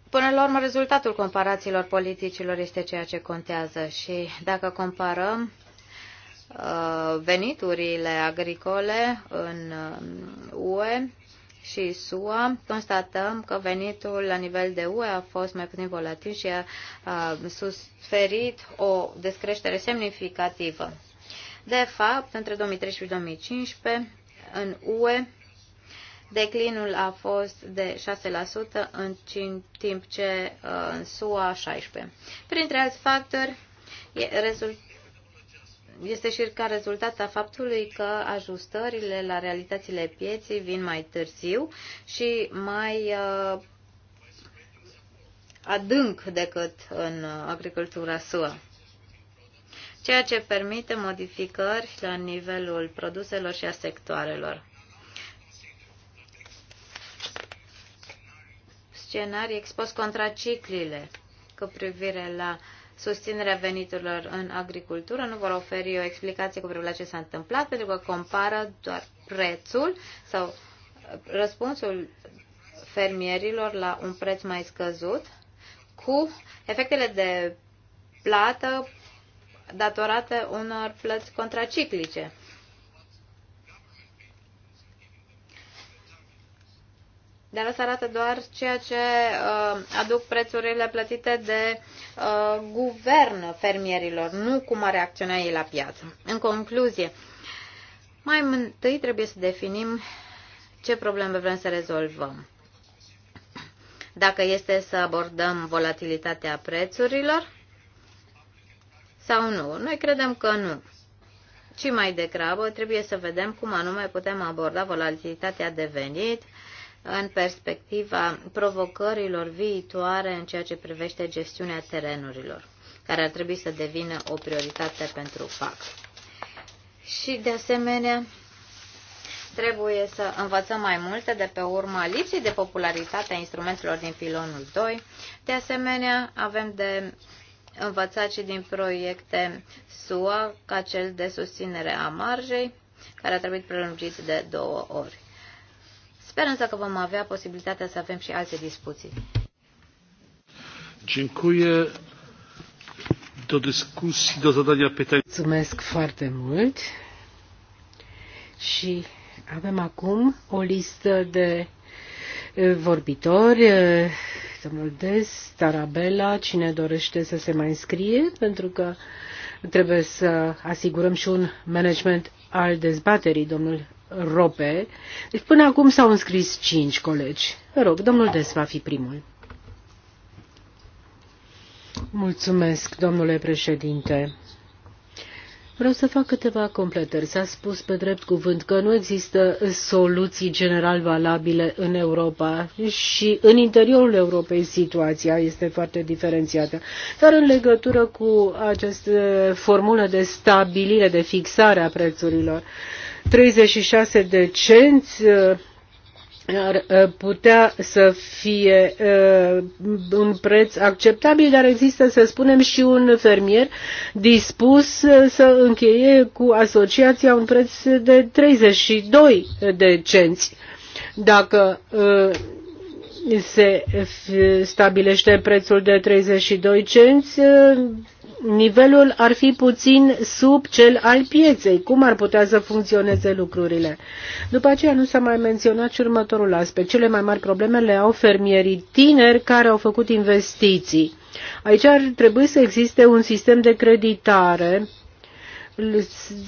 Până la urmă, rezultatul comparațiilor politicilor este ceea ce contează și dacă comparăm uh, veniturile agricole în UE um, și SUA, constatăm că venitul la nivel de UE a fost mai puțin volatil și a, a suferit o descreștere semnificativă. De fapt, între 2013 și 2015, în UE, declinul a fost de 6%, în timp ce uh, în SUA 16%. Printre alți factori, este și ca rezultat a faptului că ajustările la realitățile pieții vin mai târziu și mai uh, adânc decât în uh, agricultura SUA ceea ce permite modificări la nivelul produselor și a sectoarelor. Scenarii expus ciclile, cu privire la susținerea veniturilor în agricultură nu vor oferi o explicație cu privire la ce s-a întâmplat, pentru că compară doar prețul sau răspunsul fermierilor la un preț mai scăzut cu efectele de plată datorate unor plăți contraciclice. Dar asta arată doar ceea ce uh, aduc prețurile plătite de uh, guvern fermierilor, nu cum ar reacționa ei la piață. În concluzie, mai întâi trebuie să definim ce probleme vrem să rezolvăm. Dacă este să abordăm volatilitatea prețurilor, sau nu? Noi credem că nu. Ci mai degrabă trebuie să vedem cum anume putem aborda volatilitatea de venit în perspectiva provocărilor viitoare în ceea ce privește gestiunea terenurilor, care ar trebui să devină o prioritate pentru PAC. Și, de asemenea, trebuie să învățăm mai multe de pe urma lipsii de popularitate a instrumentelor din pilonul 2. De asemenea, avem de învățat și din proiecte SUA, ca cel de susținere a marjei, care a trebuit prelungit de două ori. Sper însă că vom avea posibilitatea să avem și alte discuții. Dziękuję. Do dyskusji, do zadania pytań. Mulțumesc foarte mult. Și avem acum o listă de vorbitori să Des, Tarabela, cine dorește să se mai înscrie, pentru că trebuie să asigurăm și un management al dezbaterii, domnul Rope. Deci până acum s-au înscris cinci colegi. Vă rog, domnul Des va fi primul. Mulțumesc, domnule președinte. Vreau să fac câteva completări. S-a spus pe drept cuvânt că nu există soluții general valabile în Europa și în interiorul Europei situația este foarte diferențiată. Dar în legătură cu această formulă de stabilire, de fixare a prețurilor, 36 de cenți ar uh, putea să fie uh, un preț acceptabil, dar există, să spunem, și un fermier dispus uh, să încheie cu asociația un preț de 32 de cenți. Dacă uh, se stabilește prețul de 32 cenți, uh, nivelul ar fi puțin sub cel al pieței. Cum ar putea să funcționeze lucrurile? După aceea nu s-a mai menționat și următorul aspect. Cele mai mari probleme le au fermierii tineri care au făcut investiții. Aici ar trebui să existe un sistem de creditare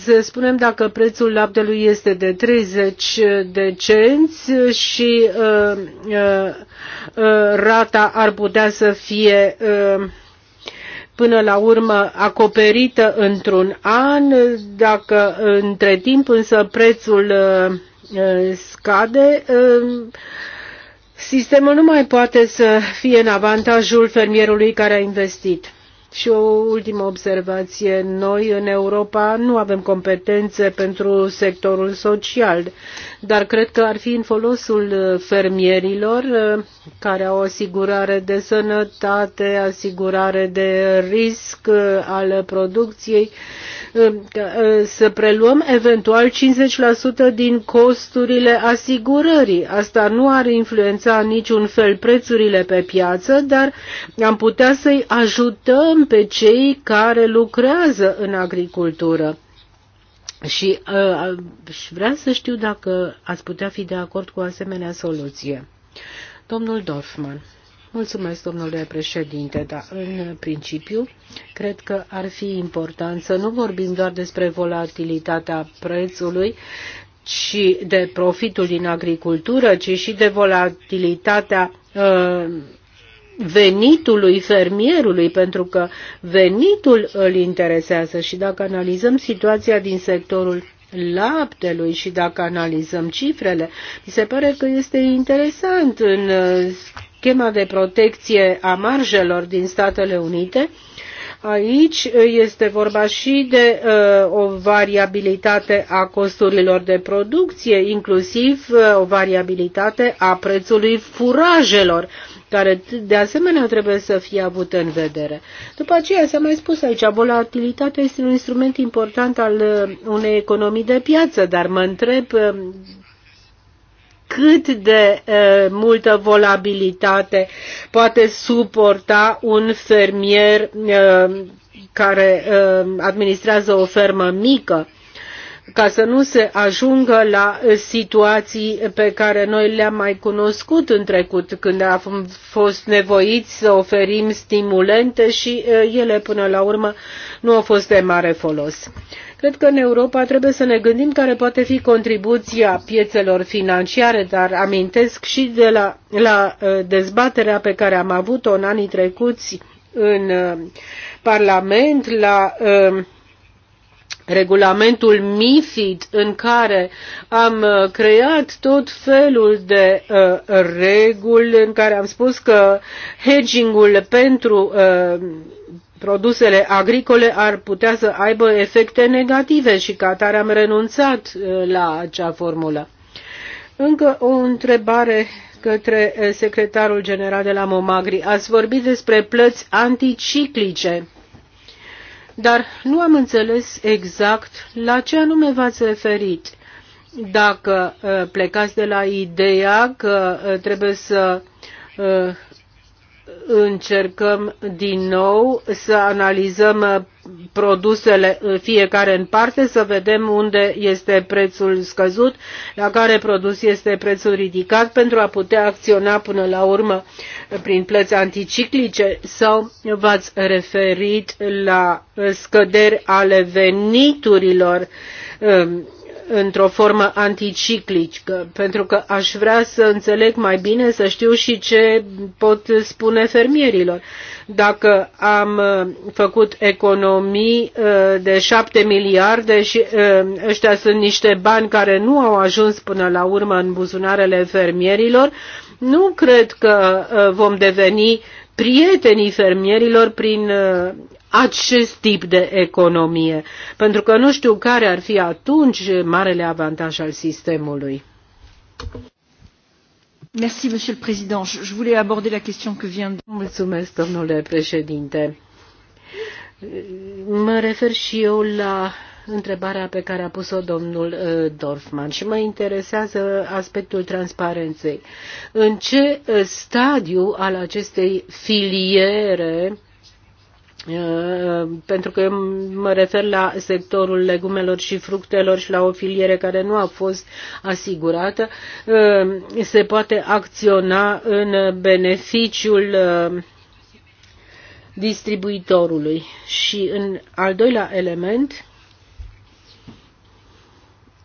să spunem dacă prețul laptelui este de 30 de cenți și uh, uh, uh, rata ar putea să fie uh, până la urmă acoperită într-un an, dacă între timp însă prețul uh, uh, scade, uh, sistemul nu mai poate să fie în avantajul fermierului care a investit. Și o ultimă observație, noi în Europa nu avem competențe pentru sectorul social, dar cred că ar fi în folosul uh, fermierilor uh, care au asigurare de sănătate, asigurare de risc uh, al producției, să preluăm eventual 50% din costurile asigurării. Asta nu ar influența niciun fel prețurile pe piață, dar am putea să-i ajutăm pe cei care lucrează în agricultură. Și uh, uh vrea să știu dacă ați putea fi de acord cu o asemenea soluție. Domnul Dorfman. Mulțumesc, domnule președinte, dar în principiu cred că ar fi important să nu vorbim doar despre volatilitatea prețului, și de profitul din agricultură, ci și de volatilitatea uh, venitului fermierului, pentru că venitul îl interesează și dacă analizăm situația din sectorul laptelui și dacă analizăm cifrele, mi se pare că este interesant în uh, schema de protecție a marjelor din Statele Unite. Aici este vorba și de uh, o variabilitate a costurilor de producție, inclusiv uh, o variabilitate a prețului furajelor. Uh, care de asemenea trebuie să fie avută în vedere. După aceea s-a mai spus aici, volatilitatea este un instrument important al uh, unei economii de piață, dar mă întreb uh, cât de uh, multă volabilitate poate suporta un fermier uh, care uh, administrează o fermă mică ca să nu se ajungă la situații pe care noi le-am mai cunoscut în trecut, când am fost nevoiți să oferim stimulente și ele până la urmă nu au fost de mare folos. Cred că în Europa trebuie să ne gândim care poate fi contribuția piețelor financiare, dar amintesc și de la, la dezbaterea pe care am avut-o în anii trecuți în Parlament la uh, regulamentul MIFID în care am uh, creat tot felul de uh, reguli, în care am spus că hedging-ul pentru uh, produsele agricole ar putea să aibă efecte negative și ca atare am renunțat uh, la acea formulă. Încă o întrebare către uh, secretarul general de la Momagri. Ați vorbit despre plăți anticiclice dar nu am înțeles exact la ce anume v-ați referit. Dacă uh, plecați de la ideea că uh, trebuie să uh, încercăm din nou să analizăm uh, produsele uh, fiecare în parte, să vedem unde este prețul scăzut, la care produs este prețul ridicat, pentru a putea acționa până la urmă uh, prin plăți anticiclice sau v-ați referit la scăderi ale veniturilor um, într-o formă anticiclică, pentru că aș vrea să înțeleg mai bine, să știu și ce pot spune fermierilor. Dacă am uh, făcut economii uh, de șapte miliarde și uh, ăștia sunt niște bani care nu au ajuns până la urmă în buzunarele fermierilor, nu cred că vom deveni prietenii fermierilor prin acest tip de economie, pentru că nu știu care ar fi atunci marele avantaj al sistemului. Merci, Monsieur le Président. Je voulais aborder la question que vient de... Mulțumesc, domnule președinte. Mă refer și eu la întrebarea pe care a pus-o domnul uh, Dorfman și mă interesează aspectul transparenței. În ce uh, stadiu al acestei filiere Uh, pentru că mă refer la sectorul legumelor și fructelor și la o filiere care nu a fost asigurată, uh, se poate acționa în beneficiul uh, distribuitorului. Și în al doilea element,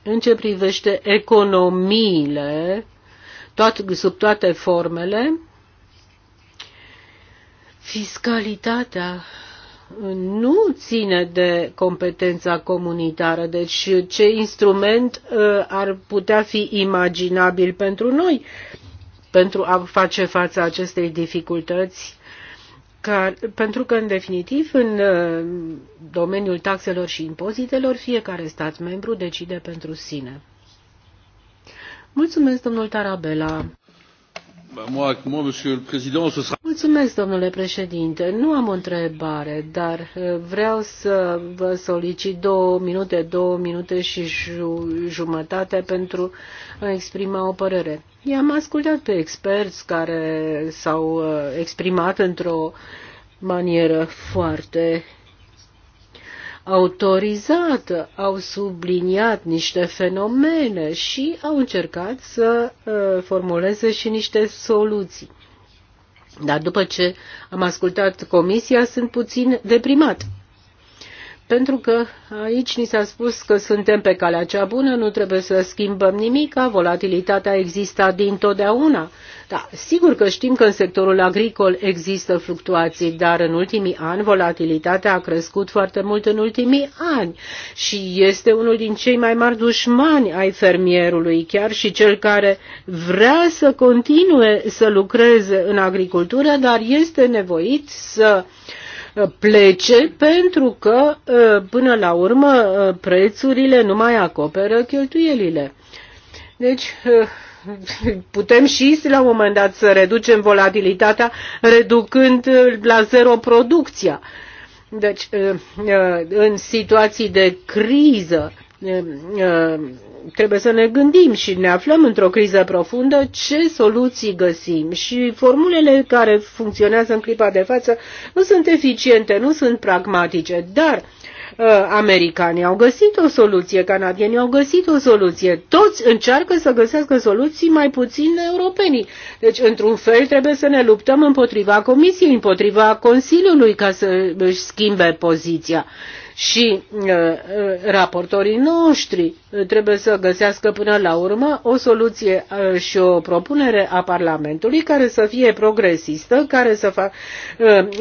în ce privește economiile, tot sub toate formele, fiscalitatea nu ține de competența comunitară, deci ce instrument uh, ar putea fi imaginabil pentru noi pentru a face față acestei dificultăți ca, pentru că, în definitiv, în uh, domeniul taxelor și impozitelor, fiecare stat membru decide pentru sine. Mulțumesc, domnul Tarabela domnule președinte. Nu am o întrebare, dar uh, vreau să vă solicit două minute, două minute și jumătate pentru a exprima o părere. I-am ascultat pe experți care s-au uh, exprimat într-o manieră foarte autorizată, au subliniat niște fenomene și au încercat să uh, formuleze și niște soluții. Dar după ce am ascultat comisia, sunt puțin deprimat pentru că aici ni s-a spus că suntem pe calea cea bună, nu trebuie să schimbăm nimic, volatilitatea exista dintotdeauna. Da, sigur că știm că în sectorul agricol există fluctuații, dar în ultimii ani volatilitatea a crescut foarte mult în ultimii ani și este unul din cei mai mari dușmani ai fermierului, chiar și cel care vrea să continue să lucreze în agricultură, dar este nevoit să Uh, plece pentru că uh, până la urmă uh, prețurile nu mai acoperă cheltuielile. Deci putem și la un moment dat să reducem volatilitatea reducând la zero producția. Deci în situații de criză trebuie să ne gândim și ne aflăm într-o criză profundă, ce soluții găsim și formulele care funcționează în clipa de față nu sunt eficiente, nu sunt pragmatice, dar uh, americanii au găsit o soluție, canadienii au găsit o soluție. Toți încearcă să găsească soluții, mai puțin europenii. Deci, într-un fel, trebuie să ne luptăm împotriva Comisiei, împotriva Consiliului, ca să își schimbe poziția și uh, uh, raportorii noștri uh, trebuie să găsească până la urmă o soluție și o propunere a Parlamentului care să fie progresistă, care să fac,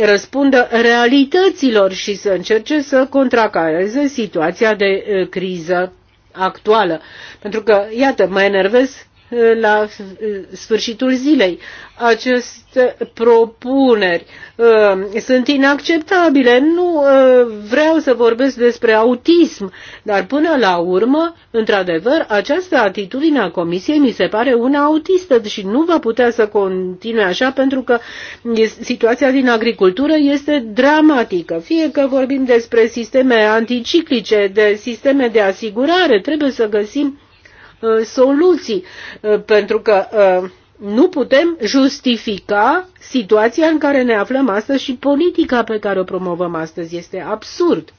răspundă realităților și să încerce să contracareze situația de criză actuală. Pentru că, iată, mă enervez la uh, sfârșitul zilei. Aceste propuneri uh, sunt inacceptabile. Nu uh, vreau să vorbesc despre autism, dar până la urmă, într-adevăr, această atitudine a Comisiei mi se pare una autistă și nu va putea să continue așa pentru că situația din agricultură este dramatică. Fie că vorbim despre sisteme anticiclice, de sisteme de asigurare, trebuie să găsim Uh, soluții, uh, pentru că uh, nu putem justifica situația în care ne aflăm astăzi și politica pe care o promovăm astăzi. Este absurd.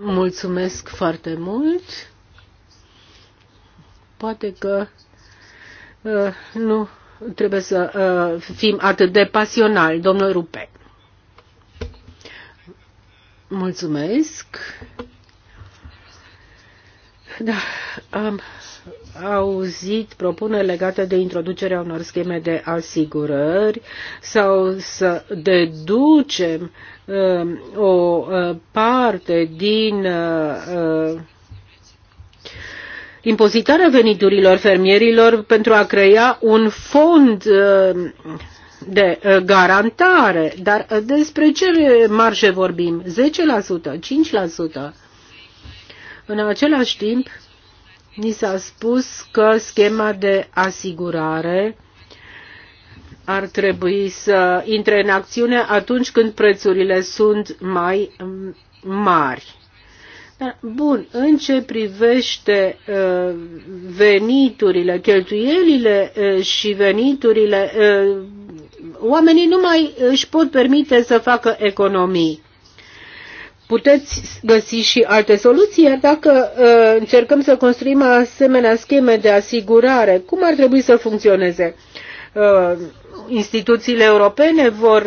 Mulțumesc foarte mult. Poate că uh, nu trebuie să uh, fim atât de pasionali, domnul Rupe. Mulțumesc. Da, am auzit propuneri legate de introducerea unor scheme de asigurări sau să deducem uh, o uh, parte din uh, impozitarea veniturilor fermierilor pentru a crea un fond um, uh, de garantare. Dar uh, despre ce marje vorbim? 10%? 5%? În același timp, ni s-a spus că schema de asigurare ar trebui să intre în acțiune atunci când prețurile sunt mai mm, mari. Bun, în ce privește uh, veniturile, cheltuielile uh, și veniturile, uh, oamenii nu mai își pot permite să facă economii puteți găsi și alte soluții, iar dacă uh, încercăm să construim asemenea scheme de asigurare, cum ar trebui să funcționeze? Uh, instituțiile europene vor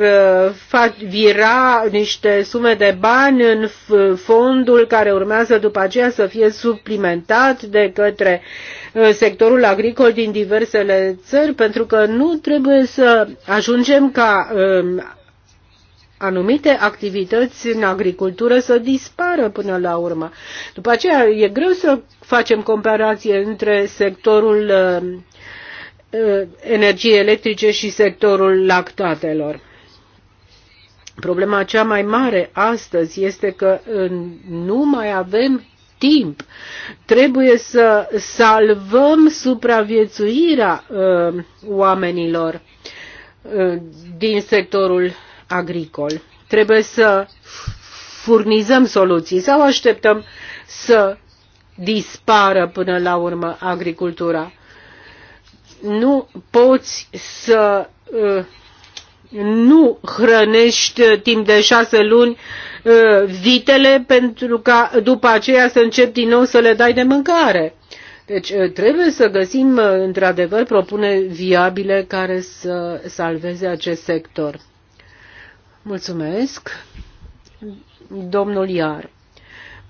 uh, vira niște sume de bani în fondul care urmează după aceea să fie suplimentat de către uh, sectorul agricol din diversele țări, pentru că nu trebuie să ajungem ca uh, anumite activități în agricultură să dispară până la urmă. După aceea e greu să facem comparație între sectorul uh, uh, energiei electrice și sectorul lactatelor. Problema cea mai mare astăzi este că uh, nu mai avem timp. Trebuie să salvăm supraviețuirea uh, oamenilor uh, din sectorul agricol. Trebuie să furnizăm soluții sau așteptăm să dispară până la urmă agricultura. Nu poți să uh, nu hrănești timp de șase luni uh, vitele pentru ca după aceea să începi din nou să le dai de mâncare. Deci uh, trebuie să găsim într-adevăr propune viabile care să salveze acest sector. Mulțumesc, domnul Iar.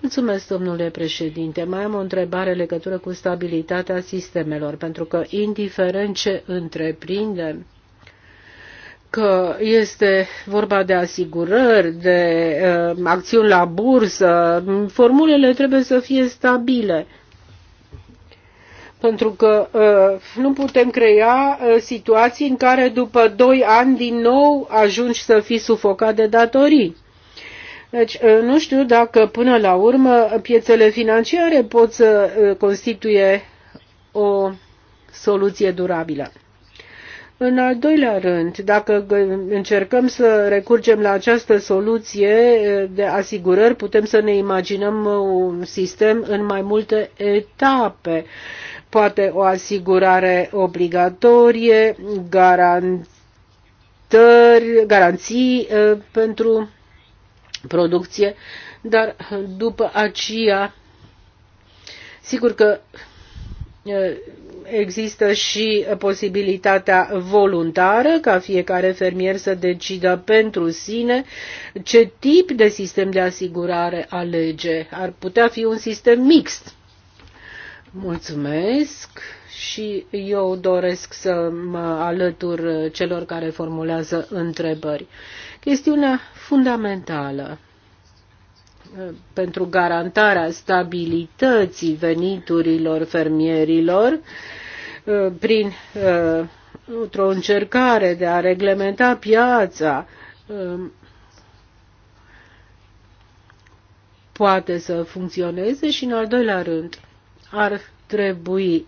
Mulțumesc, domnule președinte. Mai am o întrebare legătură cu stabilitatea sistemelor, pentru că indiferent ce întreprindem, că este vorba de asigurări, de uh, acțiuni la bursă, formulele trebuie să fie stabile pentru că uh, nu putem crea uh, situații în care după doi ani din nou ajungi să fii sufocat de datorii. Deci uh, nu știu dacă până la urmă piețele financiare pot să constituie o soluție durabilă. În al doilea rând, dacă încercăm să recurgem la această soluție de asigurări, putem să ne imaginăm un sistem în mai multe etape poate o asigurare obligatorie, garantări, garanții uh, pentru producție, dar după aceea, sigur că uh, există și posibilitatea voluntară ca fiecare fermier să decidă pentru sine ce tip de sistem de asigurare alege. Ar putea fi un sistem mixt. Mulțumesc și eu doresc să mă alătur celor care formulează întrebări. Chestiunea fundamentală eh, pentru garantarea stabilității veniturilor fermierilor eh, prin eh, o încercare de a reglementa piața poate să funcționeze și în al doilea rând ar trebui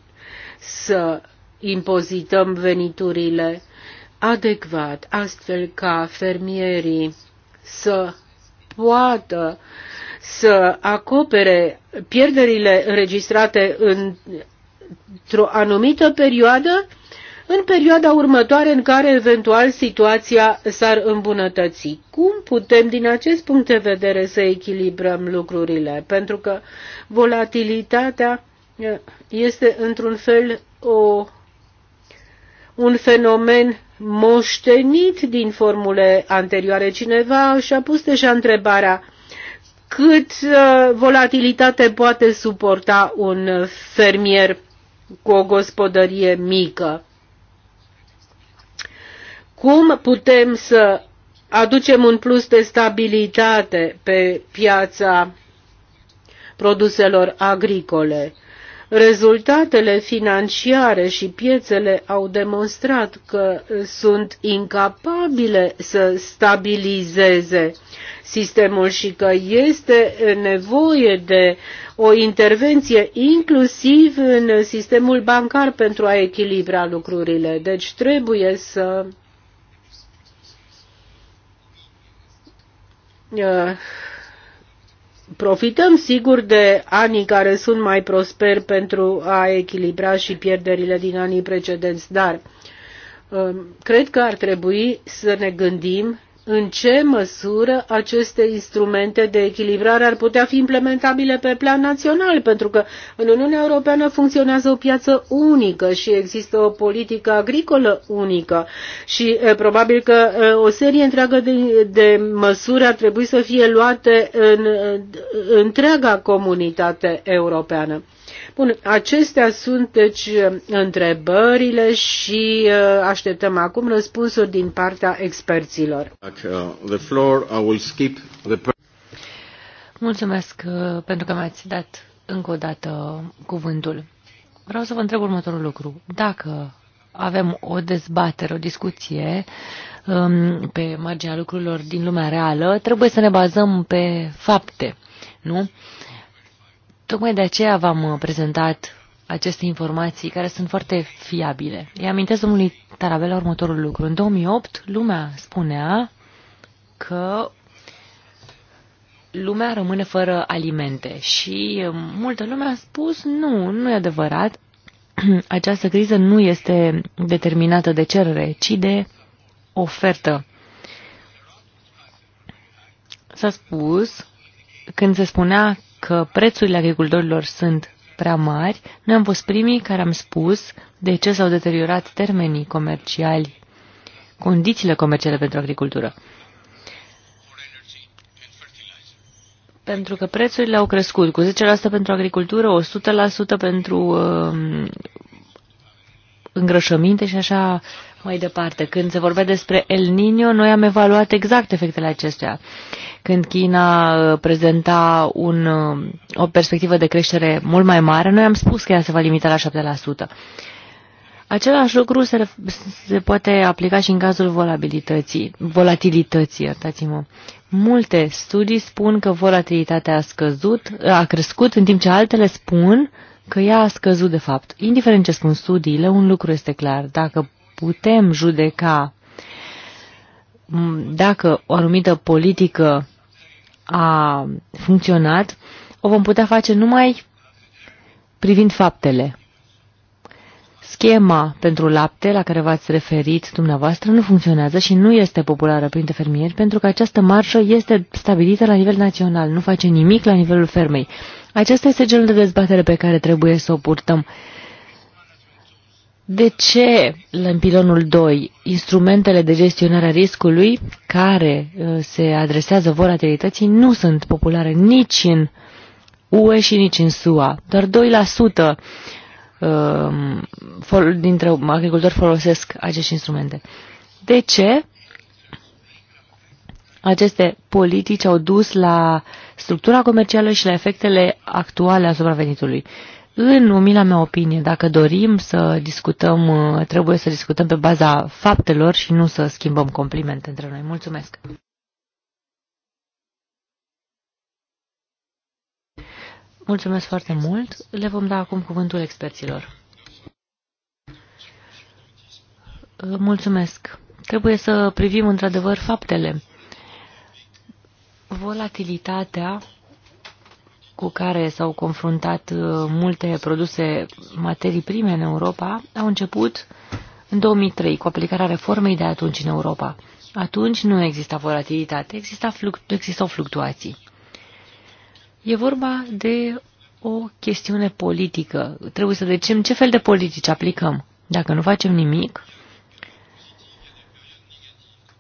să impozităm veniturile adecvat, astfel ca fermierii să poată să acopere pierderile înregistrate într-o anumită perioadă, în perioada următoare în care eventual situația s-ar îmbunătăți. Cum putem din acest punct de vedere să echilibrăm lucrurile? Pentru că volatilitatea este într-un fel o, un fenomen moștenit din formule anterioare. Cineva și-a pus deja întrebarea cât uh, volatilitate poate suporta un fermier cu o gospodărie mică. Cum putem să aducem un plus de stabilitate pe piața produselor agricole? Rezultatele financiare și piețele au demonstrat că sunt incapabile să stabilizeze sistemul și că este nevoie de o intervenție inclusiv în sistemul bancar pentru a echilibra lucrurile. Deci trebuie să uh, profităm sigur de anii care sunt mai prosperi pentru a echilibra și pierderile din anii precedenți, dar um, cred că ar trebui să ne gândim în ce măsură aceste instrumente de echilibrare ar putea fi implementabile pe plan național, pentru că în Uniunea Europeană funcționează o piață unică și există o politică agricolă unică și probabil că o serie întreagă de, de măsuri ar trebui să fie luate în întreaga comunitate europeană. Bun, acestea sunt deci întrebările și uh, așteptăm acum răspunsuri din partea experților. Deci, uh, the floor, I will skip the... Mulțumesc uh, pentru că mi-ați dat încă o dată cuvântul. Vreau să vă întreb următorul lucru. Dacă avem o dezbatere, o discuție um, pe marginea lucrurilor din lumea reală, trebuie să ne bazăm pe fapte, nu? Tocmai de aceea v-am uh, prezentat aceste informații care sunt foarte fiabile. Îi amintesc domnului Tarabella următorul lucru. În 2008, lumea spunea că lumea rămâne fără alimente și uh, multă lume a spus nu, nu e adevărat. Această criză nu este determinată de cerere, ci de ofertă. S-a spus când se spunea că prețurile agricultorilor sunt prea mari, noi am fost primii care am spus de ce s-au deteriorat termenii comerciali, condițiile comerciale pentru agricultură. Pentru că prețurile au crescut cu 10% pentru agricultură, 100% pentru uh, îngrășăminte și așa mai departe. Când se vorbea despre El Niño, noi am evaluat exact efectele acestea. Uh, când China uh, prezenta un, uh, o perspectivă de creștere mult mai mare, noi am spus că ea se va limita la 7%. Același lucru se, se poate aplica și în cazul volatilității. volatilității iertați-mă. Multe studii spun că volatilitatea a, scăzut, a crescut, în timp ce altele spun că ea a scăzut de fapt. Indiferent ce spun studiile, un lucru este clar. Dacă putem judeca dacă o anumită politică a funcționat, o vom putea face numai privind faptele. Schema pentru lapte la care v-ați referit dumneavoastră nu funcționează și nu este populară printre fermieri pentru că această marșă este stabilită la nivel național, nu face nimic la nivelul fermei. Acesta este genul de dezbatere pe care trebuie să o purtăm. De ce, în pilonul 2, instrumentele de gestionare a riscului care uh, se adresează volatilității nu sunt populare nici în UE și nici în SUA? Doar 2% um, dintre agricultori folosesc acești instrumente. De ce? Aceste politici au dus la structura comercială și la efectele actuale asupra venitului. În umila mea opinie, dacă dorim să discutăm, uh, trebuie să discutăm pe baza faptelor și nu să schimbăm complimente între noi. Mulțumesc! Mulțumesc foarte mult. Le vom da acum cuvântul experților. Uh, mulțumesc. Trebuie să privim într-adevăr faptele. Volatilitatea cu care s-au confruntat uh, multe produse materii prime în Europa au început în 2003 cu aplicarea reformei de atunci în Europa. Atunci nu exista volatilitate, exista fluctu- existau fluctuații. E vorba de o chestiune politică. Trebuie să decem ce fel de politici aplicăm. Dacă nu facem nimic,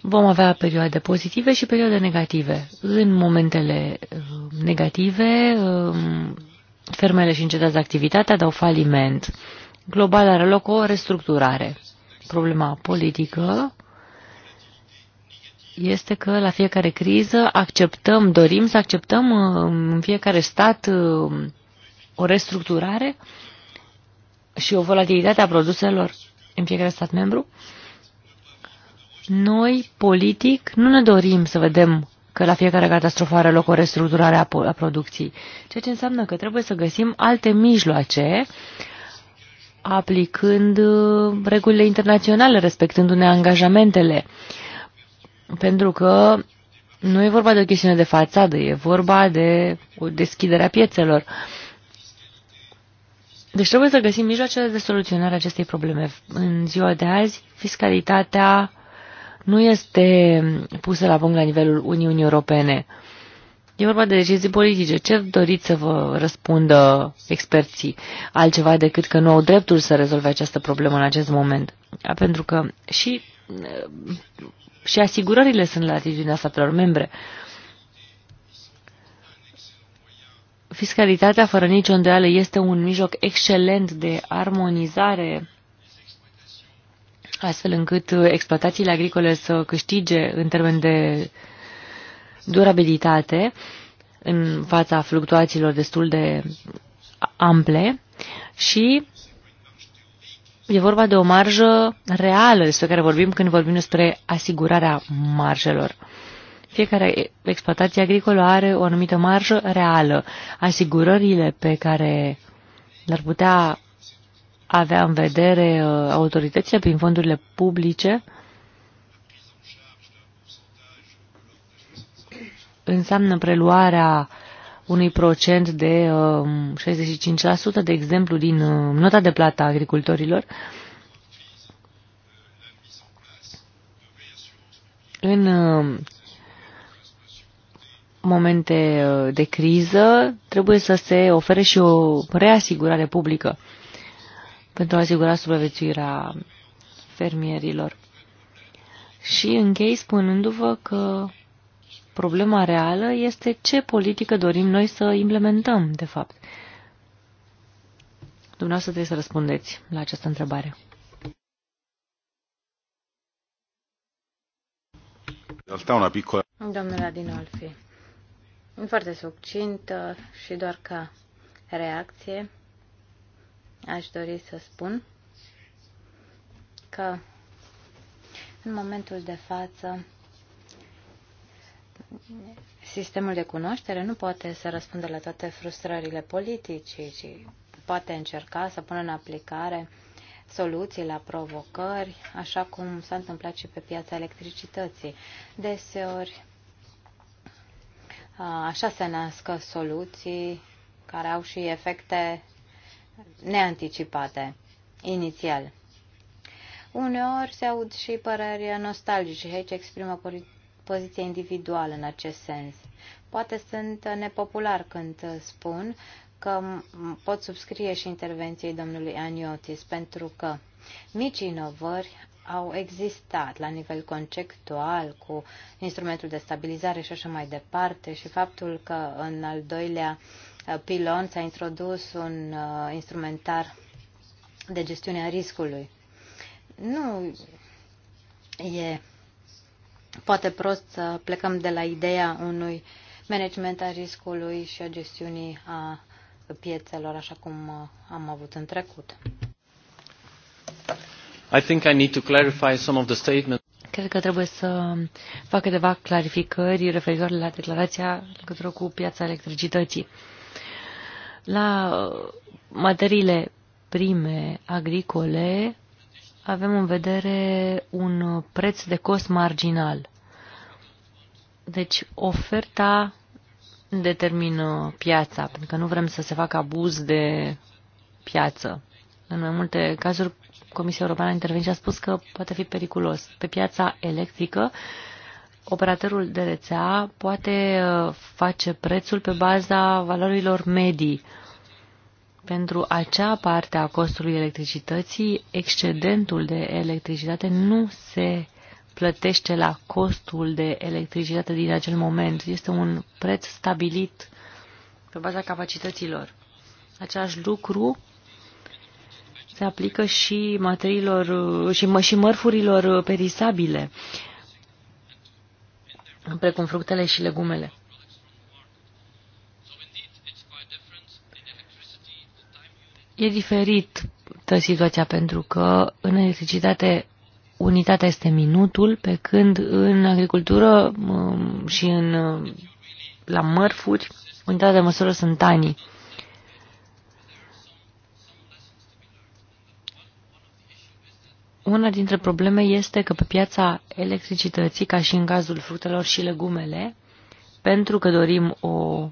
vom avea perioade pozitive și perioade negative. În momentele uh, negative, um, fermele își încetează activitatea, dau faliment. Global are loc o restructurare. Problema politică este că la fiecare criză acceptăm, dorim să acceptăm uh, în fiecare stat uh, o restructurare și o volatilitate a produselor în fiecare stat membru. Noi, politic, nu ne dorim să vedem că la fiecare catastrofă are loc o restructurare a, a producției, ceea ce înseamnă că trebuie să găsim alte mijloace aplicând uh, regulile internaționale, respectându-ne angajamentele. Pentru că nu e vorba de o chestiune de fațadă, e vorba de o deschidere a piețelor. Deci trebuie să găsim mijloacele de soluționare a acestei probleme. În ziua de azi, fiscalitatea nu este pusă la punct la nivelul Uniunii Europene. E vorba de decizii politice. Ce doriți să vă răspundă experții? Altceva decât că nu au dreptul să rezolve această problemă în acest moment. Pentru că și, și asigurările sunt la atitudinea statelor membre. Fiscalitatea, fără nicio îndoială, este un mijloc excelent de armonizare astfel încât uh, exploatațiile agricole să câștige în termen de durabilitate în fața fluctuațiilor destul de ample și e vorba de o marjă reală despre care vorbim când vorbim despre asigurarea marjelor. Fiecare exploatație agricolă are o anumită marjă reală. Asigurările pe care le-ar putea avea în vedere uh, autoritățile prin fondurile publice înseamnă preluarea unui procent de 65%, uh, de exemplu, din uh, nota de plată a agricultorilor, în momente de criză trebuie să se ofere și o reasigurare publică pentru a asigura supraviețuirea fermierilor. Și închei spunându-vă că problema reală este ce politică dorim noi să implementăm, de fapt. Dumneavoastră trebuie să răspundeți la această întrebare. realtà una piccola... Domnule Adinolfi, foarte succint uh, și doar ca reacție aș dori să spun că în momentul de față sistemul de cunoaștere nu poate să răspundă la toate frustrările politice, ci poate încerca să pună în aplicare soluții la provocări, așa cum s-a întâmplat și pe piața electricității. Deseori, așa se nasc soluții care au și efecte neanticipate inițial. Uneori se aud și păreri nostalgice ce aici exprimă poziție individuală în acest sens. Poate sunt nepopular când spun că pot subscrie și intervenției domnului Aniotis, pentru că mici inovări au existat la nivel conceptual cu instrumentul de stabilizare și așa mai departe și faptul că în al doilea uh, Uh, pilon s-a introdus un uh, instrumentar de gestiune a riscului. Nu e poate prost să plecăm de la ideea unui management a riscului și a gestiunii a piețelor, așa cum uh, am avut în trecut. I think I need to clarify some of the statements. Cred că trebuie să fac câteva clarificări referitoare la declarația legătură cu piața electricității. Uh, la uh, materiile prime agricole avem în vedere un uh, preț de cost marginal. Deci oferta determină piața, pentru că nu vrem să se facă abuz de piață. În mai multe cazuri, Comisia Europeană a intervenit și a spus că poate fi periculos. Pe piața electrică, uh, operatorul de rețea poate uh, face prețul pe baza valorilor medii pentru acea parte a costului electricității, excedentul de electricitate nu se plătește la costul de electricitate din acel moment. Este un preț stabilit pe baza capacităților. Același lucru se aplică și materiilor uh, și, și mărfurilor perisabile. Uh, precum fructele și legumele. E diferită situația pentru că în electricitate unitatea este minutul, pe când în agricultură și în, la mărfuri unitatea de măsură sunt anii. Una dintre probleme este că pe piața electricității, ca și în cazul fructelor și legumele, pentru că dorim o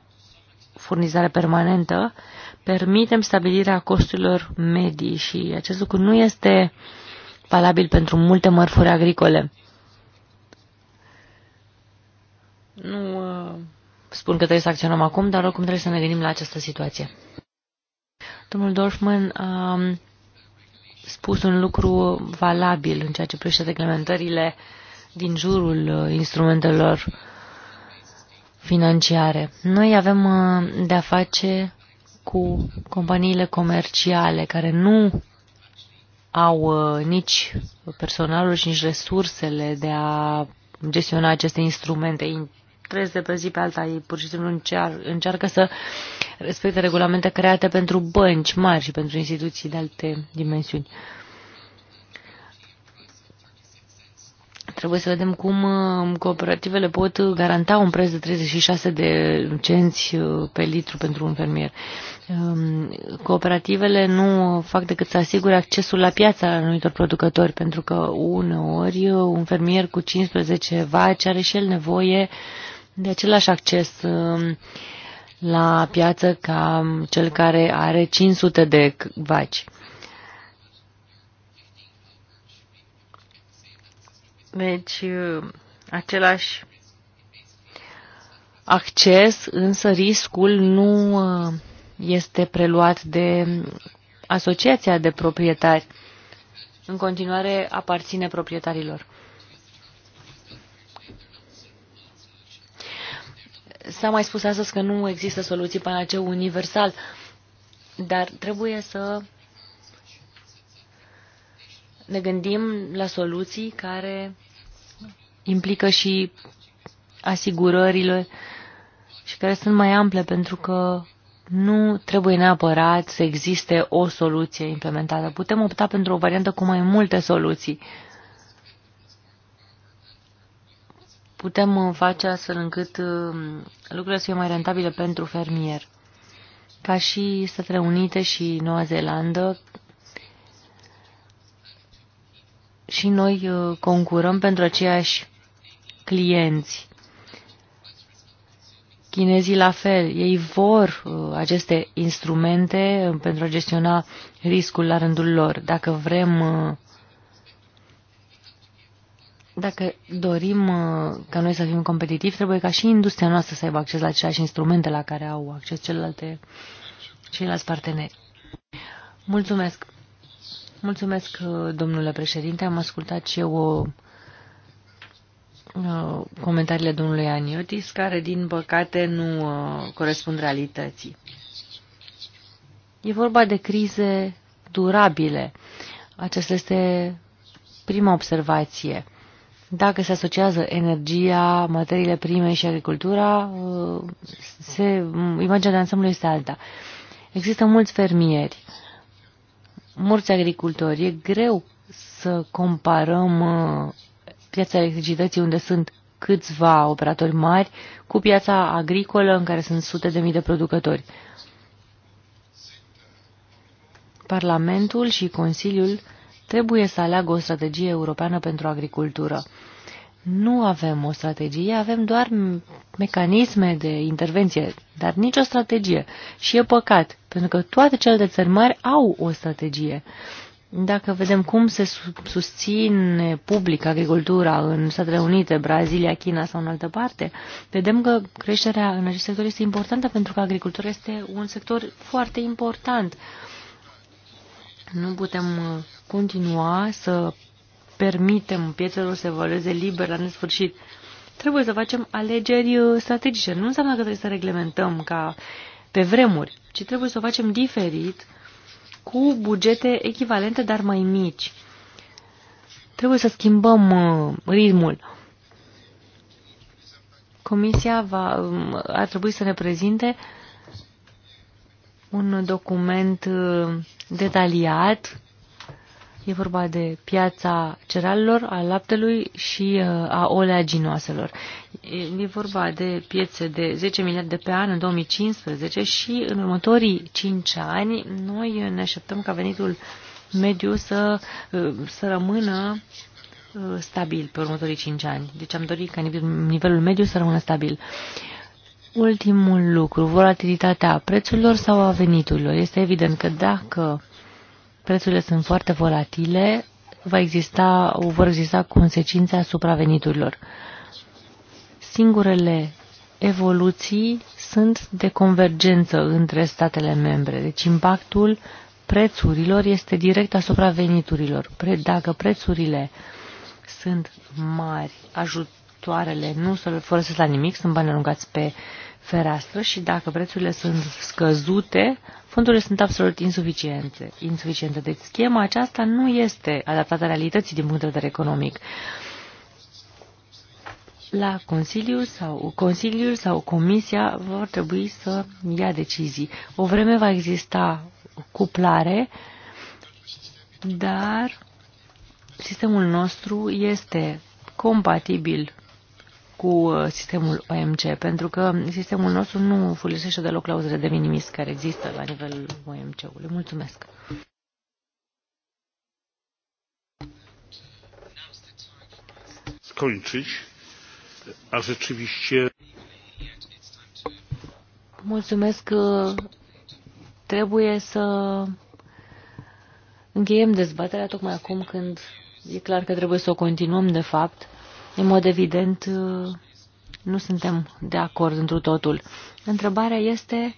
furnizare permanentă, permitem stabilirea costurilor medii și acest lucru nu este valabil pentru multe mărfuri agricole. Nu uh, spun că trebuie să acționăm acum, dar oricum trebuie să ne gândim la această situație. Domnul Dorfman a um, spus un lucru valabil în ceea ce privește reglementările din jurul uh, instrumentelor financiare. Noi avem uh, de-a face cu companiile comerciale care nu au uh, nici personalul și nici resursele de a gestiona aceste instrumente trăiesc de pe zi pe alta, ei pur și simplu încear, încearcă să respecte regulamente create pentru bănci mari și pentru instituții de alte dimensiuni. Trebuie să vedem cum uh, cooperativele pot garanta un preț de 36 de cenți uh, pe litru pentru un fermier. Um, cooperativele nu fac decât să asigure accesul la piața anumitor producători, pentru că uneori uh, un fermier cu 15 vaci are și el nevoie uh, de același acces um, la piață ca cel care are 500 de vaci. Deci, um, același acces, însă riscul nu uh, este preluat de asociația de proprietari. În continuare, aparține proprietarilor. S-a mai spus astăzi că nu există soluții panaceu universal, dar trebuie să ne gândim la soluții care implică și asigurările și care sunt mai ample, pentru că nu trebuie neapărat să existe o soluție implementată. Putem opta pentru o variantă cu mai multe soluții. putem face astfel încât um, lucrurile să fie mai rentabile pentru fermier. Ca și Statele Unite și Noua Zeelandă, și noi uh, concurăm pentru aceiași clienți. Chinezii la fel, ei vor uh, aceste instrumente uh, pentru a gestiona riscul la rândul lor. Dacă vrem dacă dorim uh, ca noi să fim competitivi, trebuie ca și industria noastră să aibă acces la aceleași instrumente la care au acces celelalte, ceilalți parteneri. Mulțumesc! Mulțumesc, uh, domnule președinte. Am ascultat și eu uh, comentariile domnului Aniotis, care, din păcate, nu corespund realității. E vorba de crize durabile. Aceasta este prima observație. Dacă se asociază energia, materiile prime și agricultura, uh, se, imaginea de ansamblu este alta. Există mulți fermieri, mulți agricultori. E greu să comparăm uh, piața electricității unde sunt câțiva operatori mari cu piața agricolă în care sunt sute de mii de producători. Parlamentul și Consiliul trebuie să aleagă o strategie europeană pentru agricultură. Nu avem o strategie, avem doar mecanisme de intervenție, dar nicio strategie. Și e păcat, pentru că toate celelalte țări mari au o strategie. Dacă vedem cum se susține public agricultura în Statele Unite, Brazilia, China sau în altă parte, vedem că creșterea în acest sector este importantă pentru că agricultura este un sector foarte important. Nu putem uh, continua să permitem piețelor să evolueze liber la nesfârșit, trebuie să facem alegeri uh, strategice. Nu înseamnă că trebuie să reglementăm ca pe vremuri, ci trebuie să o facem diferit, cu bugete echivalente, dar mai mici. Trebuie să schimbăm uh, ritmul. Comisia va, um, ar trebui să ne prezinte un document uh, detaliat E vorba de piața cerealelor, a laptelui și uh, a oleaginoaselor. E vorba de piețe de 10 miliarde pe an în 2015 și în următorii 5 ani noi ne așteptăm ca venitul mediu să, uh, să rămână uh, stabil pe următorii 5 ani. Deci am dorit ca nivelul mediu să rămână stabil. Ultimul lucru, volatilitatea prețurilor sau a veniturilor. Este evident că dacă prețurile sunt foarte volatile, va exista, vor exista consecințe asupra veniturilor. Singurele evoluții sunt de convergență între statele membre, deci impactul prețurilor este direct asupra veniturilor. Dacă prețurile sunt mari, ajutoarele nu se folosesc la nimic, sunt bani aruncați pe uh, fereastră și dacă prețurile sunt scăzute, fondurile sunt absolut insuficiente. insuficiente. Deci schema aceasta nu este adaptată realității din punct de vedere economic. La Consiliu sau Consiliul sau Comisia vor trebui să ia decizii. O vreme va exista cuplare, dar sistemul nostru este compatibil cu uh, sistemul OMC, pentru că sistemul nostru nu folosește deloc clauzele de minimis care există la nivel OMC-ului. Mulțumesc! Skończyć, a rzeczywiście... Mulțumesc că uh, trebuie să încheiem dezbaterea tocmai acum când e clar că trebuie să o continuăm de fapt. În mod evident, uh, nu suntem de acord întru totul. Întrebarea este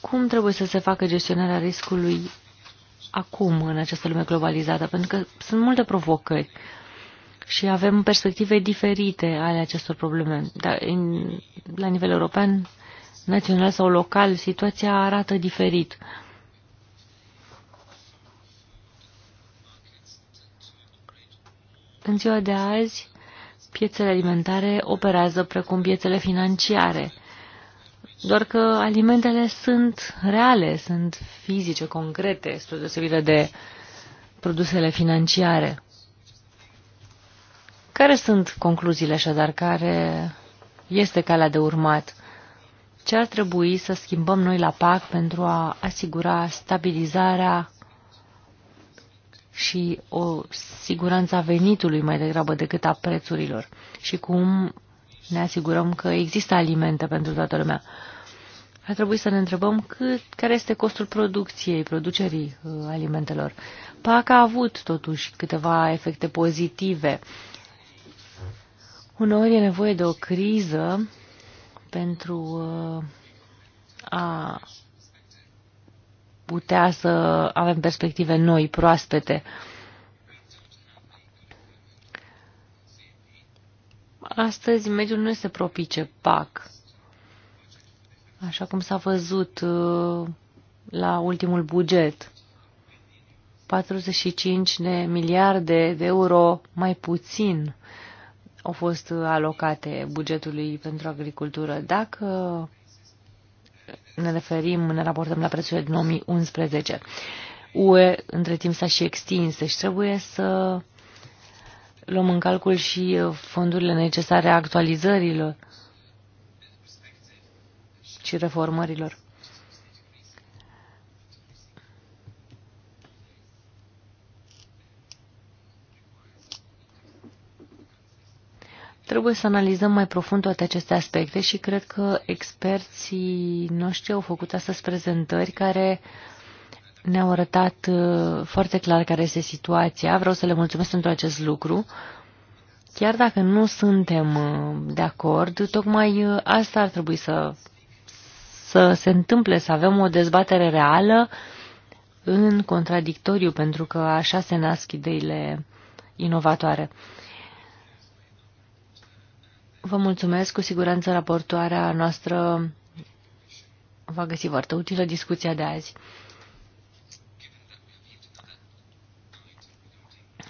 cum trebuie să se facă gestionarea riscului acum, în această lume globalizată, pentru că sunt multe provocări și avem perspective diferite ale acestor probleme. Dar în, la nivel european, național sau local, situația arată diferit. Uh, În ziua de azi, piețele alimentare operează precum piețele financiare, doar că alimentele sunt reale, sunt fizice, concrete, spre deosebire de produsele financiare. Care sunt concluziile așadar? Care este calea de urmat? Ce ar trebui să schimbăm noi la PAC pentru a asigura stabilizarea și o siguranță a venitului mai degrabă decât a prețurilor și cum ne asigurăm că există alimente pentru toată lumea. Ar trebui să ne întrebăm cât, care este costul producției, producerii uh, alimentelor. PAC a avut totuși câteva efecte pozitive. Uneori e nevoie de o criză pentru uh, a putea să avem perspective noi, proaspete. Astăzi mediul nu este propice PAC, așa cum s-a văzut uh, la ultimul buget. 45 de miliarde de euro mai puțin au fost alocate bugetului pentru agricultură. Dacă ne referim, ne raportăm la prețurile din 2011. UE între timp s-a și extins, deci trebuie să luăm în calcul și fondurile necesare actualizărilor și reformărilor. Trebuie să analizăm mai profund toate aceste aspecte și cred că experții noștri au făcut astăzi prezentări care ne-au arătat uh, foarte clar care este situația. Vreau să le mulțumesc pentru acest lucru. Chiar dacă nu suntem uh, de acord, tocmai uh, asta ar trebui să, să se întâmple, să avem o dezbatere reală în contradictoriu, pentru că așa se nasc ideile inovatoare. Vă mulțumesc. Cu siguranță raportoarea noastră va găsi foarte utilă discuția de azi.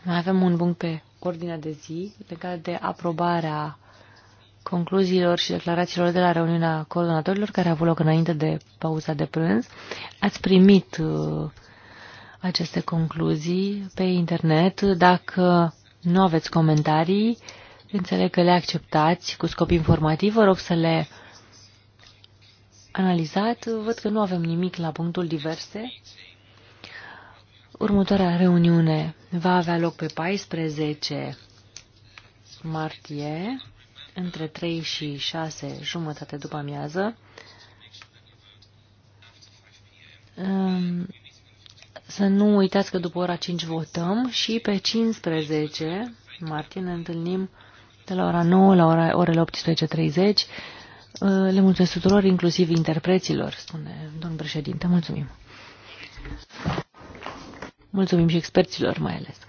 Mai avem un punct pe ordinea de zi legat de aprobarea concluziilor și declarațiilor de la reuniunea coordonatorilor care a avut loc înainte de pauza de prânz. Ați primit uh, aceste concluzii pe internet. Dacă nu aveți comentarii, Înțeleg că le acceptați cu scop informativ. Vă rog să le analizat. Văd că nu avem nimic la punctul diverse. Următoarea reuniune va avea loc pe 14 martie, între 3 și 6 jumătate după amiază. Să nu uitați că după ora 5 votăm și pe 15 martie ne întâlnim de la ora 9 la ora, orele 18.30. Uh, le mulțumesc tuturor, inclusiv interpreților, spune domnul președinte. Mulțumim. Mulțumim și experților mai ales.